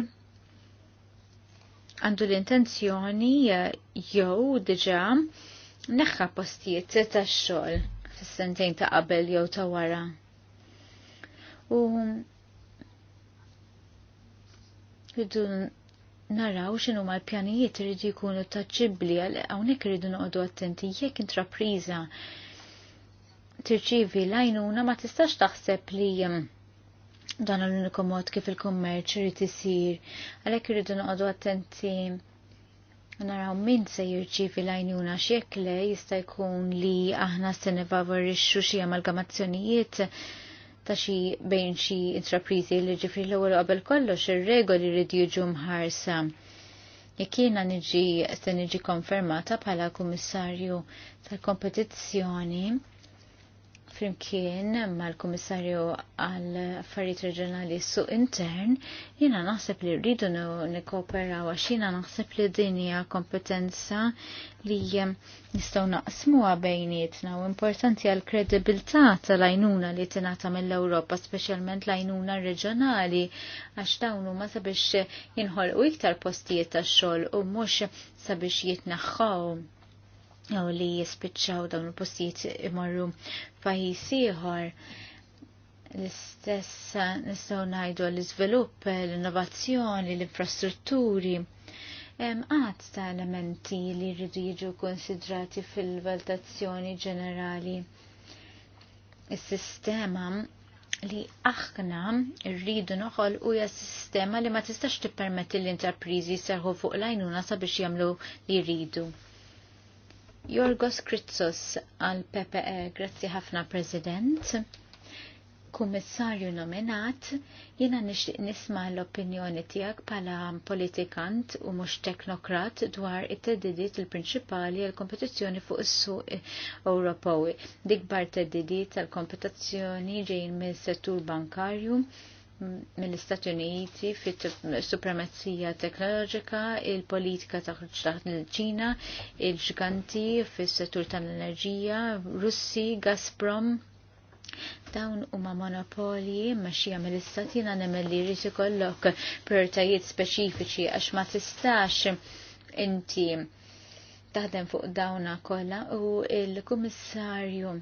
għandu l-intenzjoni eh, jew diġa neħħa postijiet ta' xogħol fis-sentejn ta' qabel jew ta' wara. U Rridu naraw xinu ma l-pjanijiet irridu jkunu taċċibbli għal hawnhekk irridu noqogħdu attenti jekk intrapriża tirċivi lajnuna ma tistax taħseb li ehm, dan l-uniku mod kif il-kummerċ irid isir, għalhekk irridu noqogħdu attenti naraw min se jirċivi lajnuna x'jekk le jista' jkun li aħna se nevavorixxu xi amalgamazzjonijiet ta' xi bejn xi intrapriżi li ġifri l-ewwel qabel kollox ir-regoli rrid jiġu mħarsa. Jekk jiena niġi se niġi konfermata bħala kummissarju tal-kompetizzjoni, flimkien mal-Komissarju għal affarijiet Reġjonali suq intern, jiena naħseb li rridu nikkooperaw għax jiena naħseb li din hija kompetenza li nistgħu naqsmuha bejnietna u importanti għal kredibilità tal-għajnuna li tingħata mill-Ewropa, speċjalment l-għajnuna reġjonali għax dawn huma sabiex jinħolqu iktar postijiet tax-xogħol u mhux sabiex jitnaħħaw jew li jispiċċaw dawn il-postijiet imorru pajjiż ieħor l-istess nistgħu ngħidu l-iżvilupp, l-innovazzjoni, l-infrastrutturi. Hemm qatt ta' elementi li jridu jiġu konsidrati fil-valutazzjoni ġenerali. Is-sistema li aħna rridu noħol u sistema li ma tistax tippermetti l-intrapriżi serħu fuq lajnuna sabiex jagħmlu li jridu. Jorgos Kritsos għal PPE, grazzi ħafna President. Kummissarju nominat, jena nixtieq nisma l-opinjoni tiegħek bħala politikant u mhux teknokrat dwar it-teddidiet il-prinċipali għal kompetizzjoni fuq is su Europowi. Dikbar teddidiet tal kompetizzjoni ġejn mis-settur bankarju, mill-Istati Uniti fit supremazija teknoloġika, il-politika ta' taħt il-ċina, il-ġganti fis-settur tal-enerġija, Russi, Gazprom, Dawn huma monopoli maxija mill istati na nemmel li jrid ikollok prioritajiet speċifiċi għax ma tistax inti taħdem fuq dawna kollha u l-Kummissarju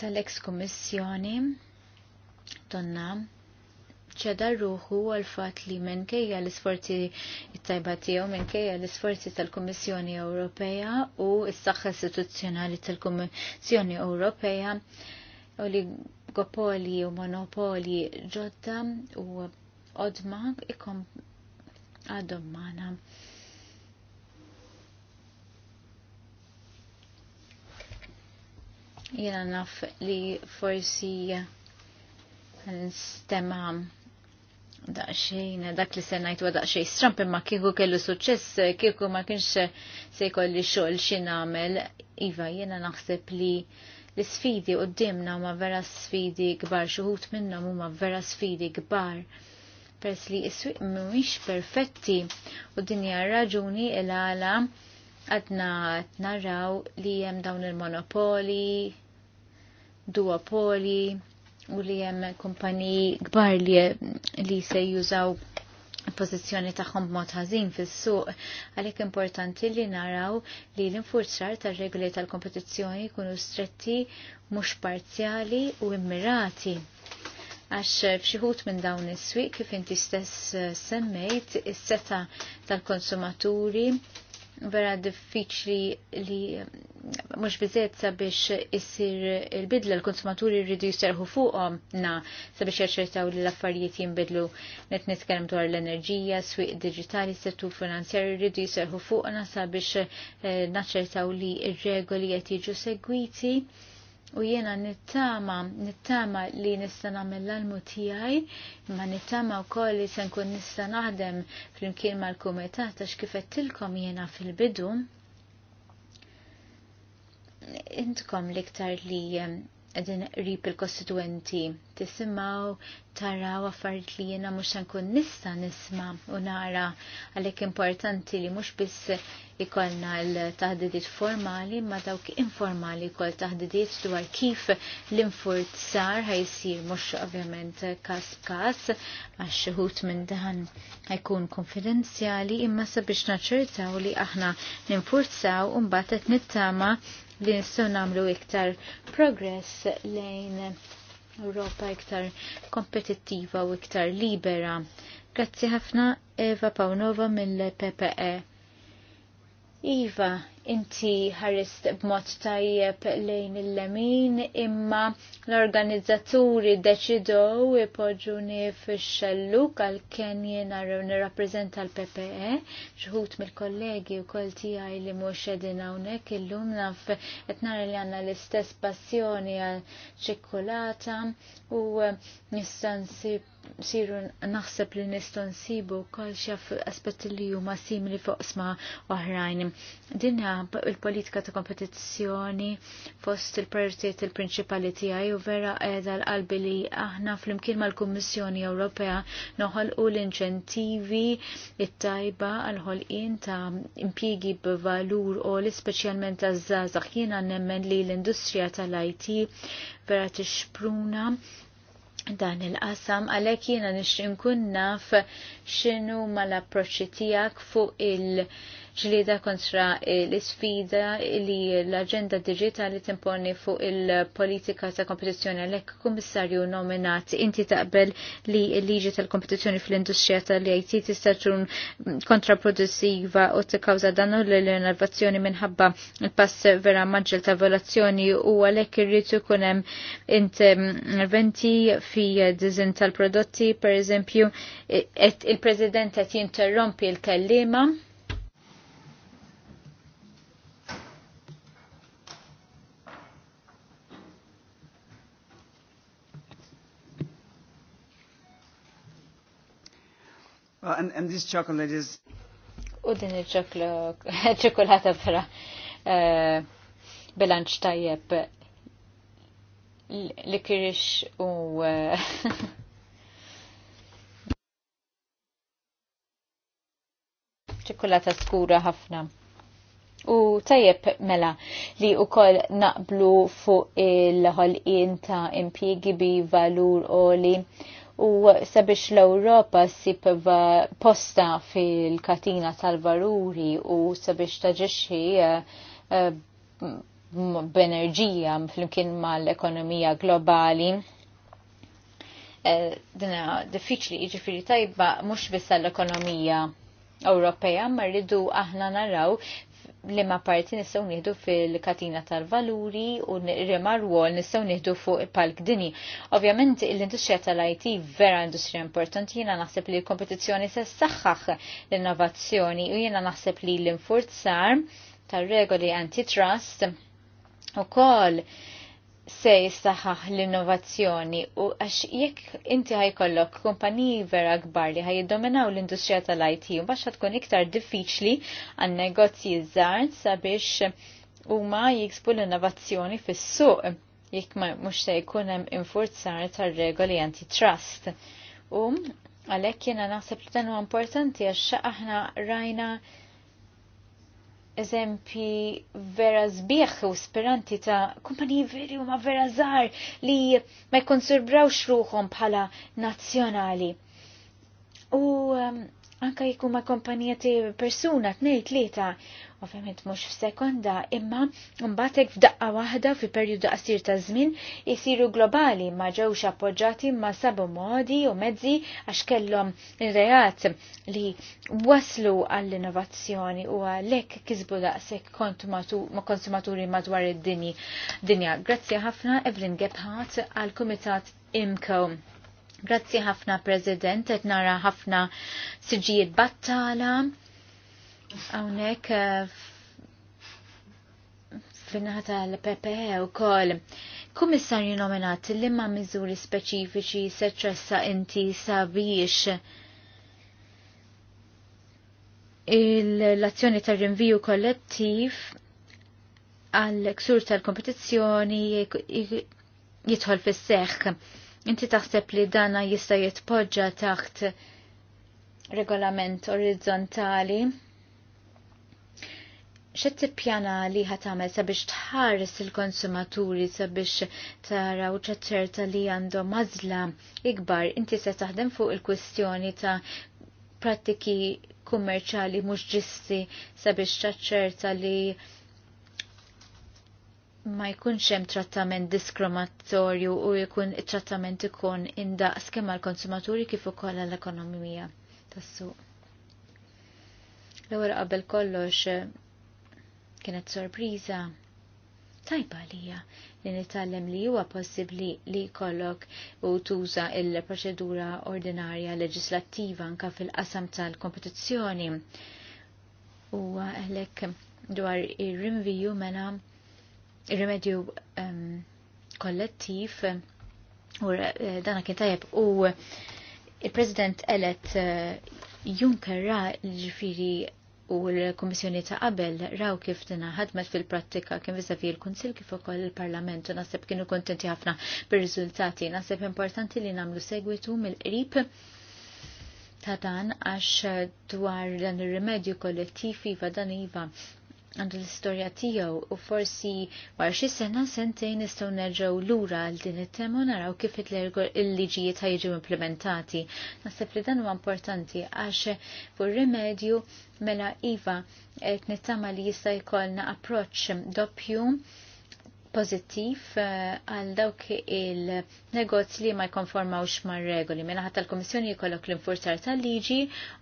tal-ex Kummissjoni Donna, ċedar ruħu għal fat li minkejja l-isforzi t tajba tiegħu minkejja l-isforzi tal-Kummissjoni Ewropea u s-saħħa istituzzjonali tal-Kummissjoni Ewropea u li gopoli u monopoli ġodda u odma ikom għadhom magħna. Jena naf li forsi nistema daqxejn, dak li sennajt wa daqxej stramp imma kieku kellu suċċess, kieku ma kienx se jkolli xogħol xin nagħmel. Iva, jiena naħseb li l-sfidi qoddimna ma vera sfidi kbar, xuħut minnhom huma vera sfidi kbar peress li s-swiq mhuwiex perfetti u dinja raġuni il-għala għadna naraw li hemm dawn il-monopoli, duopoli, u li hemm kumpaniji kbar li, li se jużaw pożizzjoni tagħhom b'mod ħażin fis-suq, għalhekk importanti li naraw li l-infurzar tar-regoli tal-kompetizzjoni jkunu stretti mhux parzjali u immirati għax fxieħut minn dawn is-swieq kif inti stess semmejt is-seta tal-konsumaturi vera diffiċli li mhux biżiet sabiex issir il-bidla l-konsumaturi jridu jisterħu fuqhom na sabiex jaċċertaw li l-affarijiet jinbidlu qed nitkellem dwar l-enerġija, swieq diġitali, settur finanzjarju jridu jisterħu fuqna sabiex eh, naċċertaw li r-regoli qed jiġu segwiti u jiena nittama, nittama li nista nagħmel l-almu tiegħi, ma nittama wkoll li se nkun nista naħdem flimkien mal kumeta għax kif tilkom jiena fil-bidu. Intkom l-iktar li għedin rip il-kostituenti tisimaw taraw affarijiet li jena mux nkun nista nisma u nara għalek importanti li mux biss ikolna l-taħdidiet formali ma dawk informali kol taħdidiet dwar kif l-infurt sar ħajsir mux ovvjament kas kas għax ħut minn dan ħajkun konfidenzjali imma sabiex naċertaw li aħna ninfurzaw un batet nittama li nistgħu nagħmlu iktar progress lejn Europa iktar kompetittiva u iktar libera. Grazzi ħafna Eva Paunova mill-PPE. Iva, inti ħarist b'mod tajjeb lejn il-lemin imma l-organizzaturi deċidow ipoġuni fix-xelluk għal kien jiena nirrappreżenta l-PPE xħut mill-kollegi u kol tiegħi li mhux għonek hawnhekk illum naf qed nara li għandna l-istess passjoni għal ċikkulata u nista' siru naħseb li nistgħu nsibu wkoll xaf aspetti li huma simili fuq sma oħrajn. Dinna il-politika ta' kompetizzjoni fost il prioritet il-prinċipali tiegħi u vera qiegħda l-qalbi li aħna flimkien mal-Kummissjoni Ewropea u l-inċentivi it-tajba għal ħolqien ta' impjiegi b'valur u li speċjalment għaż-żgħażagħ jiena nemmen li l-industrija tal-IT vera tixpruna dan il-qasam għalek jiena nix kun naf xinu ma l-approċċi tijak fuq il- ġlieda kontra l-isfida li l-agenda digitali timponi fuq il-politika ta' kompetizzjoni għalhekk kummissarju nominat inti taqbel li l-liġi tal-kompetizzjoni fl-industrija tal-IT tista' tkun kontraproduttiva u tikkawża dannu l-innovazzjoni minħabba il-pass vera maġġel ta' volazzjoni u għalhekk irritu ikun hemm interventi fi dizin tal-prodotti, per eżempju, il-President qed jinterrompi l-kellima Uh, and, and this chocolate is... U din il-ċokolata vera eh, bilanċ tajjeb li kirix u eh, ċokolata skura ħafna. U tajjeb mela li u koll naqblu fuq il-ħolqin ta' impiegi bi valur oli u sabiex l-Europa sib posta fil-katina tal-valuri u sabiex taġiċi eh, eh, b'enerġija flimkien mal-ekonomija globali. Eh, dina diffiċli iġifiri tajba mux bissa l-ekonomija Ewropea ma rridu aħna naraw li ma parti nistaw nieħdu fil-katina tal-valuri u rima rwol nistaw nieħdu fuq palk dini. Ovvjament l-industrija tal-IT vera industrija importanti jiena naħseb li l-kompetizzjoni se saxħax l-innovazzjoni u jiena naħseb li l-infurzar tar-regoli antitrust u koll se jistaħħaħ l-innovazzjoni u għax jekk inti ħajkollok kumpaniji vera kbar li ħajiddominaw l-industrija tal-IT u baxa tkun iktar diffiċli għan negozji żgħar sabiex huma jiksbu l-innovazzjoni fis-suq jekk ma mhux se jkun hemm infurzar tar-regoli antitrust. U għalhekk jiena naħseb li dan huwa importanti għax aħna rajna eżempi vera zbieħ u speranti ta' kumpaniji veri u ma' vera zar li ma' jkonsurbrawx ruħom bħala nazzjonali. U um, anka jekk ma' kompanija ta' persuna tnejn tlieta, ovvjament mhux f'sekonda, imma mbatek f f'daqqa waħda fi perjodu qasir ta' żmien isiru globali ma ġewx appoġġjati ma sabu modi u mezzi għax kellhom reat li waslu għall-innovazzjoni u għalhekk kisbu daqshekk ma' konsumaturi madwar id-dinja. Dinja, grazzi ħafna Evelyn Gebhardt għal-Kumitat IMCO. Grazzi ħafna President, et nara ħafna siġijiet battala. Għawnek eh, finnaħta l-PPE u kol. Kummissarju nominat li ma miżuri speċifiċi seċessa inti sabiex l-azzjoni tar rinviju kollettiv għal-ksur tal-kompetizzjoni jitħol fis-seħħ Inti taħseb li dana jista' jitpoġġa taħt regolament orizzontali. t tippjana li ħatamel sabiex tħares il-konsumaturi sabiex taraw ċaċċerta li għandhom mażla ikbar inti se taħdem fuq il-kwistjoni ta' prattiki kummerċali mhux ġisti sabiex ċaċerta li ma jkunx hemm trattament diskriminatorju u jkun it-trattament ikun indaqs kemm għall-konsumaturi kif ukoll għall-ekonomija tas-suq. L-ewwel qabel kollox eh, kienet sorpriża tajba lija li nitgħallem li huwa possibbli li jkollok u tuża il-proċedura ordinarja leġislattiva anka fil-qasam tal-kompetizzjoni. U għalhekk dwar ir-rinviju mela il-remedju um, kollettiv u eh, dana kien tajjeb u il-President elet eh, Juncker ra ġifiri u l-Komissjoni ta' qabel raw kif dina ħadmet fil-prattika kien vizavi l-Kunsil kif ukoll il-Parlament u naħseb kienu kontenti ħafna bir-riżultati. Naħseb importanti li nagħmlu segwitu mill-qrib ta' dan għax dwar dan ir-rimedju kollettiv iva dan iva għandu l-istorja tijaw u forsi war xi sena sentejn nistgħu l lura għal din it-tema naraw kif il-liġijiet ħajġu implementati. Naħseb li dan huwa importanti għax fur rimedju mela iva qed nittama li jista' jkollna approċċ doppju pozittiv eh, għal dawk il-negozji li ma jkonformawx mar regoli. Mela ħatta l-Komissjoni jkollok l-infurzar tal-liġi,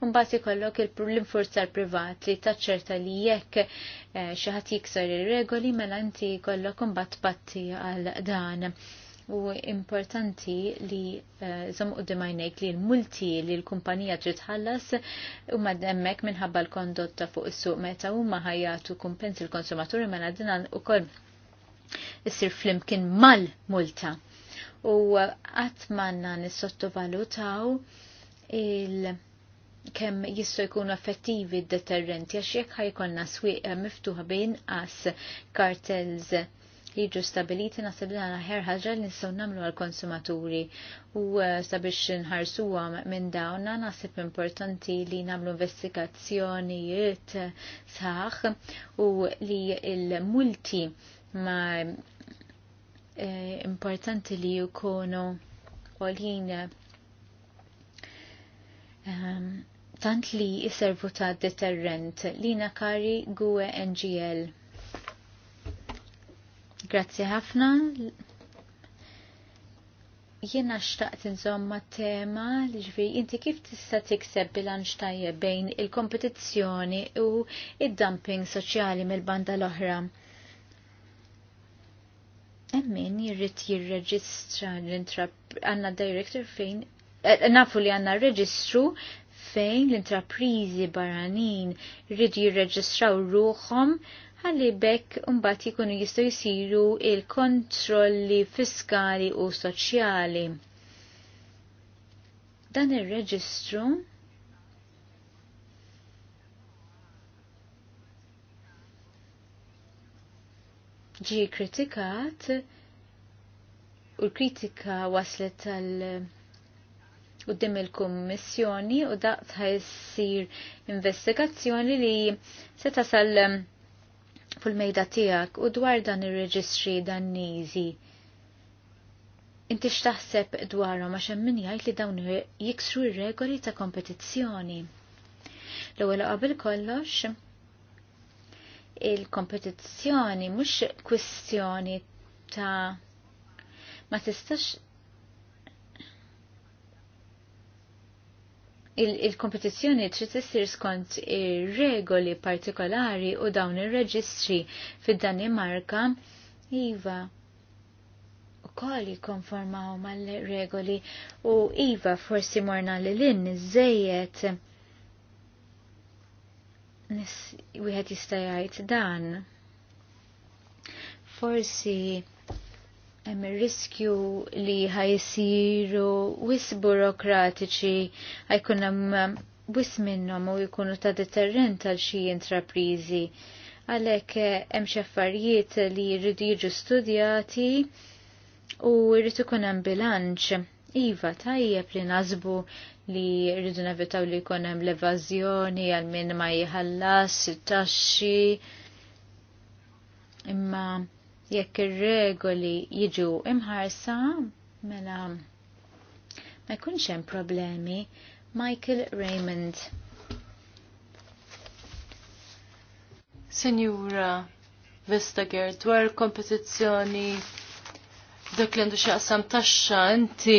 mbagħad jkollok l-infurzar privat li taċċerta li jekk eh, xi ħadd jiksar ir-regoli mela inti jkollok imbagħad patti għal dan. U importanti li zom eh, u dimajnejk li l-multi li l-kumpanija trid ħallas u maddemmek minħabba l-kondotta fuq is-suq meta huma maħajatu kumpens il-konsumaturi mela dinan ukoll issir flimkien mal-multa. U għatmanna nissottovalutaw il- kemm jistgħu jkunu effettivi d-deterrenti għax jekk ħajkonna swieq miftuħa bejn as kartels li ġu stabiliti nasib li ħer ħaġa li nistgħu nagħmlu għall-konsumaturi u uh, sabiex għam minn dawn nasib importanti li nagħmlu investigazzjonijiet saħ u li l-multi ma eh, importanti li jkunu għolħin um, tant li jiservu ta' deterrent li nakari guwe NGL. Grazzi ħafna. Jiena xtaqt insomma tema li ġviri inti kif tista' tikseb bilanċ tajjeb bejn il-kompetizzjoni u id-dumping soċjali mill-banda l-oħra. Emmin jirrit jirreġistra l-intrap għanna director fejn, eh, nafu li għanna reġistru fejn l-intraprizi barranin jirrit jirreġistraw ruħom għalli bekk unbat jikunu jistu jisiru il-kontrolli fiskali u soċjali. Dan il-reġistru ġi kritikat u l-kritika waslet tal- dim il-kummissjoni u daqt ħajsir investigazzjoni li se tasal um, fil-mejda tiegħek u dwar dan ir-reġistri danniżi. Inti x'taħseb dwarhom għax hemm min jgħid li dawn jiksru r-regoli ta' kompetizzjoni. L-ewwel qabel kollox, il-kompetizzjoni mhux kwistjoni ta' ma tistax il-kompetizzjoni il trid issir skont regoli partikolari u dawn ir-reġistri fid-Danimarka iva ukoll jikkonformaw mal-regoli u iva forsi morna li lin iżejjed wieħed jista' jgħid dan. Forsi hemm ir-riskju li ħajsiru wis burokratiċi ħajkun hemm um, wis minnhom u jkunu ta' deterrent għal xi intrapriżi. Għalhekk eh, hemm xi affarijiet li jridu jiġu studjati u jrid ikun hemm bilanċ. Iva tajjeb li nażbu li rridu nevitaw li jkun hemm l-evażjoni għal min ma jħallas it-taxxi. Imma jekk ir-regoli jiġu imħarsa mela ma jkunx hemm problemi. Michael Raymond. Senjura Vestager, dwar kompetizzjoni dak li għandu xaqsam taxxa, inti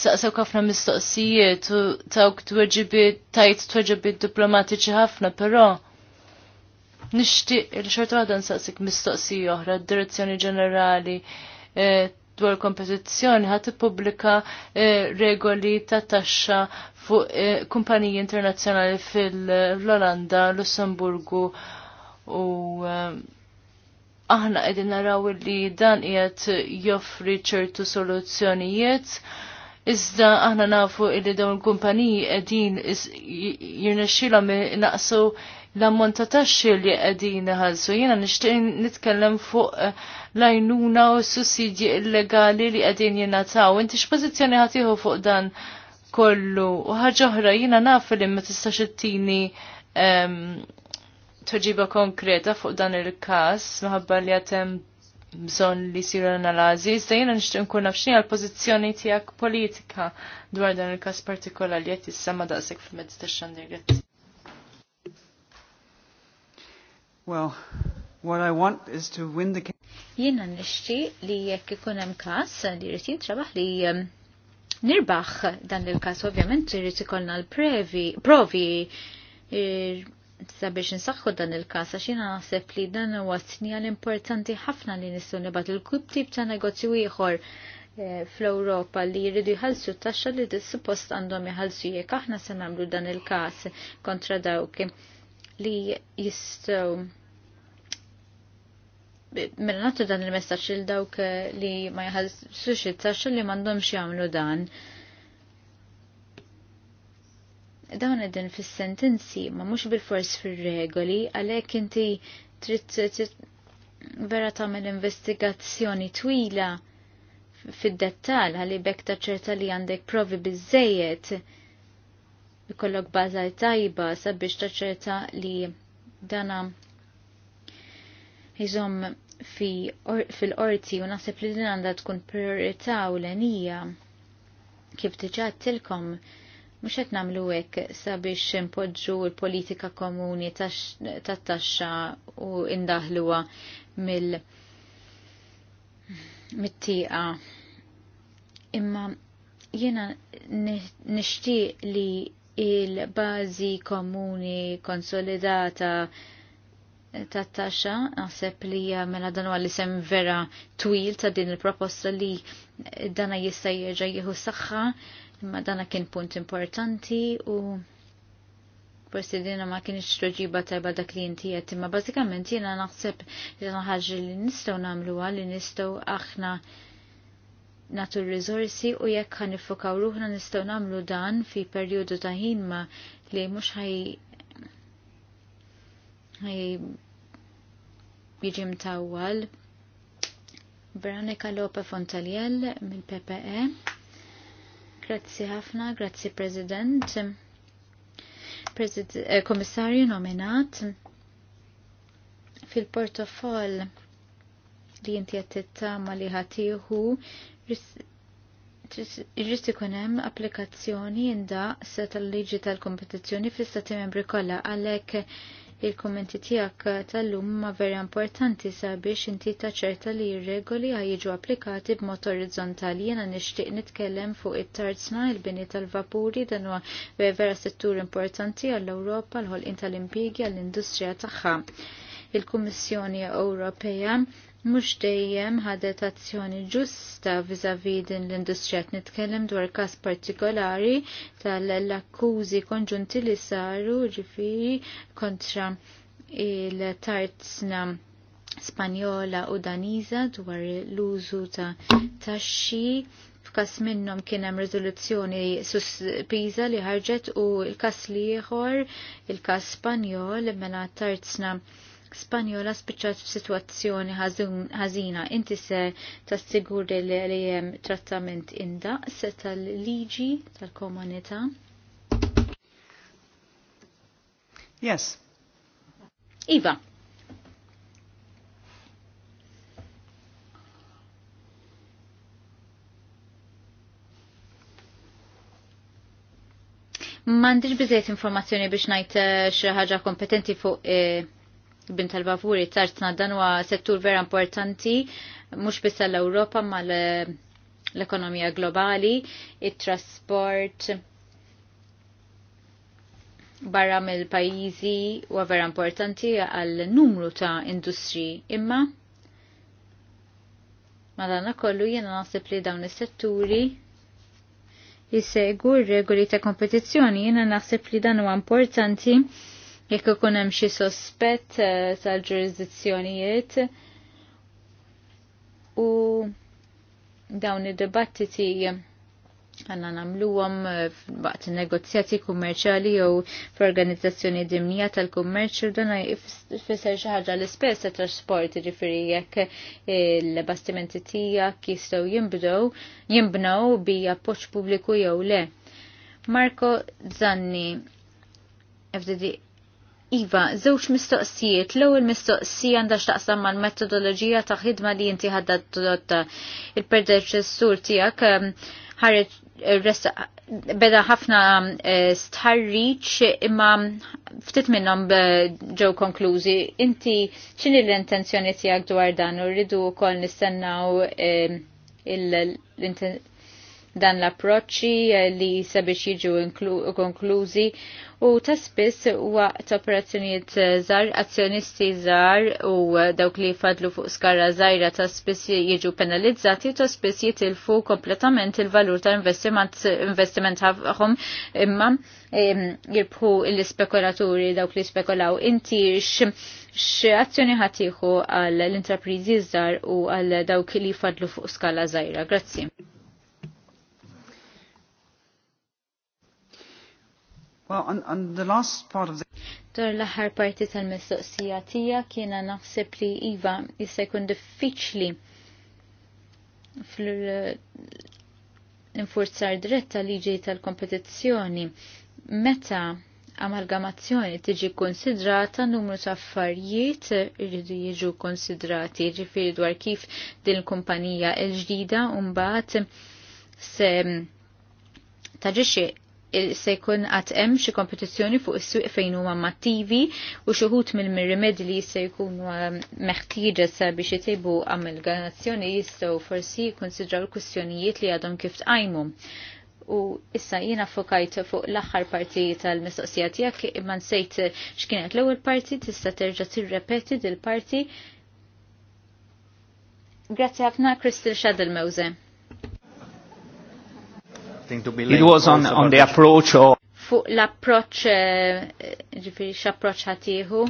saqsew ħafna mistoqsijiet u tawk tweġibiet tajt tweġibiet diplomatiċi ħafna, però nixtieq il xortu waħda nsaqsik mistoqsija oħra d-direzzjoni ġenerali eh, dwar kompetizzjoni ħat ippubblika eh, regoli ta' taxxa fuq eh, kumpaniji internazzjonali fil-Olanda, Lussemburgu u aħna qegħdin naraw li dan qiegħed joffri ċertu soluzzjonijiet Iżda aħna nafu illi dawn il-kumpaniji qegħdin jirnexxilhom naqsu l-ammont ta' taxxi li qegħdin iħallsu. Jiena nixtieq nitkellem fuq eh, lajnuna u s-sussidji illegali li qegħdin jingħataw. Inti x'pożizzjoni ħatiħu fuq dan kollu? U ħaġa oħra jiena nafu li ma tistax ittini ehm, toġiba konkreta fuq dan il-każ minħabba li għatem bżon li siru analazi, iżda jina nishtu nkun nafxin għal-pozizjoni tijak politika dwar dan il-kas li jett jissama daqsek fil meditation dirgħet. Well, what I want is to win the case. Jina nishti li jekk ikun hemm kas li rrit jintrabaħ li um, nirbaħ dan il-kas ovvjament irrid ikollna l-previ, provi, sabiex nsaxħu dan il-kas għax jiena naħseb li dan huwa l importanti ħafna li nistgħu nibat il-kub tip ta' negozju ieħor eh, fl-Ewropa li jridu jħallsu taxxa li suppost għandhom jħallsu jekk aħna se nagħmlu dan il-każ kontra dawk li jistgħu Mela nagħtu dan il-messaġġ il dawk eh, li ma jħalsu it-taxxa li m'għandhomx jagħmlu dan dawn id-din fis-sentenzi ma mhux bil-fors fir-regoli għalhekk inti tritt vera tagħmel investigazzjoni twila fid-dettall għalli bekk ċerta li għandek provi biżejjed ikollok bażaj tajba sabiex taċċerta li dana jizom fil-qorti u naħseb li din għandha tkun priorità u l-enija kif tiġat tilkom Mux qed nagħmlu hekk sabiex impoġġu l-politika komuni tat-taxxa u indaħluha mill mit-tieqa. Imma jiena nixtieq li il-bażi komuni konsolidata tat-taxxa naħseb li mela dan għalli sem vera twil ta' din il-proposta li dana jista' jerġa' jieħu saħħa Imma dana kien punt importanti u forsi dina ma kienx toġiba tajba dak li inti qed imma bażikament jiena naħseb ħaġa li nistgħu nagħmluha li nistgħu aħna natu r u jekk ħan nifokaw ruħna nistgħu nagħmlu dan fi perjodu ta' ħin ma li mhux ħaj jiġi mtawwal. Veronika Lope Fontaliel mill-PPE. Grazzi ħafna, grazzi President. President eh, komissarju nominat fil-portofoll li inti ma li ħatiħu Irrid ikun hemm applikazzjoni indaqs tal-liġi tal-kompetizzjoni fis istati membri kollha għalhekk Il-kommenti tiegħek tal-lum ma vera importanti sabiex inti taċerta li r-regoli ħajġu applikati b'mod orizzontali jiena nixtieq nitkellem fuq it-tarzna il-bini tal-vapuri dan huwa vera settur importanti għall-Ewropa l-ħolqien tal-impjegi għall-industrija tagħha. Il-Kummissjoni Ewropea mhux dejjem ħadet azzjoni ġusta vizavi din l-industrija qed nitkellem dwar każ partikolari tal-akkużi konġunti li saru ġifiri kontra il-tartsna Spanjola u Daniza dwar l-użu ta' taxxi f'kas minnhom kien hemm riżoluzzjoni suspiża li ħarġet u l-kas liħor, il-kas Spanjol mela tarzna Spanjola spiċċat f'sitwazzjoni ħażina inti se tassigur li hemm trattament indaqs tal-liġi tal-komunità. Yes. Iva. Mandiġ bizzejt informazzjoni biex najt eh, xi ħaġa kompetenti fuq eh, bint tal-vapuri tartna dan huwa settur vera importanti mhux biss l-Ewropa ma eh, l-ekonomija globali, it-trasport barra mill-pajjiżi huwa vera importanti għal numru ta' industri imma Madonna kollu jena nasib li dawn is-setturi jissegu r-regoli ta' kompetizzjoni jena nasib li dan huwa importanti jekk ikun hemm xi sospett eh, tal-ġurisdizzjonijiet u dawn id-dibattiti għanna namluwom eh, waqt negozjati kummerċali jew f'organizzazzjoni dimnija tal-kummerċ u dan jfisser xi ħaġa l-ispess ta' trasport jiġifieri jekk il-bastimenti tiegħek jistgħu jinbdew jinbnew bi appoġġ pubbliku jew le. Marco Zanni, FDD Iva, żewġ mistoqsijiet, l-ewwel mistoqsija għandha x'taqsam mal-metodoloġija ta' ħidma li inti ħadda il-predeċessur tiegħek um, ħareġ uh, beda ħafna uh, stħarriċ imma ftit minnhom uh, ġew konklużi. Inti x'inhi l-intenzjoni tiegħek dwar dan u rridu wkoll nistennaw um, l-intenzjoni dan l-approċċi eh, li sabiex jiġu konklużi u ta' spiss waqt operazzjonijiet eh, żgħar, azzjonisti żgħar u eh, dawk li fadlu fuq skarra żgħira ta' spiss jiġu penalizzati u ta' spiss jitilfu kompletament il-valur ta' investiment tagħhom imma jirbħu l-ispekulaturi dawk li spekulaw inti x'azzjoni ħatiħu għall intrapriżi żgħar u għal dawk li fadlu fuq skala żgħira. Grazzi. Well, on, on the last part of the... Dor l-aħħar parti tal-mistoqsija tija kiena naħseb li Iva jista' jkun diffiċli fl-infurzar dritt tal-liġi tal-kompetizzjoni. Meta amalgamazzjoni tiġi konsidrata numru ta' affarijiet irridu jiġu konsidrati, ġifiri dwar kif din kumpanija l-ġdida mbagħad se taġixi se jkun għat hemm xi kompetizzjoni fuq is-suq fejn huma mattivi u xi wħud mill-rimedi li se jkunu ehm, meħtieġa sabiex għamil-ganazzjoni jistgħu forsi jikkonsidraw l-kwistjonijiet li għadhom kif tqajmu. U issa jiena fokajt fuq l-aħħar parti tal-mistoqsija tiegħek imma nsejt x'kienet l-ewwel parti tista' terġa' tirrepeti dil-parti. Grazzi ħafna Kristel Shadel Mewze expecting to be It was on, on the approach or... Fuq l-approċ, eh, ġifiri, x-approċ ħatiħu?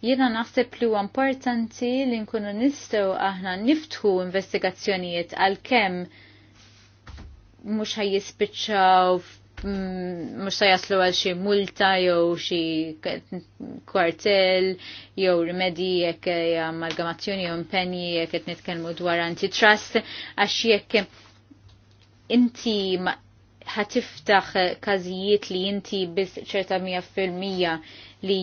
Jena naħseb li huwa importanti li nkunu nistgħu aħna niftħu investigazzjonijiet għal kem mhux ħajjispiċċaw mux mm, ta' jaslu għal xie multa jew xie kwartel jew rimedi jekk amalgamazzjoni jew impenji jekk qed nitkellmu dwar antitrust għax jekk inti ħatiftaħ każijiet li inti biss ċerta mija fil-mija li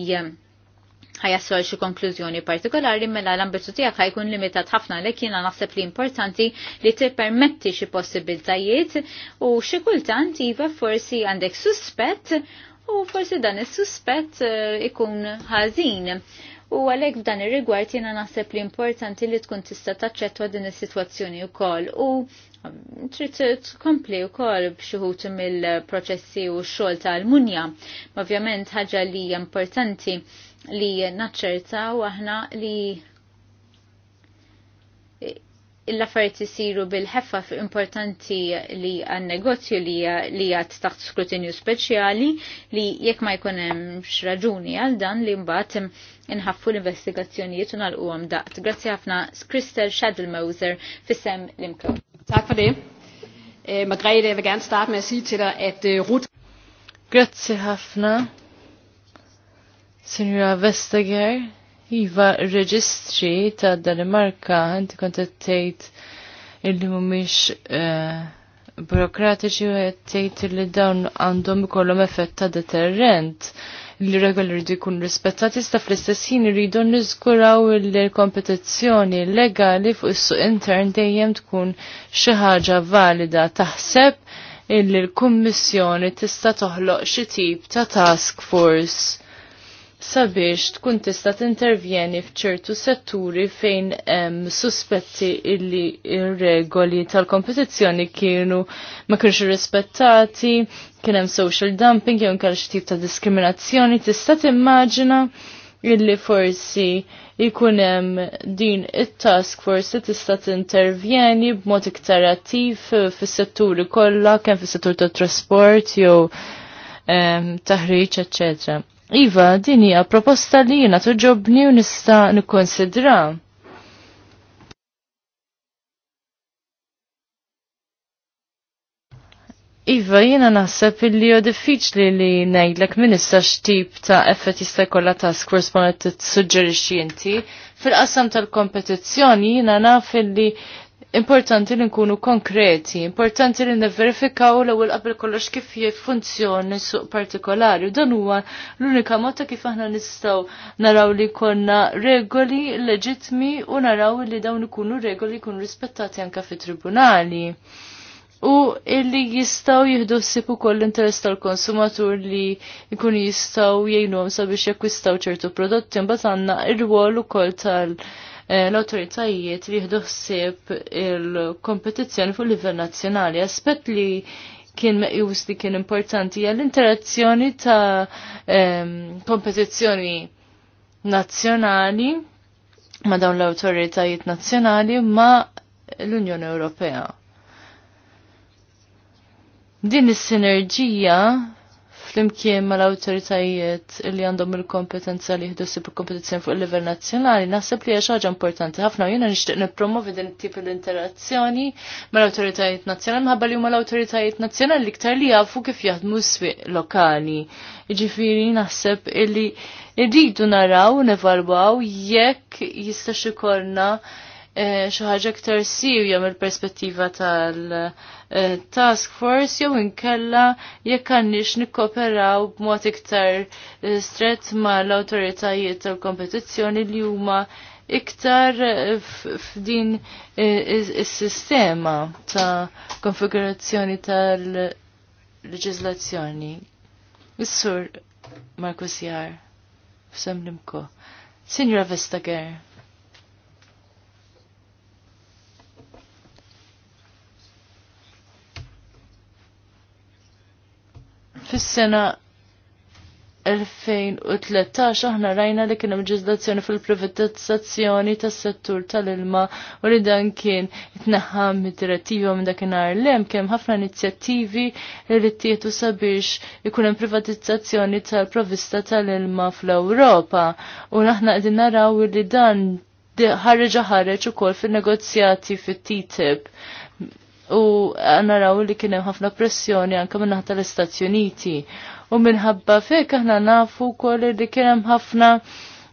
ħajassol xi konklużjoni partikolari mela l-ambitu tiegħek ħajkun limitat ħafna li kiena naħseb li importanti li tippermetti xi possibiltajiet u xi kultant iva forsi għandek suspett u forsi dan is-suspett eh, ikun ħażin. U għalek f'dan ir-rigward jiena naħseb li importanti li tkun tista' taċċettwa din is-sitwazzjoni wkoll u mm, trid tkompli wkoll b'xuħut mill-proċessi u x-xogħol tal-munja. Ovvjament ħaġa li hija importanti li naċċertaw aħna li l-affarijiet isiru bil-ħeffa importanti li għan negozju li li għad taħt skrutinju speċjali li jekk ma jkun hemmx raġuni għal dan li mbagħad inħaffu l-investigazzjonijiet u nagħlquhom daqt. Grazzi ħafna Kristel Shadelmoser fissem l-imklu. Tak for det. Eh, Margrethe, jeg vil gerne starte med at sige til dig, at eh, Ruth... Grazie, Hafna. Signora Vestager, Iva, reġistri ta' Danimarka, inti kontattejt illi mumiex eh, burokratiċi u għettejt li dawn għandhom ikollhom effett ta' deterrent li regoli rridu jkun rispettati sta fl-istess ħin rridu niżguraw il-kompetizzjoni legali fuq is-suq intern dejjem tkun xi ħaġa valida taħseb illi l-Kummissjoni tista' toħloq xi tip ta' task force sabiex tkun tista' tintervjeni f'ċertu setturi fejn hemm suspetti illi ir-regoli tal-kompetizzjoni kienu ma kienx rispettati, kien hemm social dumping jew inkella xi tip ta' diskriminazzjoni, tista' timmaġina illi forsi jkun hemm din it-task forsi tista' tintervjeni b'mod iktar attiv fis-setturi kollha kemm fis-settur tat-trasport jew ehm, taħriġ, eċċetera. Iva, din hija proposta li jiena toġobni u nista' nikkonsidra. Iva, jiena naħseb illi hu diffiċli li ngħidlek min issa x'tip ta' effett jista' jkollha task force suġġerixxi tissuġġerixxi inti. Fil-qasam tal-kompetizzjoni jiena naf illi Importanti li nkunu konkreti, importanti li neverifikaw l ewwel qabel kollox kif jiffunzjoni suq partikolari. Dan huwa l-unika mod kif aħna nistgħu naraw li konna regoli leġitmi u naraw li dawn ikunu regoli jkunu rispettati anke fit-tribunali u illi jistaw jihdu s-sipu koll interess tal-konsumatur li jkun jistaw jgħinu sabiex jakkwistaw ċertu prodotti mbagħad għandna ir-rwol ukoll tal- Eh, l-autoritajiet li jieħdu ħsieb il-kompetizzjoni fuq livell nazzjonali. Aspett li kien meqjus li kien importanti għall interazzjoni ta' ehm, kompetizzjoni nazzjonali ma' dawn l-autoritajiet nazzjonali ma' l-Unjoni Ewropea. Din is-sinerġija flimkien mal awtoritajiet li għandhom il-kompetenza li jihdu sib kompetizzjoni fuq il-livell nazzjonali, naħseb li hija xi ħaġa importanti ħafna u jiena nixtieq nippromovi din tip l-interazzjoni mal awtoritajiet nazzjonali minħabba li huma l-awtoritajiet nazzjonali ktar li jafu kif jaħdmu s-swieq lokali. Iġifiri naħseb illi rridu naraw nevalwaw jekk jistax ikorna eh, xi ħaġa iktar sirja mill-perspettiva tal- Eh, task force jew inkella jekk għandix nikkoperaw b'mod iktar eh, strett mal-awtoritajiet tal-kompetizzjoni li huma iktar eh, f'din is-sistema ta' konfigurazzjoni tal-leġiżlazzjoni. Is-sur Markus Jar, f'semlimko. Signora Vestager. fis-sena 2013 aħna rajna li kien hemm ġiżlazzjoni fil-privatizzazzjoni tas-settur tal-ilma u li dan kien itneħħam mid-direttiva minn dakinhar l-hemm kemm ħafna inizjattivi li ttietu sabiex ikun hemm privatizzazzjoni tal-provista tal-ilma fl-Ewropa u aħna qegħdin naraw li dan ħareġ ħareġ ukoll fin-negozjati fit-TTIP u raw li kien hemm ħafna pressjoni anke minn naħta l-Istati Uniti. U minħabba fek aħna nafu wkoll li kien hemm ħafna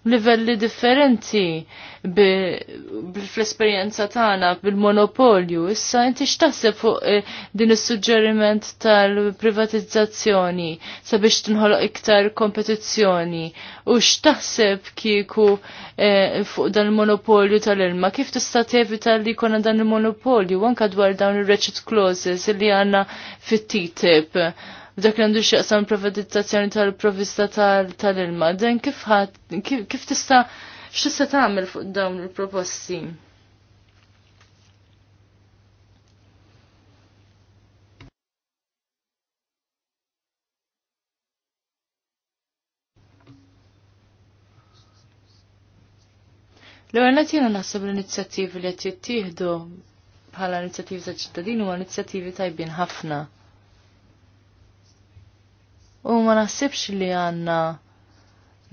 livelli differenti fl-esperjenza tagħna bil-monopolju. Issa inti x'taħseb fuq eh, din is-suġġeriment tal-privatizzazzjoni sabiex tinħoloq iktar kompetizzjoni u x'taħseb kieku eh, fuq dan il-monopolju tal-ilma kif tista' tevita li jkollna dan il-monopolju anke dwar dawn ir-ratchet clauses li għandna fit-TTIP dak għandu xieqsam privatizzazzjoni tal-provista tal-ilma. Dan kif kif tista' x'issa tagħmel fuq dawn il-proposti? l għarna tjena naħseb l-inizjattivi li għet jittihdu bħala inizjativi ta' ċittadini u l-inizjativi tajbin ħafna. U ma naħsibx li għanna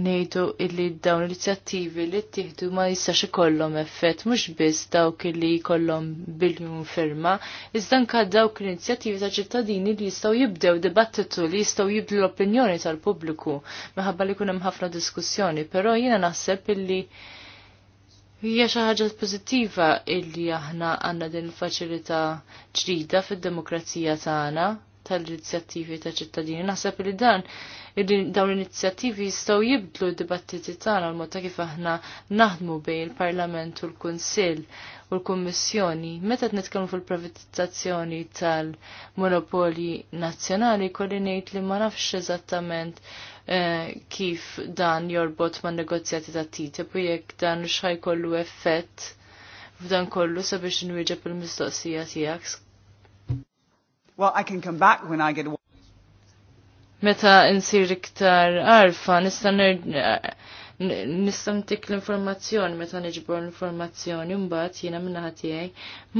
nejdu illi dawn l-inizjattivi li t-tihdu ma jistax ikollhom effett mhux biss dawk li jkollhom biljun firma, iżda nka dawk l-inizjattivi ta' ċittadini li jistgħu jibdew dibattitu li jistgħu jibdu l-opinjoni tal-pubbliku minħabba li kun hemm ħafna diskussjoni, però jiena naħseb illi hija xi ħaġa pożittiva illi aħna għandna din il-faċilità ġdida fid-demokrazija tagħna tal-inizjattivi ta' ċittadini. Naħseb li dan dawn l-inizjattivi jistgħu jibdlu d-dibattiti tagħna l ta' kif aħna naħdmu bejn il-Parlament u l-Kunsill u l-Kummissjoni. Meta qed nitkellmu fil-privatizzazzjoni tal-monopoli nazzjonali kolli ngħid li ma nafx eżattament eh, kif dan jorbot ma' negozjati ta' TTIP u jekk dan x'ħajkollu effett f'dan kollu sabiex nwieġeb il-mistoqsija tiegħek Well, I can come back when I get a Meta insir iktar arfa, nista' nista' ntik l-informazzjoni meta niġbor l-informazzjoni mbagħad jiena minnaħa tiegħi.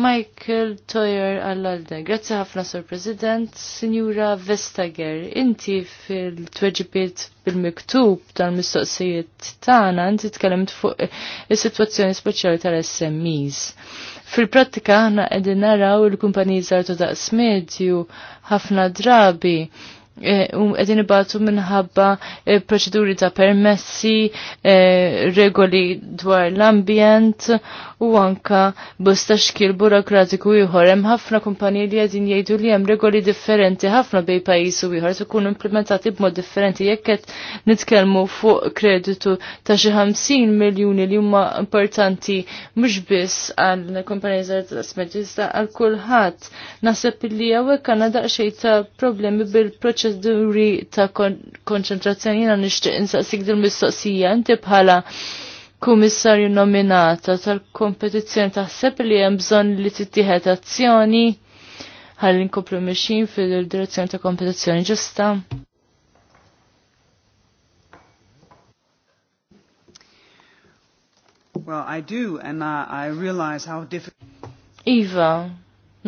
Michael Toyer għall-Alden. Grazzi ħafna Sur President, Sinjura Vestager, inti fil-tweġibiet bil-miktub tal-mistoqsijiet tagħna inti tkellimt fuq is-sitwazzjoni speċjali tal-SMEs. Fil-prattika aħna qegħdin naraw il-kumpaniji żgħar ta' daqs medju ħafna drabi Eh, u qegħdin ibatu minħabba eh, proċeduri ta' permessi, eh, regoli dwar l-ambjent u anka bosta xkil burokratiku ieħor. Hemm ħafna kumpanji li qegħdin jgħidu li hemm regoli differenti ħafna bej pajjiż u se kunu implementati b'mod differenti jekk qed nitkellmu fuq kreditu ta' xi 50 miljuni li huma importanti mhux biss għal kumpanija żgħar ta' smeġista għal kulħadd. Naħseb li hawnhekk għandha daqsxejn ta' problemi bil-proċeduri proċeduri ta' konċentrazzjoni jina nixtieq insaqsik dil mistoqsija inti bħala kummissarju nominata tal-kompetizzjoni taħseb li hemm bżonn li tittieħed azzjoni ħalli nkomplu mixin fil-direzzjoni ta' kompetizzjoni ġusta. Well, I do, and I, I realize how difficult. Iva,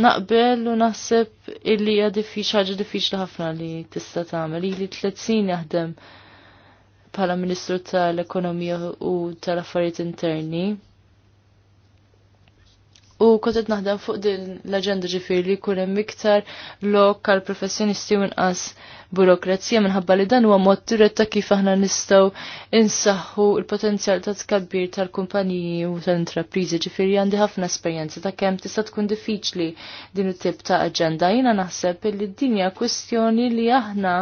naqbel u naħseb illi hija diffiċ ħaġa diffiċli ħafna li tista' tagħmel. Ili tliet sin jaħdem bħala Ministru tal-Ekonomija u tal-Affarijiet Interni. U kotet naħdem fuq din l aġenda ġifieri li jkun hemm iktar lok għal professjonisti u inqas burokrazija minħabba li dan huwa mod diretta kif aħna nistgħu insaħħu l-potenzjal ta' tkabbir tal-kumpaniji u tal-intrapriżi ġifieri għandi ħafna esperjenza ta' kemm tista' tkun diffiċli din it-tip ta' aġenda. Jiena naħseb li din hija kwestjoni li aħna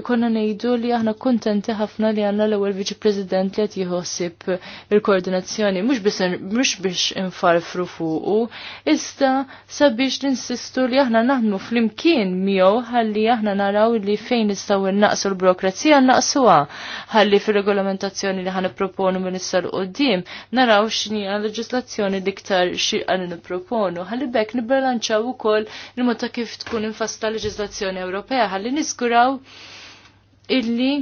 ikonna ngħidu li aħna kuntenti ħafna li għandna l-ewwel viċi President li qed jħossib il-koordinazzjoni mhux biss mhux biex infarfru fuqu, iżda sabiex ninsistu li aħna naħdmu fl-imkien miegħu ħalli aħna naraw li fejn nistgħu innaqsu l-burokrazija naqsuha ħalli fir-regolamentazzjoni li ħan proponu minn issa l qudiem naraw x'inhi leġislazzjoni diktar xirqa li nipproponu ħalli bekk nibbalanċaw ukoll il-mod ta' kif tkun infasta leġislazzjoni Ewropea ħalli niskuraw illi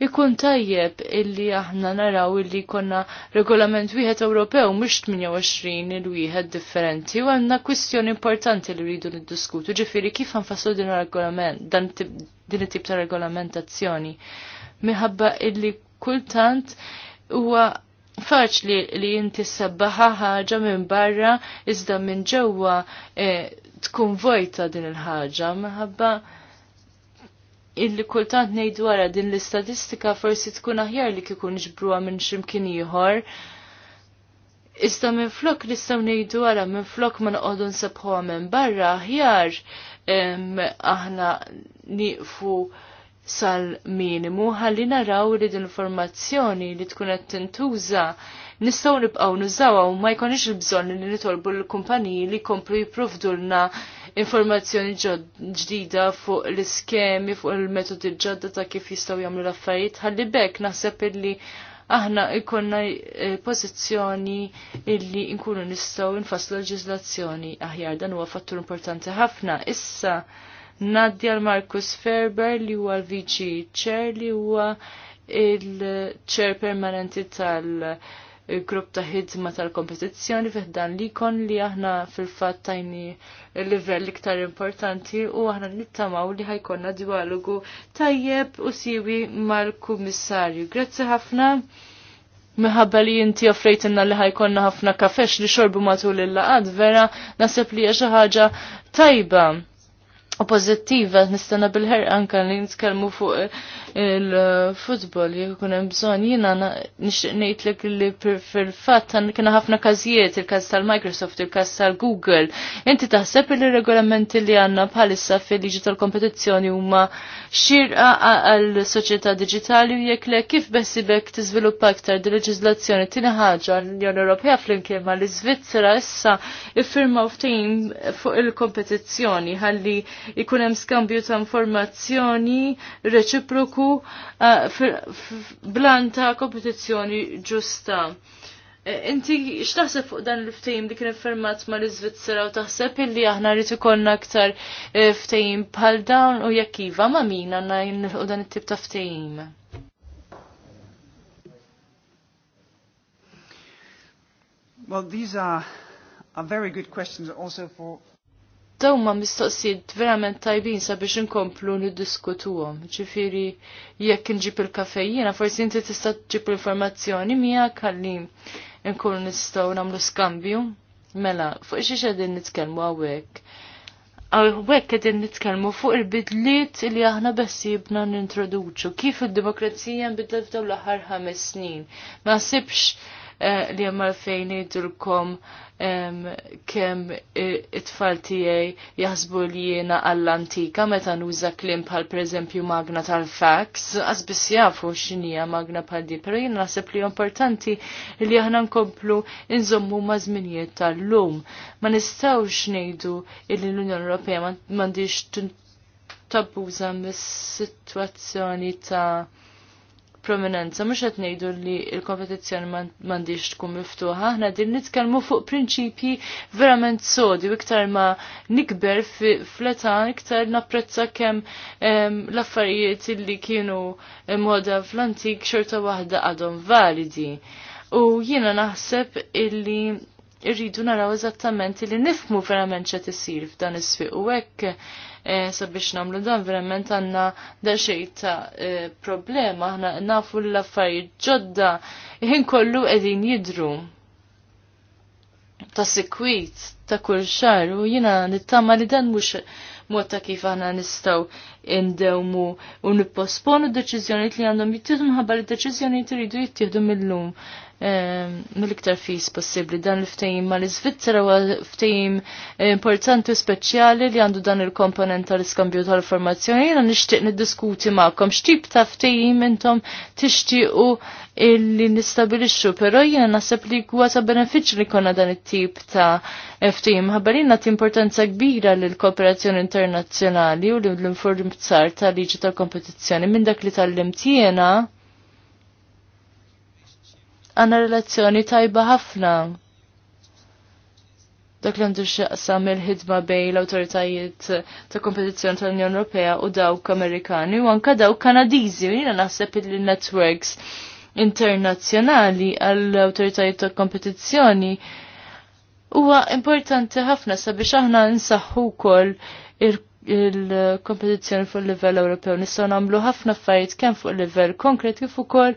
ikun tajjeb illi aħna naraw illi konna regolament wieħed Ewropew mhux 28 il wieħed differenti u għandna kwistjoni importanti li rridu niddiskutu ġifieri kif nfasslu din regolament dan din it-tip ta' regolamentazzjoni. Minħabba illi kultant huwa faċli li inti sabbaħa ħaġa minn barra iżda minn ġewwa eh, tkun vojta din il-ħaġa minħabba illi kultant nejdu wara din l-istatistika forsi tkun aħjar li kikun ġbruwa minn x'imkien ieħor. Iżda minn flok nistgħu nejdu għara minn flok ma noqogħdu nsebħuha minn barra aħjar aħna nieqfu sal-minimu ħalli naraw li d-informazzjoni li tkun qed tintuża nistgħu nibqgħu nużawha u ma jkunx il-bżonn li nitolbu l-kumpaniji li jkomplu jipprovdulna informazzjoni ġdida fuq l-iskemi, fuq il-metodi ġodda ta' kif jistaw jagħmlu l-affarijiet. Ħalli bekk naħseb illi aħna ikonna eh, pożizzjoni illi nkunu nistgħu l leġiżlazzjoni aħjar dan huwa fattur importanti ħafna. Issa Nadja l-Markus Ferber li huwa l-VG Chair li huwa il-ċer permanenti tal- il-grupp ta' ħidma tal-kompetizzjoni fiħdan li kon li aħna fil-fat tajni il-livell iktar importanti u aħna nittamaw li ħajkonna dialogu tajjeb u siwi mal-kummissarju. Grazzi ħafna. Mħabba li jinti offrejtinna li ħajkonna ħafna kafex li xorbu matul il-laqad, vera, nasib li ħaġa tajba u pozittiva nistana bil-ħer anka li nitkellmu fuq eh, il-futbol jekk kunem hemm bżonn jiena nixtieq ngħidlek li fil-fatt kien ħafna każijiet il-każ tal-Microsoft, il-każ tal-Google. Inti taħseb li regolamenti li għandna bħalissa fil-liġi tal-kompetizzjoni huma xirqa għal soċjetà diġitali u jekk le kif beħsibek tiżviluppa aktar di leġiżlazzjoni tieni ħaġa l-Unjoni Ewropea flimkien li iżvizzera issa iffirmaw ftehim fuq il-kompetizzjoni ħalli ikun hemm skambju ta' informazzjoni reċiproku eh, blan ta' kompetizzjoni ġusta. Eh, inti x'taħseb fuq dan il ftehim li kien fermat mal Zvizzera u taħseb illi aħna rrid ikollna aktar eh, ftehim bħal dawn u jekk iva ma' min għandna nilħu dan it-tip ta' ftehim. Well, these are, are very good questions also for, daw ma mistoqsijiet verament tajbin sabiex inkomplu niddiskutuhom. Ġifieri jekk inġib il-kafejjina, forsi inti tista' tġib l-informazzjoni miegħek ħalli nkunu nistgħu nagħmlu skambju. Mela, fuq xi qegħdin nitkellmu hawnhekk. Hawnhekk qegħdin nitkellmu fuq il-bidliet li aħna bessibna nintroduċu. Kif id-demokrazija nbidlet f'dawn l-aħħar ħames snin. Ma sibx Eh, li hemm fejn idurkom kemm it-tfal tiegħi jaħsbu li jiena għall-antika meta nuża klim bħal pereżempju magna tal-fax, għazbis jafu x'inhija magna pal di, però jena naħseb li importanti li aħna nkomplu inżommu ma' żminijiet tal-lum. Ma nistgħux ngħidu li l-Unjoni Ewropea m'għandix tabbuża mis-sitwazzjoni ta' prominenza. Mux għet nejdu li il-kompetizjoni mandiġ tkun miftuħa, ħna din nitkelmu fuq prinċipji verament sodi, u iktar ma nikber fl fl-età, iktar napprezza kem ehm, l-affarijiet li kienu moda fl-antik xorta wahda għadhom validi. U jiena naħseb illi irridu naraw eżattament li nifmu verament ċet isir f'dan is-sfiq u hekk Eh, sabiex namlu dan verament għanna xej ta' eh, problema ħna nafu l-affarijiet ġodda jħin kollu edin jidru ta' sekwit ta' kull xar u jina nittama li dan mux mod ta' kif aħna nistaw indewmu u nipposponu deċiżjonijiet li għandhom jittieħdu minħabba li deċiżjonijiet iridu jittieħdu mill-lum Ehm, mill-iktar fis possibbli. Dan l ftejim ma l-Svizzera huwa ftejim importanti u speċjali li għandu dan il-komponent tal-iskambju tal-formazzjoni. Jiena nixtieq niddiskuti magħkom x'tip ta' ftejim intom tixtiequ illi nistabilixxu, però jiena naħseb li huwa ta' benefiċċju li konna dan it-tip ta' ftehim. Ħabarina ta' importanza kbira l kooperazzjoni internazzjonali u l-infurzar tal-liġi tal-kompetizzjoni minn dak li tal-limtiena għanna relazzjoni tajba ħafna. Dak li għandu xaqsam il-ħidma bej l-autoritajiet ta' kompetizzjoni tal-Unjoni Ewropea u dawk Amerikani u anka dawk Kanadiżi u jiena naħseb il-networks internazzjonali għall-autoritajiet ta' kompetizzjoni huwa importanti ħafna sabiex aħna nsaħħu wkoll il-kompetizzjoni fuq il livell Ewropew nistgħu nagħmlu ħafna affarijiet kemm fuq il livell konkret kif ukoll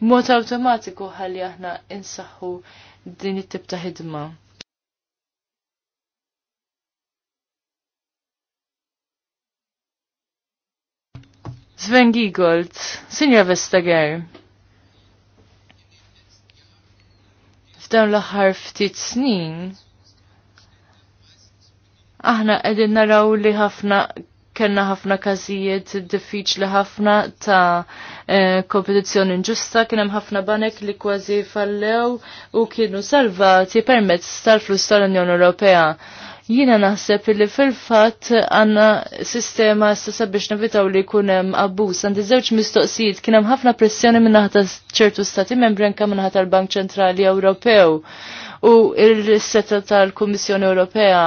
mod automatiku ħalli aħna insaħħu din it-tip ta' ħidma. Sven Giegold, sinja Vestager. F'dawn l-aħħar ftit snin, aħna qegħdin naraw li ħafna kellna ħafna każijiet diffiċli ħafna ta' eh, kompetizzjoni inġusta, kien hemm ħafna banek li kważi fallew u kienu salvati permezz tal-flus tal-Unjoni Ewropea. Jiena naħseb li fil-fatt għandna sistema stessa biex nevitaw li jkun hemm abbuż. Għandi żewġ mistoqsijiet kien hemm ħafna pressjoni minn ta' ċertu stati membri anke minn tal-Bank Ċentrali Ewropew u il-seta tal-Kummissjoni Ewropea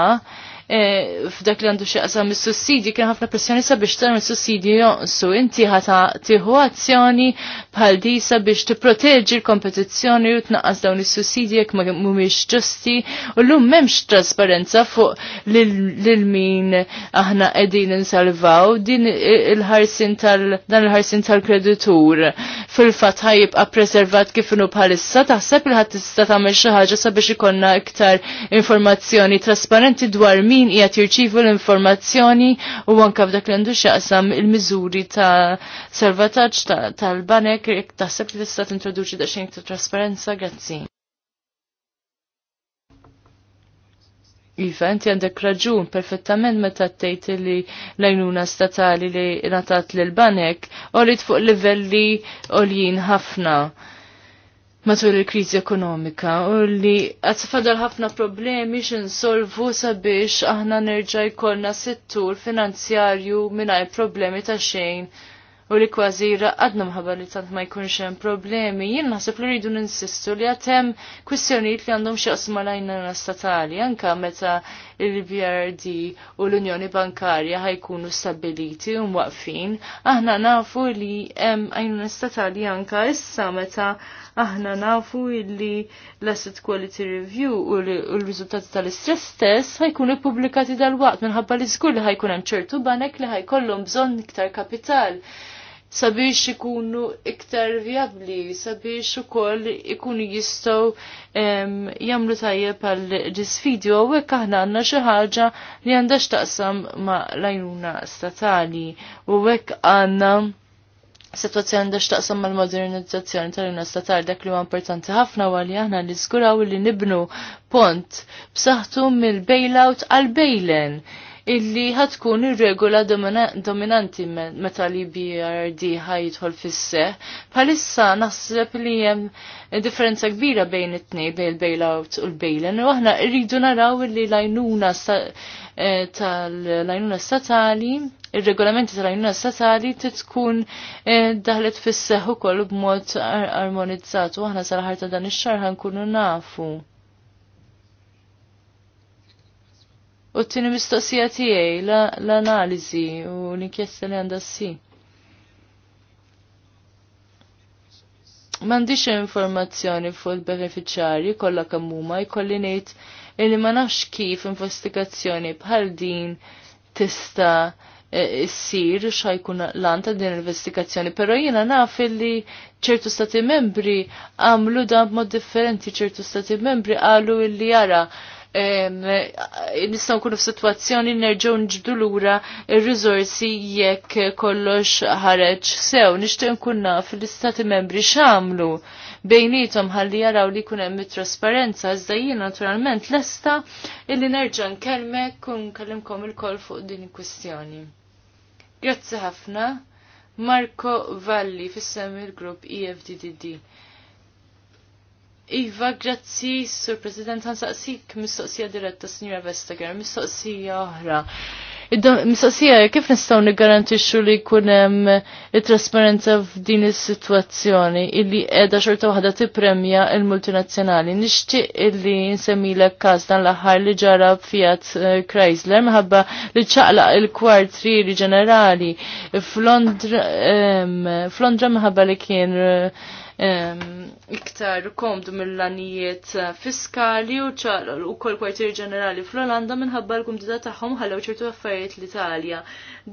Eh, f'dak li għandu xieqsam mis-sussidi kien ħafna pressjoni sabiex tarm il sussidi jonsu. Inti ħata tieħu azzjoni bħal di sabiex t-proteġi l-kompetizzjoni u tnaqqas dawn is-sussidi jekk ma mhumiex ġusti u lum m'hemmx trasparenza fuq lil min aħna qegħdin insalvaw din il-ħarsin tal-kreditur fil-fatt ħajibqa' preservat kif inhu bħalissa, taħseb li ħadd tista' tagħmel xi ħaġa sabiex ikollna iktar informazzjoni trasparenti dwar min qiegħed jirċievu l-informazzjoni u anke f'dak li għandu x'jaqsam il-miżuri ta' salvataġġ tal-banek, taħseb li tista' tintroduċi daqsxejn ta' trasparenza, grazzi. Iva, inti għandek raġun perfettament meta tgħid li l-għajnuna statali li natat lil banek orid fuq livelli għoljin ħafna matul il-kriżi ekonomika u li qed fadal ħafna problemi x'insolvu sabiex aħna nerġa' jkollna settur finanzjarju mingħajr problemi ta' xejn u li kważi raqadna mħabba li tant ma jkunx hemm problemi. Jien naħseb li rridu ninsistu li għad hemm kwistjonijiet li għandhom x'jaqsma lajna statali anke meta il-BRD u l-Unjoni Bankarja ħajkunu stabiliti u mwaqfin. Aħna nafu li hemm għajnuna statali anke issa meta aħna nafu li l-asset quality review u l-riżultati tal-istress test ħajkunu publikati dal-waqt minħabba li żgur li ħajkun hemm ċertu banek li ħajkollhom bżonn iktar kapital sabiex ikunu iktar viabli, sabiex ukoll ikunu jistgħu jagħmlu tajjeb pal disfidju u hekk aħna għandna xi ħaġa li għandha x'taqsam ma' lajnuna statali u hekk għandna Situazzjoni għandha x'taqsam mal-modernizzazzjoni tal-Unjoni Statali dak li huwa importanti ħafna għanna li aħna li nibnu pont b'saħħtu mill-bailout għal bail-in illi ħatkun ir-regola dominanti meta li BRD ħajidħol fis-seħ. Bħalissa naħseb li hemm differenza kbira bejn it-tnejn bejn il-bailout u l-bailen u aħna rridu naraw li lajnuna eh, tal-lajnuna statali il-regolamenti tal lajnuna Statali tkun eh, daħlet fis u ukoll b'mod armonizzat u aħna sal-ħarta dan ix-xahar ħankunu nafu. U t-tini mistoqsija tiegħi l-analiżi u l-inkjesta li għandha ssi. M'għandix informazzjoni fuq il-beneficjarji kollha kemm huma jkolli ngħid illi ma nafx kif investigazzjoni bħal din tista' eh, issir xajkun lan ta' din l-investigazzjoni, pero jiena naf li ċertu stati membri għamlu dan b'mod differenti, ċertu stati membri għalu illi jara nistgħu nkunu f'sitwazzjoni nerġgħu nġbdu lura il-rizorsi jekk kollox ħareġ sew. Nixtieq nkun naf l-istati membri x'għamlu bejnietom ħalli jaraw li kunem mit-trasparenza, iżda jiena naturalment lesta illi nerġa' nkellmek kun kellimkom il-kol fuq din il-kwistjoni. Grazzi ħafna, Marco Valli fissem il-grupp EFDDD. Iva, grazzi, Sur President, għansaqsik mistoqsija diretta, Signora Vestager, mistoqsija oħra. Mistoqsija, kif nistaw nigarantixxu li kunem il-trasparenza eh, f'din is-sitwazzjoni illi edha xorta waħda tippremja il-multinazzjonali. Nixtieq illi nsemmilek każ dan l-aħħar li ġara Fiat eh, Chrysler minħabba li ċaqla il kwartri ġenerali f'Londra minħabba li kien eh, iktar komdu mill-lanijiet eh, fiskali u kol kwartier ġenerali fl-Olanda minħabba l-kumdita tagħhom ħallew ċertu affarijiet l-Italja.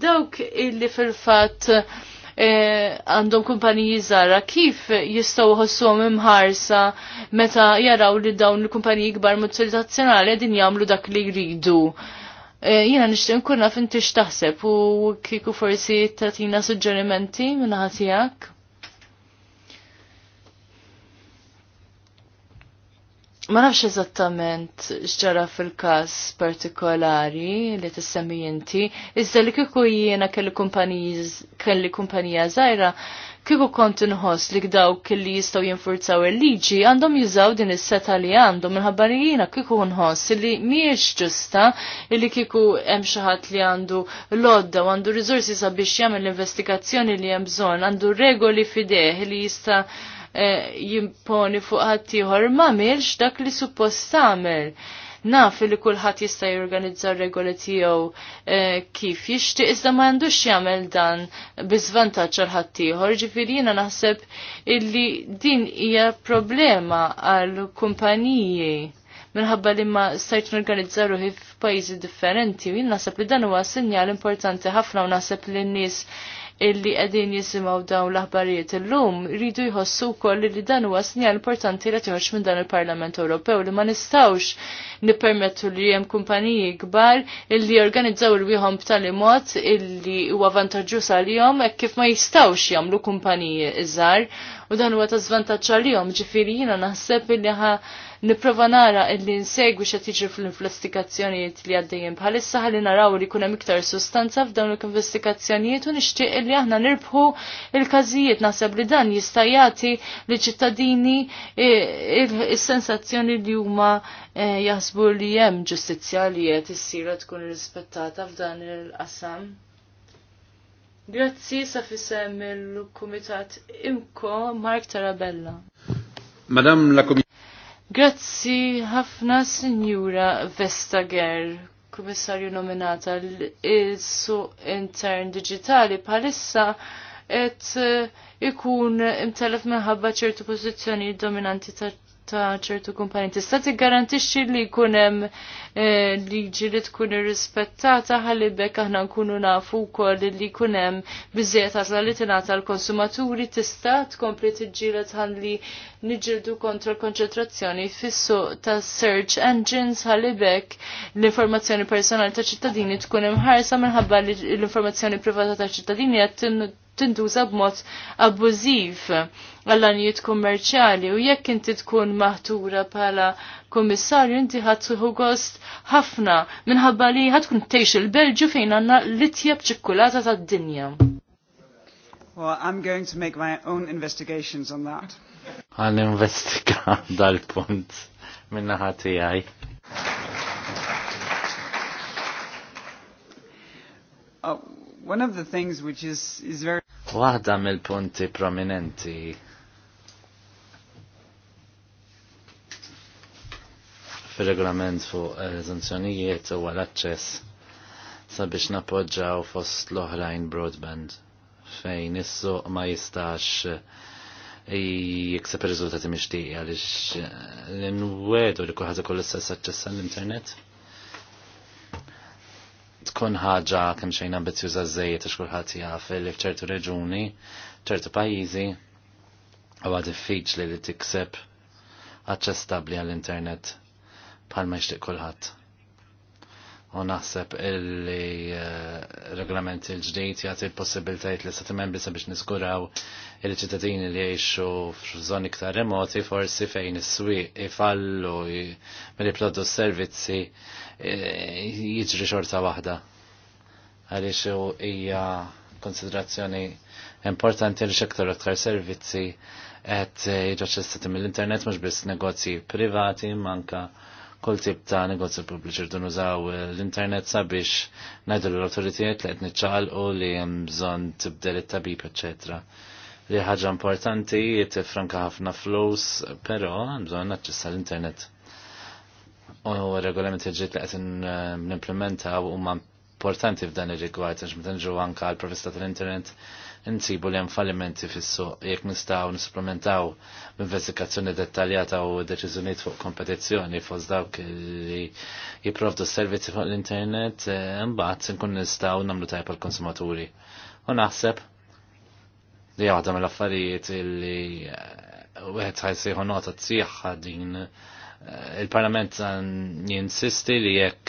Dawk illi fil-fatt eh, għandhom kumpaniji żara kif jistgħu ħossuhom imħarsa meta jaraw li dawn il-kumpaniji kbar multinazzjonali din jagħmlu dak li jridu. Jena eh, Jiena nixtieq nkun naf taħseb, u kieku forsi tatina suġġerimenti minn ħatijak. Ma nafx eżattament xġara fil-kas partikolari li tissemmi inti, iżda li kiku jiena kelli kumpanija zaħira, kiku kont nħos li gdaw kelli jistaw jinfurzaw il-liġi, għandhom jużaw din is-seta li għandhom minħabba li jiena kiku nħoss li miex ġusta li kiku hemm xi ħadd li għandu lodda u għandu rizorsi sabiex jagħmel l-investigazzjoni li hemm bżonn, għandu regoli fideh li jista' jimponi fuq ħaddieħor m'għamilx dak li suppost Na, naf li kulħadd jista' jorganizza regoli tiegħu e, kif jixtieq iżda ma għandux jagħmel dan bizvantaċ għal ħaddieħor, ġifieri jiena naħseb illi din hija problema għal kumpaniji minħabba li ma stajt norganizza ruħi f'pajjiżi differenti, jien naħseb li dan huwa sinjal importanti ħafna u naħseb li n-nies illi qegħdin jisimgħu dawn l-aħbarijiet illum rridu jħossu wkoll li dan huwa sinjal importanti li joħroġ minn dan il-Parlament Ewropew li ma nistawx nippermettu li hemm kumpaniji kbar illi jorganizzaw wihom b'tali mod illi huwa sal għalihom e kif ma jistgħux jagħmlu kumpaniji iżar u dan huwa ta' żvantaġġ jom ġifieri jiena naħseb illi ħa Niprofa nara illi nsegwi xa tiġri fl-investigazzjonijiet li għaddejjem bħalissa ħalli naraw li kuna iktar sustanza f'dawn l-investigazzjonijiet u nixtieq illi aħna nirbħu il-każijiet naħseb li dan jista' jagħti li ċittadini il sensazzjoni li huma e, jaħsbu li hemm ġustizzja li qed issira tkun irrispettata f'dan il-qasam. Grazzi sa fissem il-Kumitat Imko Mark Tarabella. Madam la Commissione. Grazzi ħafna Sinjura Vestager, Kummissarju nominata l-Isu Intern Digitali bħalissa et eh, ikun imtelef minħabba ċertu pozizjoni dominanti ta' ta' ċertu kumpanji. Tista' tiggarantixxi li jkun hemm eh, liġi li tkun irrispettata ħalli bekk aħna nkunu nafu wkoll li jkun hemm biżejjed għażla li tingħata l-konsumaturi tista' tkompli tiġġieled ħalli niġildu kontra l-konċentrazzjoni fis-suq ta' search engines ħalli bekk l-informazzjoni personali ta' ċittadini tkun imħarsa minħabba li l-informazzjoni privata ta' ċittadini qed tintuża b'mod abbużiv għall-anijiet kummerċjali u jekk inti tkun maħtura bħala kommissarju inti ħadtuħu gost ħafna minħabba li ħadkun tgħix il-Belġju fejn għandna l ittjeb ċikkulata tad-dinja. Well, I'm going to make my own investigations on that. Għan investiga dal-punt minna ħati għaj. Uh, one of the things which is, is very Waħda mill-punti prominenti fil-regolament fuq eh, eżenzjonijiet u għal-access sabiex napoġġaw fost l-oħrajn broadband fejn issu ma jistax eh, jikseb ir-riżultati mixtieqa għaliex eh, l-nwedu li kulħadd kull l-istess aċċess għall-internet tkun ħaġa kemm xejn ambizjuża żejjed għax kulħadd jaf li f'ċertu reġuni, ċertu pajjiżi huwa diffiċli li tikseb aċċestabbli għall-internet bħalma jixtieq kulħadd u naħseb illi eh, regolament il-ġdijt jgħat l-possibilitajt li stati membri sabiex niskuraw il-ċittadini li jiexu f'żoni ktar remoti forsi fejn is-swieq ifallu mill s servizzi eh, jiġri xorta waħda. Għaliex hija konsiderazzjoni importanti li xektar aktar servizzi qed jiġu satim mill-internet mhux biss negozji privati manka kol tip ta' negozju pubbliċi rdu nużaw eh, l-internet sabiex ngħidu l-awtoritajiet li qed niċċaqalqu li hemm bżonn tibdel it-tabib, eċetera. Li ħaġa importanti tifranka ħafna flus, però hemm bżonn naċċessa l-internet. U regolamenti ġiet li qed nimplementaw huma importanti f'dan ir-rigward għax meta nġu anke għall provista tal-internet nsibu li hemm fallimenti fis-suq jekk nistgħu nisplementaw b'investigazzjoni dettaljata u deċiżjonijiet fuq kompetizzjoni fos dawk li jipprovdu s-servizzi fuq l-internet imbagħad eh, nkun nistgħu nagħmlu tajb għall-konsumaturi. U naħseb li waħda mill-affarijiet li eh, wieħed ħajsieħu nota tsieħħa din eh, il-Parlament jinsisti li jekk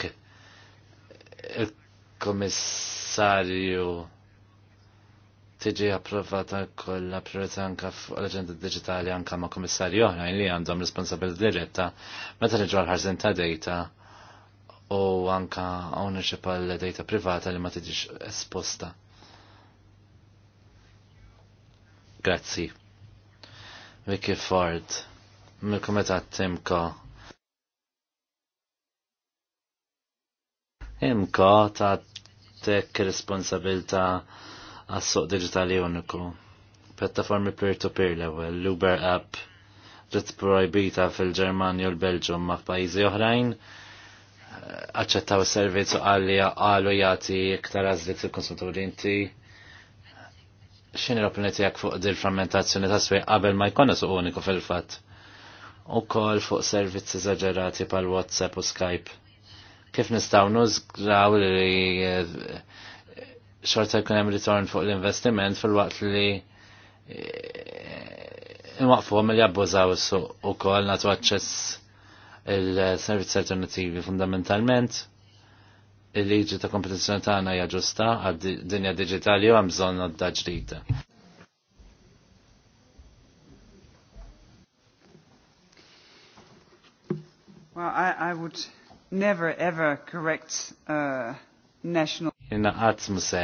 il-Komissarju tiġi approvata kollha priorità anka fuq l-aġenda digitali anka ma' komissarju oħrajn li għandhom responsabilità diretta meta niġu ħarżin ta' data u anka ownership għal data privata li ma tiġix esposta. Grazzi. Vicky Ford, mill-Kumitat Timko. Imko ta' tek responsabilta' għas-suq digitali uniku. Pjattaformi peer-to-peer l-ewwel, l-Uber app, ġiet projbita fil-Ġermanja u l-Belġum ma' pajjiżi oħrajn, eh, aċċettaw is-servizz u għalli għallu jagħti iktar għazlit il-konsumaturi inti xini l-opinjoni tiegħek fuq dil frammentazzjoni ta' swieq qabel ma jkollna suq uniku fil-fatt. U kol fuq servizzi eżaġerati pal WhatsApp u Skype. Kif nistgħu nużgraw li xorta jkun hemm ritorn fuq l-investiment fil-waqt li eh, imwaqfuhom li jabbużaw is-suq ukoll nagħtu aċċess il-servizzi alternativi fundamentalment il-liġi ta' kompetizzjoni tagħna hija ġusta għad-dinja digitali u hemm bżonn għadda ġdida. Well, I, I would never ever correct uh, national. Jina għatm se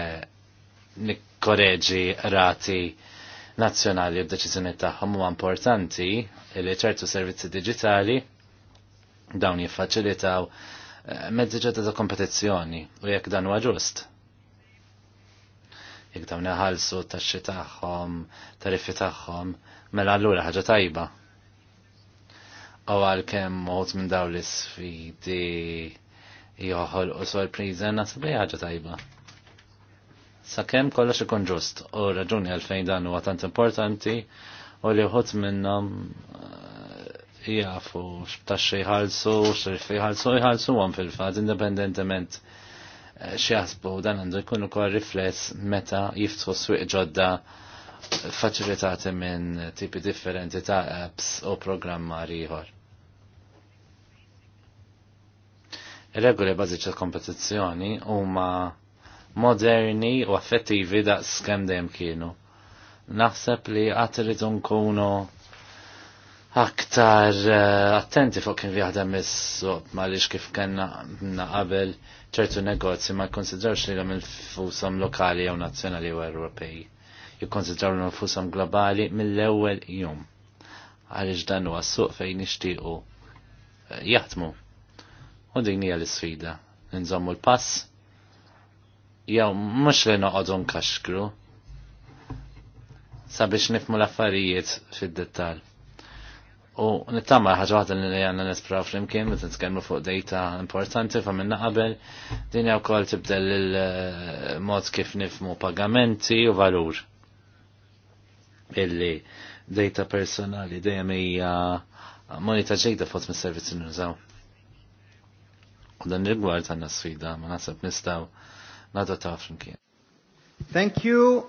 nikkoreġi rati nazzjonali u d-deċizjoni tagħhom huwa importanti li ċertu servizzi digitali dawn jiffaċilitaw eh, mezzi ġodda ta' kompetizzjoni u jekk dan huwa ġust. Jekk dawn iħallsu taxxi tagħhom, tariffi tagħhom, mela allura ħaġa tajba. U għalkemm uħut minn dawn l-isfidi joħol u sorpriza nasib li ħaġa tajba. Sakemm kollox ikun ġust u raġuni għalfejn dan huwa tant importanti u li wħud minnhom eh, jafu x'taxxi jħallsu, x'rif jħallsu, jħalsu għom fil-fatt indipendentement eh, x'jaħsbu dan għandu jkun ukoll rifless meta jiftħu swieq ġodda eh, faċilitati minn tipi differenti ta' apps u programmar ieħor regoli bażiċi tal-kompetizzjoni huma moderni u affettivi daqs skem dejjem kienu. Naħseb li qatt irid nkunu aktar eh, attenti fuq kien jaħdem is suq għaliex kif kellna qabel ċertu negozji ma jkonsidrawx li l fushom lokali jew nazzjonali u Ewropej. Jikkonsidraw l fusom globali mill-ewwel jum. Għaliex dan huwa suq fejn nixtiequ eh, jaħdmu U din hija l-isfida. Nżommu l-pass. Jew mhux li noqogħdu nkaxkru. Sabiex nifmu l-affarijiet fid-dettall. U nittama ħaġa waħda li għanna nespra flimkien, meta nitkellmu fuq data importanti fa' minna qabel, din hija wkoll tibdel il-mod kif nifmu pagamenti u valur. Illi data personali dejjem hija moneta ġejda fost mis-servizzi nużaw. U dan rigward ta' nasfida, ma nasab nistaw nada ta' flimkien. Thank you.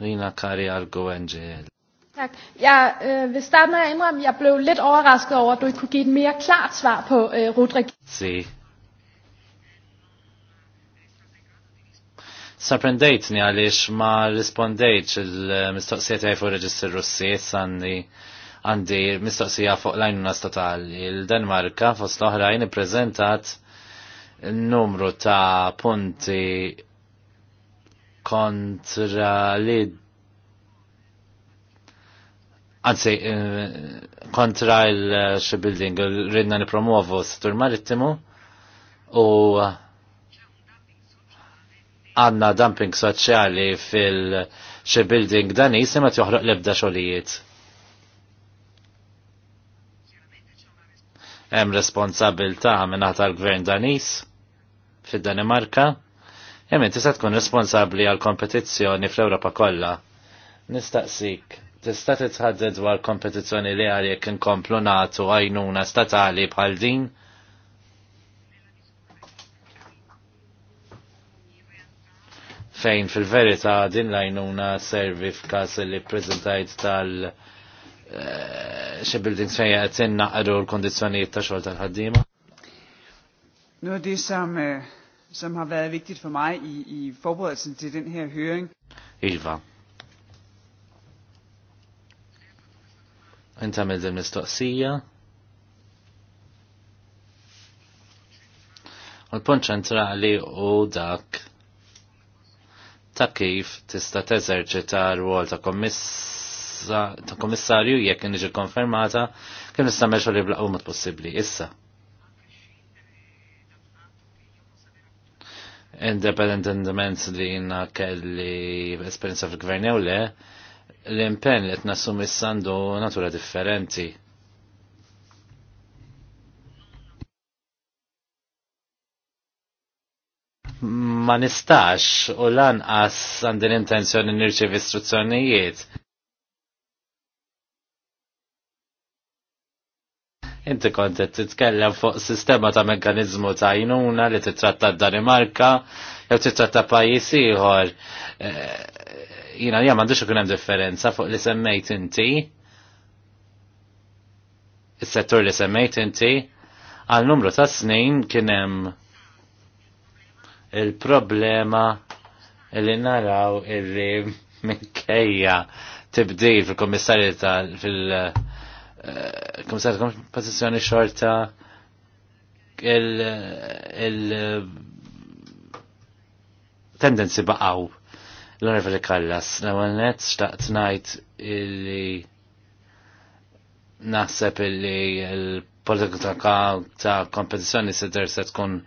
Rina Kari Argo NGL. Tak. Jeg øh, vil starte med at indrømme, at jeg blev lidt overrasket over, at du ikke kunne give et mere klart svar på øh, eh, Rudrik. Si. Sorprendejtni għalix ma rispondejt il-mistoqsijiet għaj fuq reġistru s-siet sanni għandi mistoqsija fuq l-għajnuna statali. Il-Denmarka fost l-oħrajn prezentat numru ta' punti kontra li Anzi, eh, kontra il-shipbuilding, ridna nipromuovu s-settur marittimu u għanna dumping soċjali fil-shipbuilding dani jisima joħroq lebda xolijiet hemm responsabilta minna tal-gvern danis fid-Danimarka, hemm tista' tkun responsabbli għal kompetizzjoni fl-Ewropa kollha. Nistaqsik, tista' titħadded dwar kompetizzjoni li jekk inkomplu nagħtu għajnuna statali bħal din? Fejn fil-verità din l-għajnuna servi f'każ li ppreżentajt tal- xe buildings fejja għetinna għadu l-kondizjoniet ta' xol tal-ħaddima? Nu, di sam eh, sam ha vera vigtigt for mig i, i sin til den her høring. Ilva. Inta med den mistoqsija. U l-punt ċentrali u dak ta' kif tista' teżerċita r-rwol ta' kommiss ta' komissarju jekk niġi konfermata kien issa meċa li mod possibbli issa. Independentment li jina kelli esperienza fil-gvern jew le, l-impenn li t-nassum għandu natura differenti. ma nistax u lanqas għandi l-intenzjoni nirċevi istruzzjonijiet Inti kontet titkellem fuq sistema ta' mekkanizmu ta' jnuna li titratta d-Danimarka, jew titratta pajjiż ieħor. Eh, jina jgħam għandux ikun hemm differenza fuq li semmejt inti. Is-settur li semmejt inti għal numru ta' snin kien hemm il-problema li naraw irri minkejja tibdil fil-kommissarju tal fil-, Eh, komisar pozizjoni xorta il-tendenzi baqaw l-onorevoli Kallas, l net xtaqt najt illi naħseb illi l-politika ta' kompetizjoni sider se tkun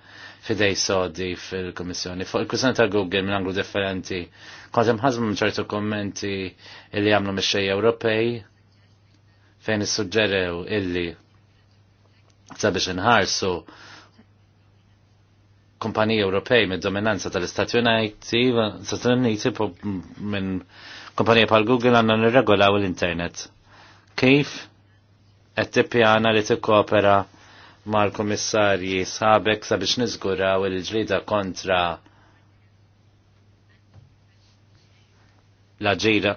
fidej sodi fil-Komissjoni. Fuq il-kwissjoni ta' Google minn anglu differenti, kontem hemm ħażmu ċertu kommenti illi għamlu mix Ewropej fejn issuġġerew illi sabiex inħarsu kumpaniji Ewropej mid-dominanza tal-Istati Uniti, Stati Uniti minn kumpanija pal Google għandna nirregolaw l-internet. Kif qed tippjana li tikkopera mal-kummissarji sabek sabiex niżguraw il-ġlida kontra l-ġira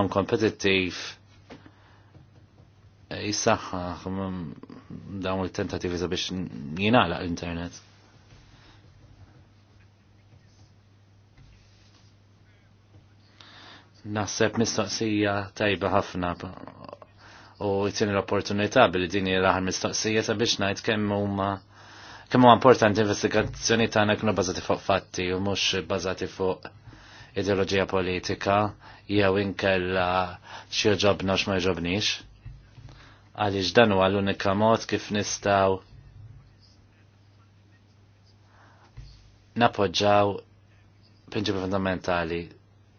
non kompetittiv jissaxħa dawn il-tentativi sabiex jingħalaq l-internet. Naħseb mistoqsija tajba ħafna u jtini l-opportunità billi din l-aħħar mistoqsija sabiex ngħid kemm huma kemm huwa importanti investigazzjoni tagħna kienu bażati fuq fatti u mhux bażati fuq ideoloġija politika jew inkella xi joġobna x'ma jġobnix għaliex dan huwa l-unika mod kif nistgħu napoġġaw prinċipi fundamentali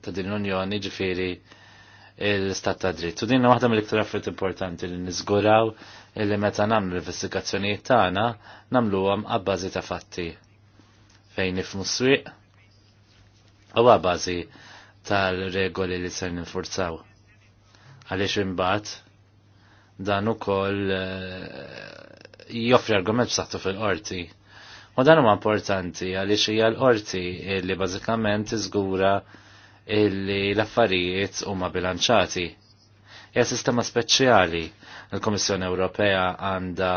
ta' din l-Unjoni ġifiri l-istat ta' dritt. U din waħda mill-iktar affarijiet importanti li niżguraw illi meta nagħmlu l-investigazzjonijiet tagħna nagħmluhom għabbażi ta' fatti fejn nifmu s-swieq u għabbażi tal-regoli li se ninfurzaw. Għaliex imbagħad dan ukoll eh, joffri argument b'saħħtu fil-qorti. U dan huwa importanti għaliex hija l-qorti li bażikament żgura illi l-affarijiet huma bilanċati. Hija sistema speċjali l-Komissjoni Ewropea għandha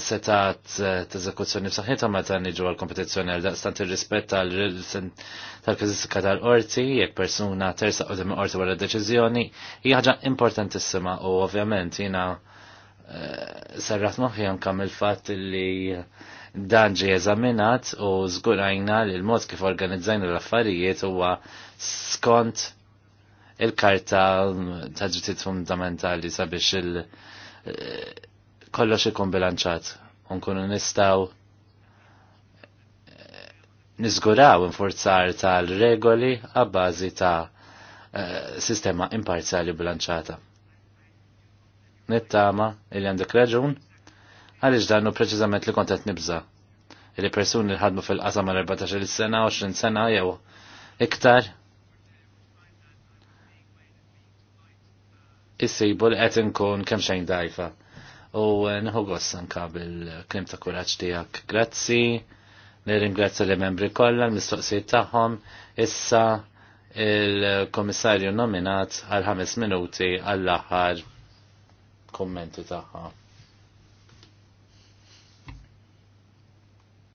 setat eh, t-eżekuzzjoni b'saħħitha meta niġu għal kompetizzjoni għal daqstant ir-rispett tal-kazistika tal-qorti, jekk persuna tersa qudiem qorti wara deċiżjoni, hija ħaġa importantissima u ovvjament jina eh, serrat moħħi kam il fatt li dan ġie eżaminat u żgurajna li l-mod kif organizzajna l-affarijiet huwa skont il-karta ta' ġitit fundamentali sabiex il- eh, kollox ikun bilanċat. Unkunu nistaw eh, nizguraw infurzar tal-regoli għabbażi ta' eh, sistema imparzjali bilanċata. Nittama il għandek raġun għaliex dannu preċiżament li kontet nibża. Li persuni li ħadmu fil-qasam għal 14 sena, 20 sena jew iktar issibu li qed inkun kemm xejn dajfa u eh, nħu għossanka bil-klim ta' kuraċ tijak. Grazzi, nirringrazzja li membri kollha l-mistoqsijiet tagħhom, issa il-komissarju nominat għal ħames minuti għall-aħħar kummenti tagħhom.